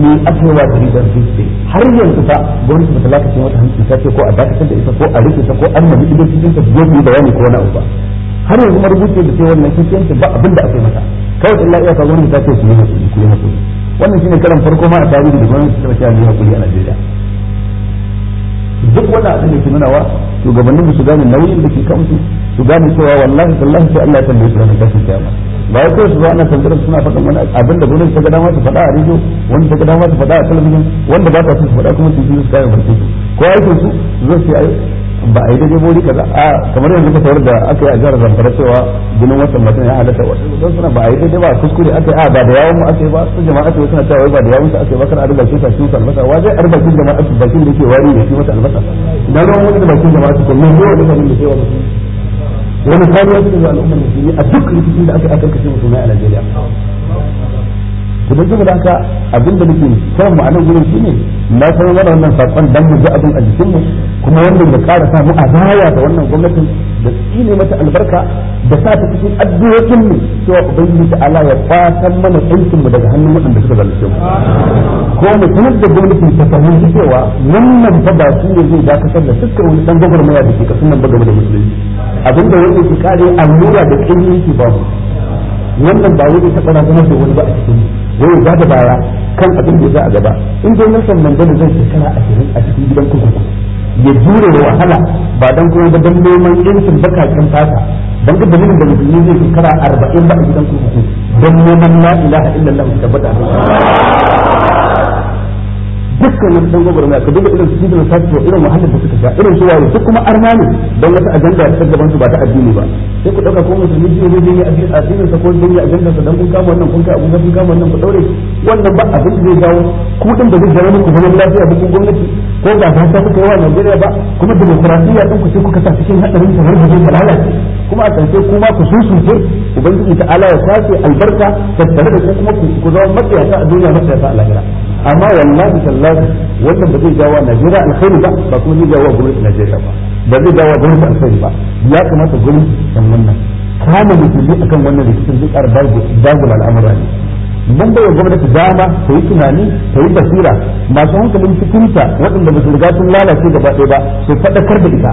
me ake wa jaridar dutse har yanzu ba gwamnati ba ta lakacin wata hankali ta ce ko a dakatar da ita ko a rike ta ko an nabi idan cikin ta biyo biyu bayani ko wani abu ba har yanzu marubuci da ce wannan ta ba abin da aka yi mata kawai illa iya ka gwamnati ta ce su yi hakuri ku yi hakuri wannan shine karan farko ma a tarihi da gwamnati ta ce a yi hakuri a Najeriya duk wannan abin da ke nuna wa shugabannin su gane nauyin da ke kansu su gane cewa wallahi wallahi sai Allah ya tambaye su ranar tashin kiyama ba ya kawai su zo ana tambayar suna faɗa wani abin da gwamnati ta ga dama su faɗa a rediyo wanda ta ga dama su faɗa a talabijin wanda ba ta su faɗa kuma su yi su gane barci ko aikin su zai sai ba a yi daidai bori kaza a kamar yanzu ka tawar da aka yi a jihar zamfara cewa jinin wasan mutum ya halatta wasu don suna ba a yi daidai ba a kuskure aka yi a ba da yawon mu aka yi ba su jama'a ce suna cewa ba da yawon su aka yi ba kana arba shi sa shi albasa wa zai arba shi jama'a su bakin da ke wari da shi wata albasa na ruwan wani da bakin jama'a su kullum ko wani bakin da ke wani wani kariya su ga al'ummar musulmi a duk rikicin da aka yi aka kashe musulmai a Najeriya to dan saboda haka abin da muke kiran mu a gurin shine na san wannan wannan sakon dan mu ji abin a jikin mu kuma wannan da ƙara sa mu a baya ga wannan gwamnatin da tsine mata albarka da sa ta cikin addu'o'in mu cewa ubangiji ta Allah ya kwasan mana aikin mu daga hannun waɗanda suka zalunce mu ko mu sanar da gwamnatin ta fahimci cewa wannan fa ba su ne zai dakatar da dukkan wani dan gwagwarmaya da ke kasan nan ba game da musulunci abin da wanda ke kare allura da kin yake ba wannan ba wani ta fara zama da wani ba a cikin mu zai ba da baya kan abin da za a gaba in zai nasan manzana zai shekara ashirin a cikin gidan kurkuku ya jure da wahala ba dan kuma ba dan neman yancin bakakin fata dan ga dalilin da musulmi zai shekara arba'in ba a gidan kurkuku dan neman la ilaha illallah tabbata dukkan wasu dan gobar ka duba irin su cikin sashi irin muhallin da suka sha irin su waye duk kuma arna ne don wata ajanda ta gaban su ba ta addini ba sai ku dauka ko musulmi ji ne dai ne addinin sa ko dai ne ajandar sa dan kun kama wannan kun kai abun kun kama wannan ku daure wannan ba abin da zai jawo ku din da zai jawo muku zaman lafiya da gwamnati ko ba ta ta kuka yawa Najeriya ba kuma demokrasiya din ku sai kuka sa cikin hadarin sa da zai lalace kuma a ƙarshe kuma ku susuce ubangiji ta ala ya sace albarka tattare da ku kuma ku zama matsayata a duniya matsayata a lahira amma wallahi tallahi wannan ba zai jawo Najeriya alkhairi ba ba kuma zai jawo gwamnatin Najeriya ba ba zai jawo gwamnati alkhairi ba ya kamata gwamnati san wannan kama musulmi akan wannan rikicin zai ƙara dagula al'amura ne mun bai gwamnati dama ta yi tunani ta yi basira masu hankalin cikinta waɗanda ba su riga sun lalace gaba ɗaya ba su faɗakar da ita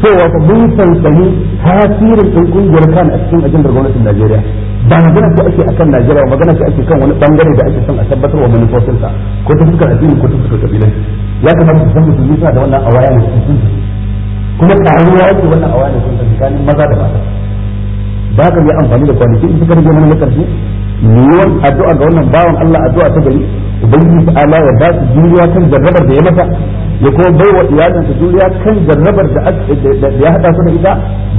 cewa fa mun sansani tasirin ɗin ƙungiyar kan a cikin ajandar gwamnatin Najeriya ba magana ce ake akan Najeriya magana ce ake kan wani bangare da ake son a tabbatar wa manufofinsa ko ta fuskar addini ko ta fuskar kabilanci ya kamata su san musulmi suna da wannan awaya ne sun kuma karuwa ce wannan awaya ne sun maza da mata ba ka yi amfani da kwanaki in suka rage mana na karshe yiwuwar addu'a ga wannan bawan Allah addu'a ta gari ubangiji ta ala ya ba su juriya kan jarrabar da ya mata ya kuma bai wa iyalinsa juriya kan jarrabar da ya hada su da ita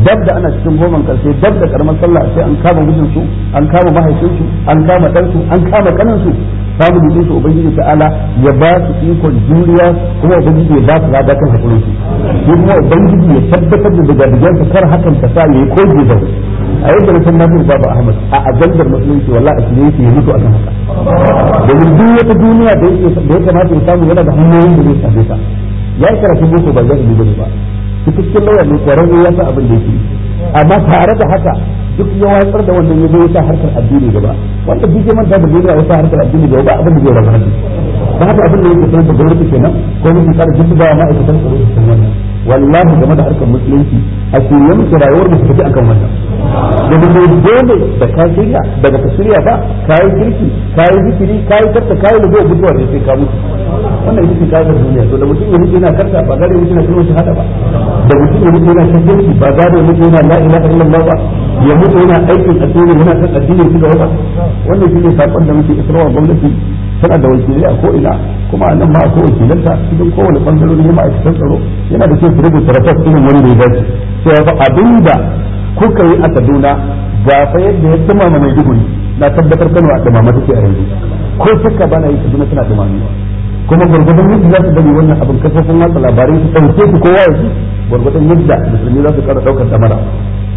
dab da ana cikin goman karshe dab da karamar sallah sai an kama su an kama mahaifinsu an kama ɗansu an kama su samu dutsen su ubangiji ta'ala ya ba su ikon juriya kuma ubangiji ya ba su rada kan hakurin su ko kuma ubangiji ya tabbatar da daga digan sa kar hakan ta sa yayi ko da a yadda na san baba ahmad a ajandar musulunci wallahi a shirye yake ya mutu akan haka domin duk wata duniya da da ya kamata ya samu yana da hanyoyin da zai same ta ya yi karatun boko ba zai yi ba cikakken lauya ne kwararre ya sa abin da yake amma tare da haka duk ya watsar da wannan yazo ya sa harkar addini gaba wanda duk ya manta da duniya ya sa harkar addini gaba ba abin da zai rabu da haka abin da yake sanar da gwamnati kenan ko mun fara duk da ma ma'aikatan tsaro su wannan wallahi game da harkar musulunci a koyon rayuwar da take akan wannan da dole dole da ka shirya daga ka shirya ba kai kirki kai zikiri kai karta kai da zai gudu da sai ka mutu wannan ita ce kafin duniya to da mutum ya mutu yana karta ba gare mutum yana kalmar shahada ba da mutum ya mutu yana shirki ba gare mutum yana la ilaha illallah ba ya mutu yana aikin asiri yana kan asiri da gaba wannan shi ne sakon da muke isarwa gwamnati tana da wakilai a ko'ina kuma a nan ma akwai wakilanta cikin kowane bangarori na ma'aikatan tsaro yana da kyau su rubuta rafas irin wanda ya zai sai fa da kuka yi a Kaduna ga fa yadda ya ma mai duguri na tabbatar Kano a dumama take a yanzu ko suka bana yi Kaduna tana dumami kuma gwargwadon yadda za su gani wannan abin kafofin watsa labarai su ɗauke su kowa ya ji yadda musulmi za su ƙara ɗaukar damara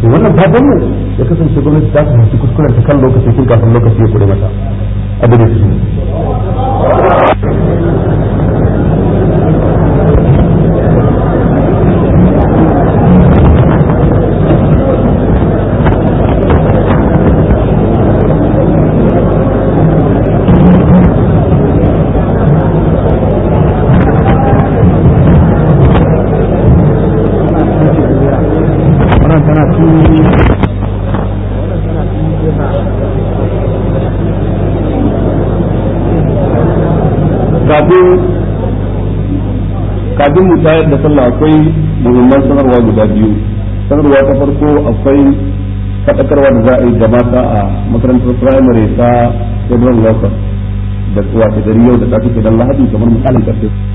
to wannan fatan mu ya kasance gwamnati ta fahimci kuskuren ta kan lokaci tun kafin lokaci ya kure mata abin da su kafin mu tayar da sallah akwai muhimman sanarwa guda biyu sanarwa ta farko akwai faɗakarwa da za a yi gabata a makarantar firamare ta federal welfare da kuwa ta gari yau da ta fi dan lahadi kamar misalin karfe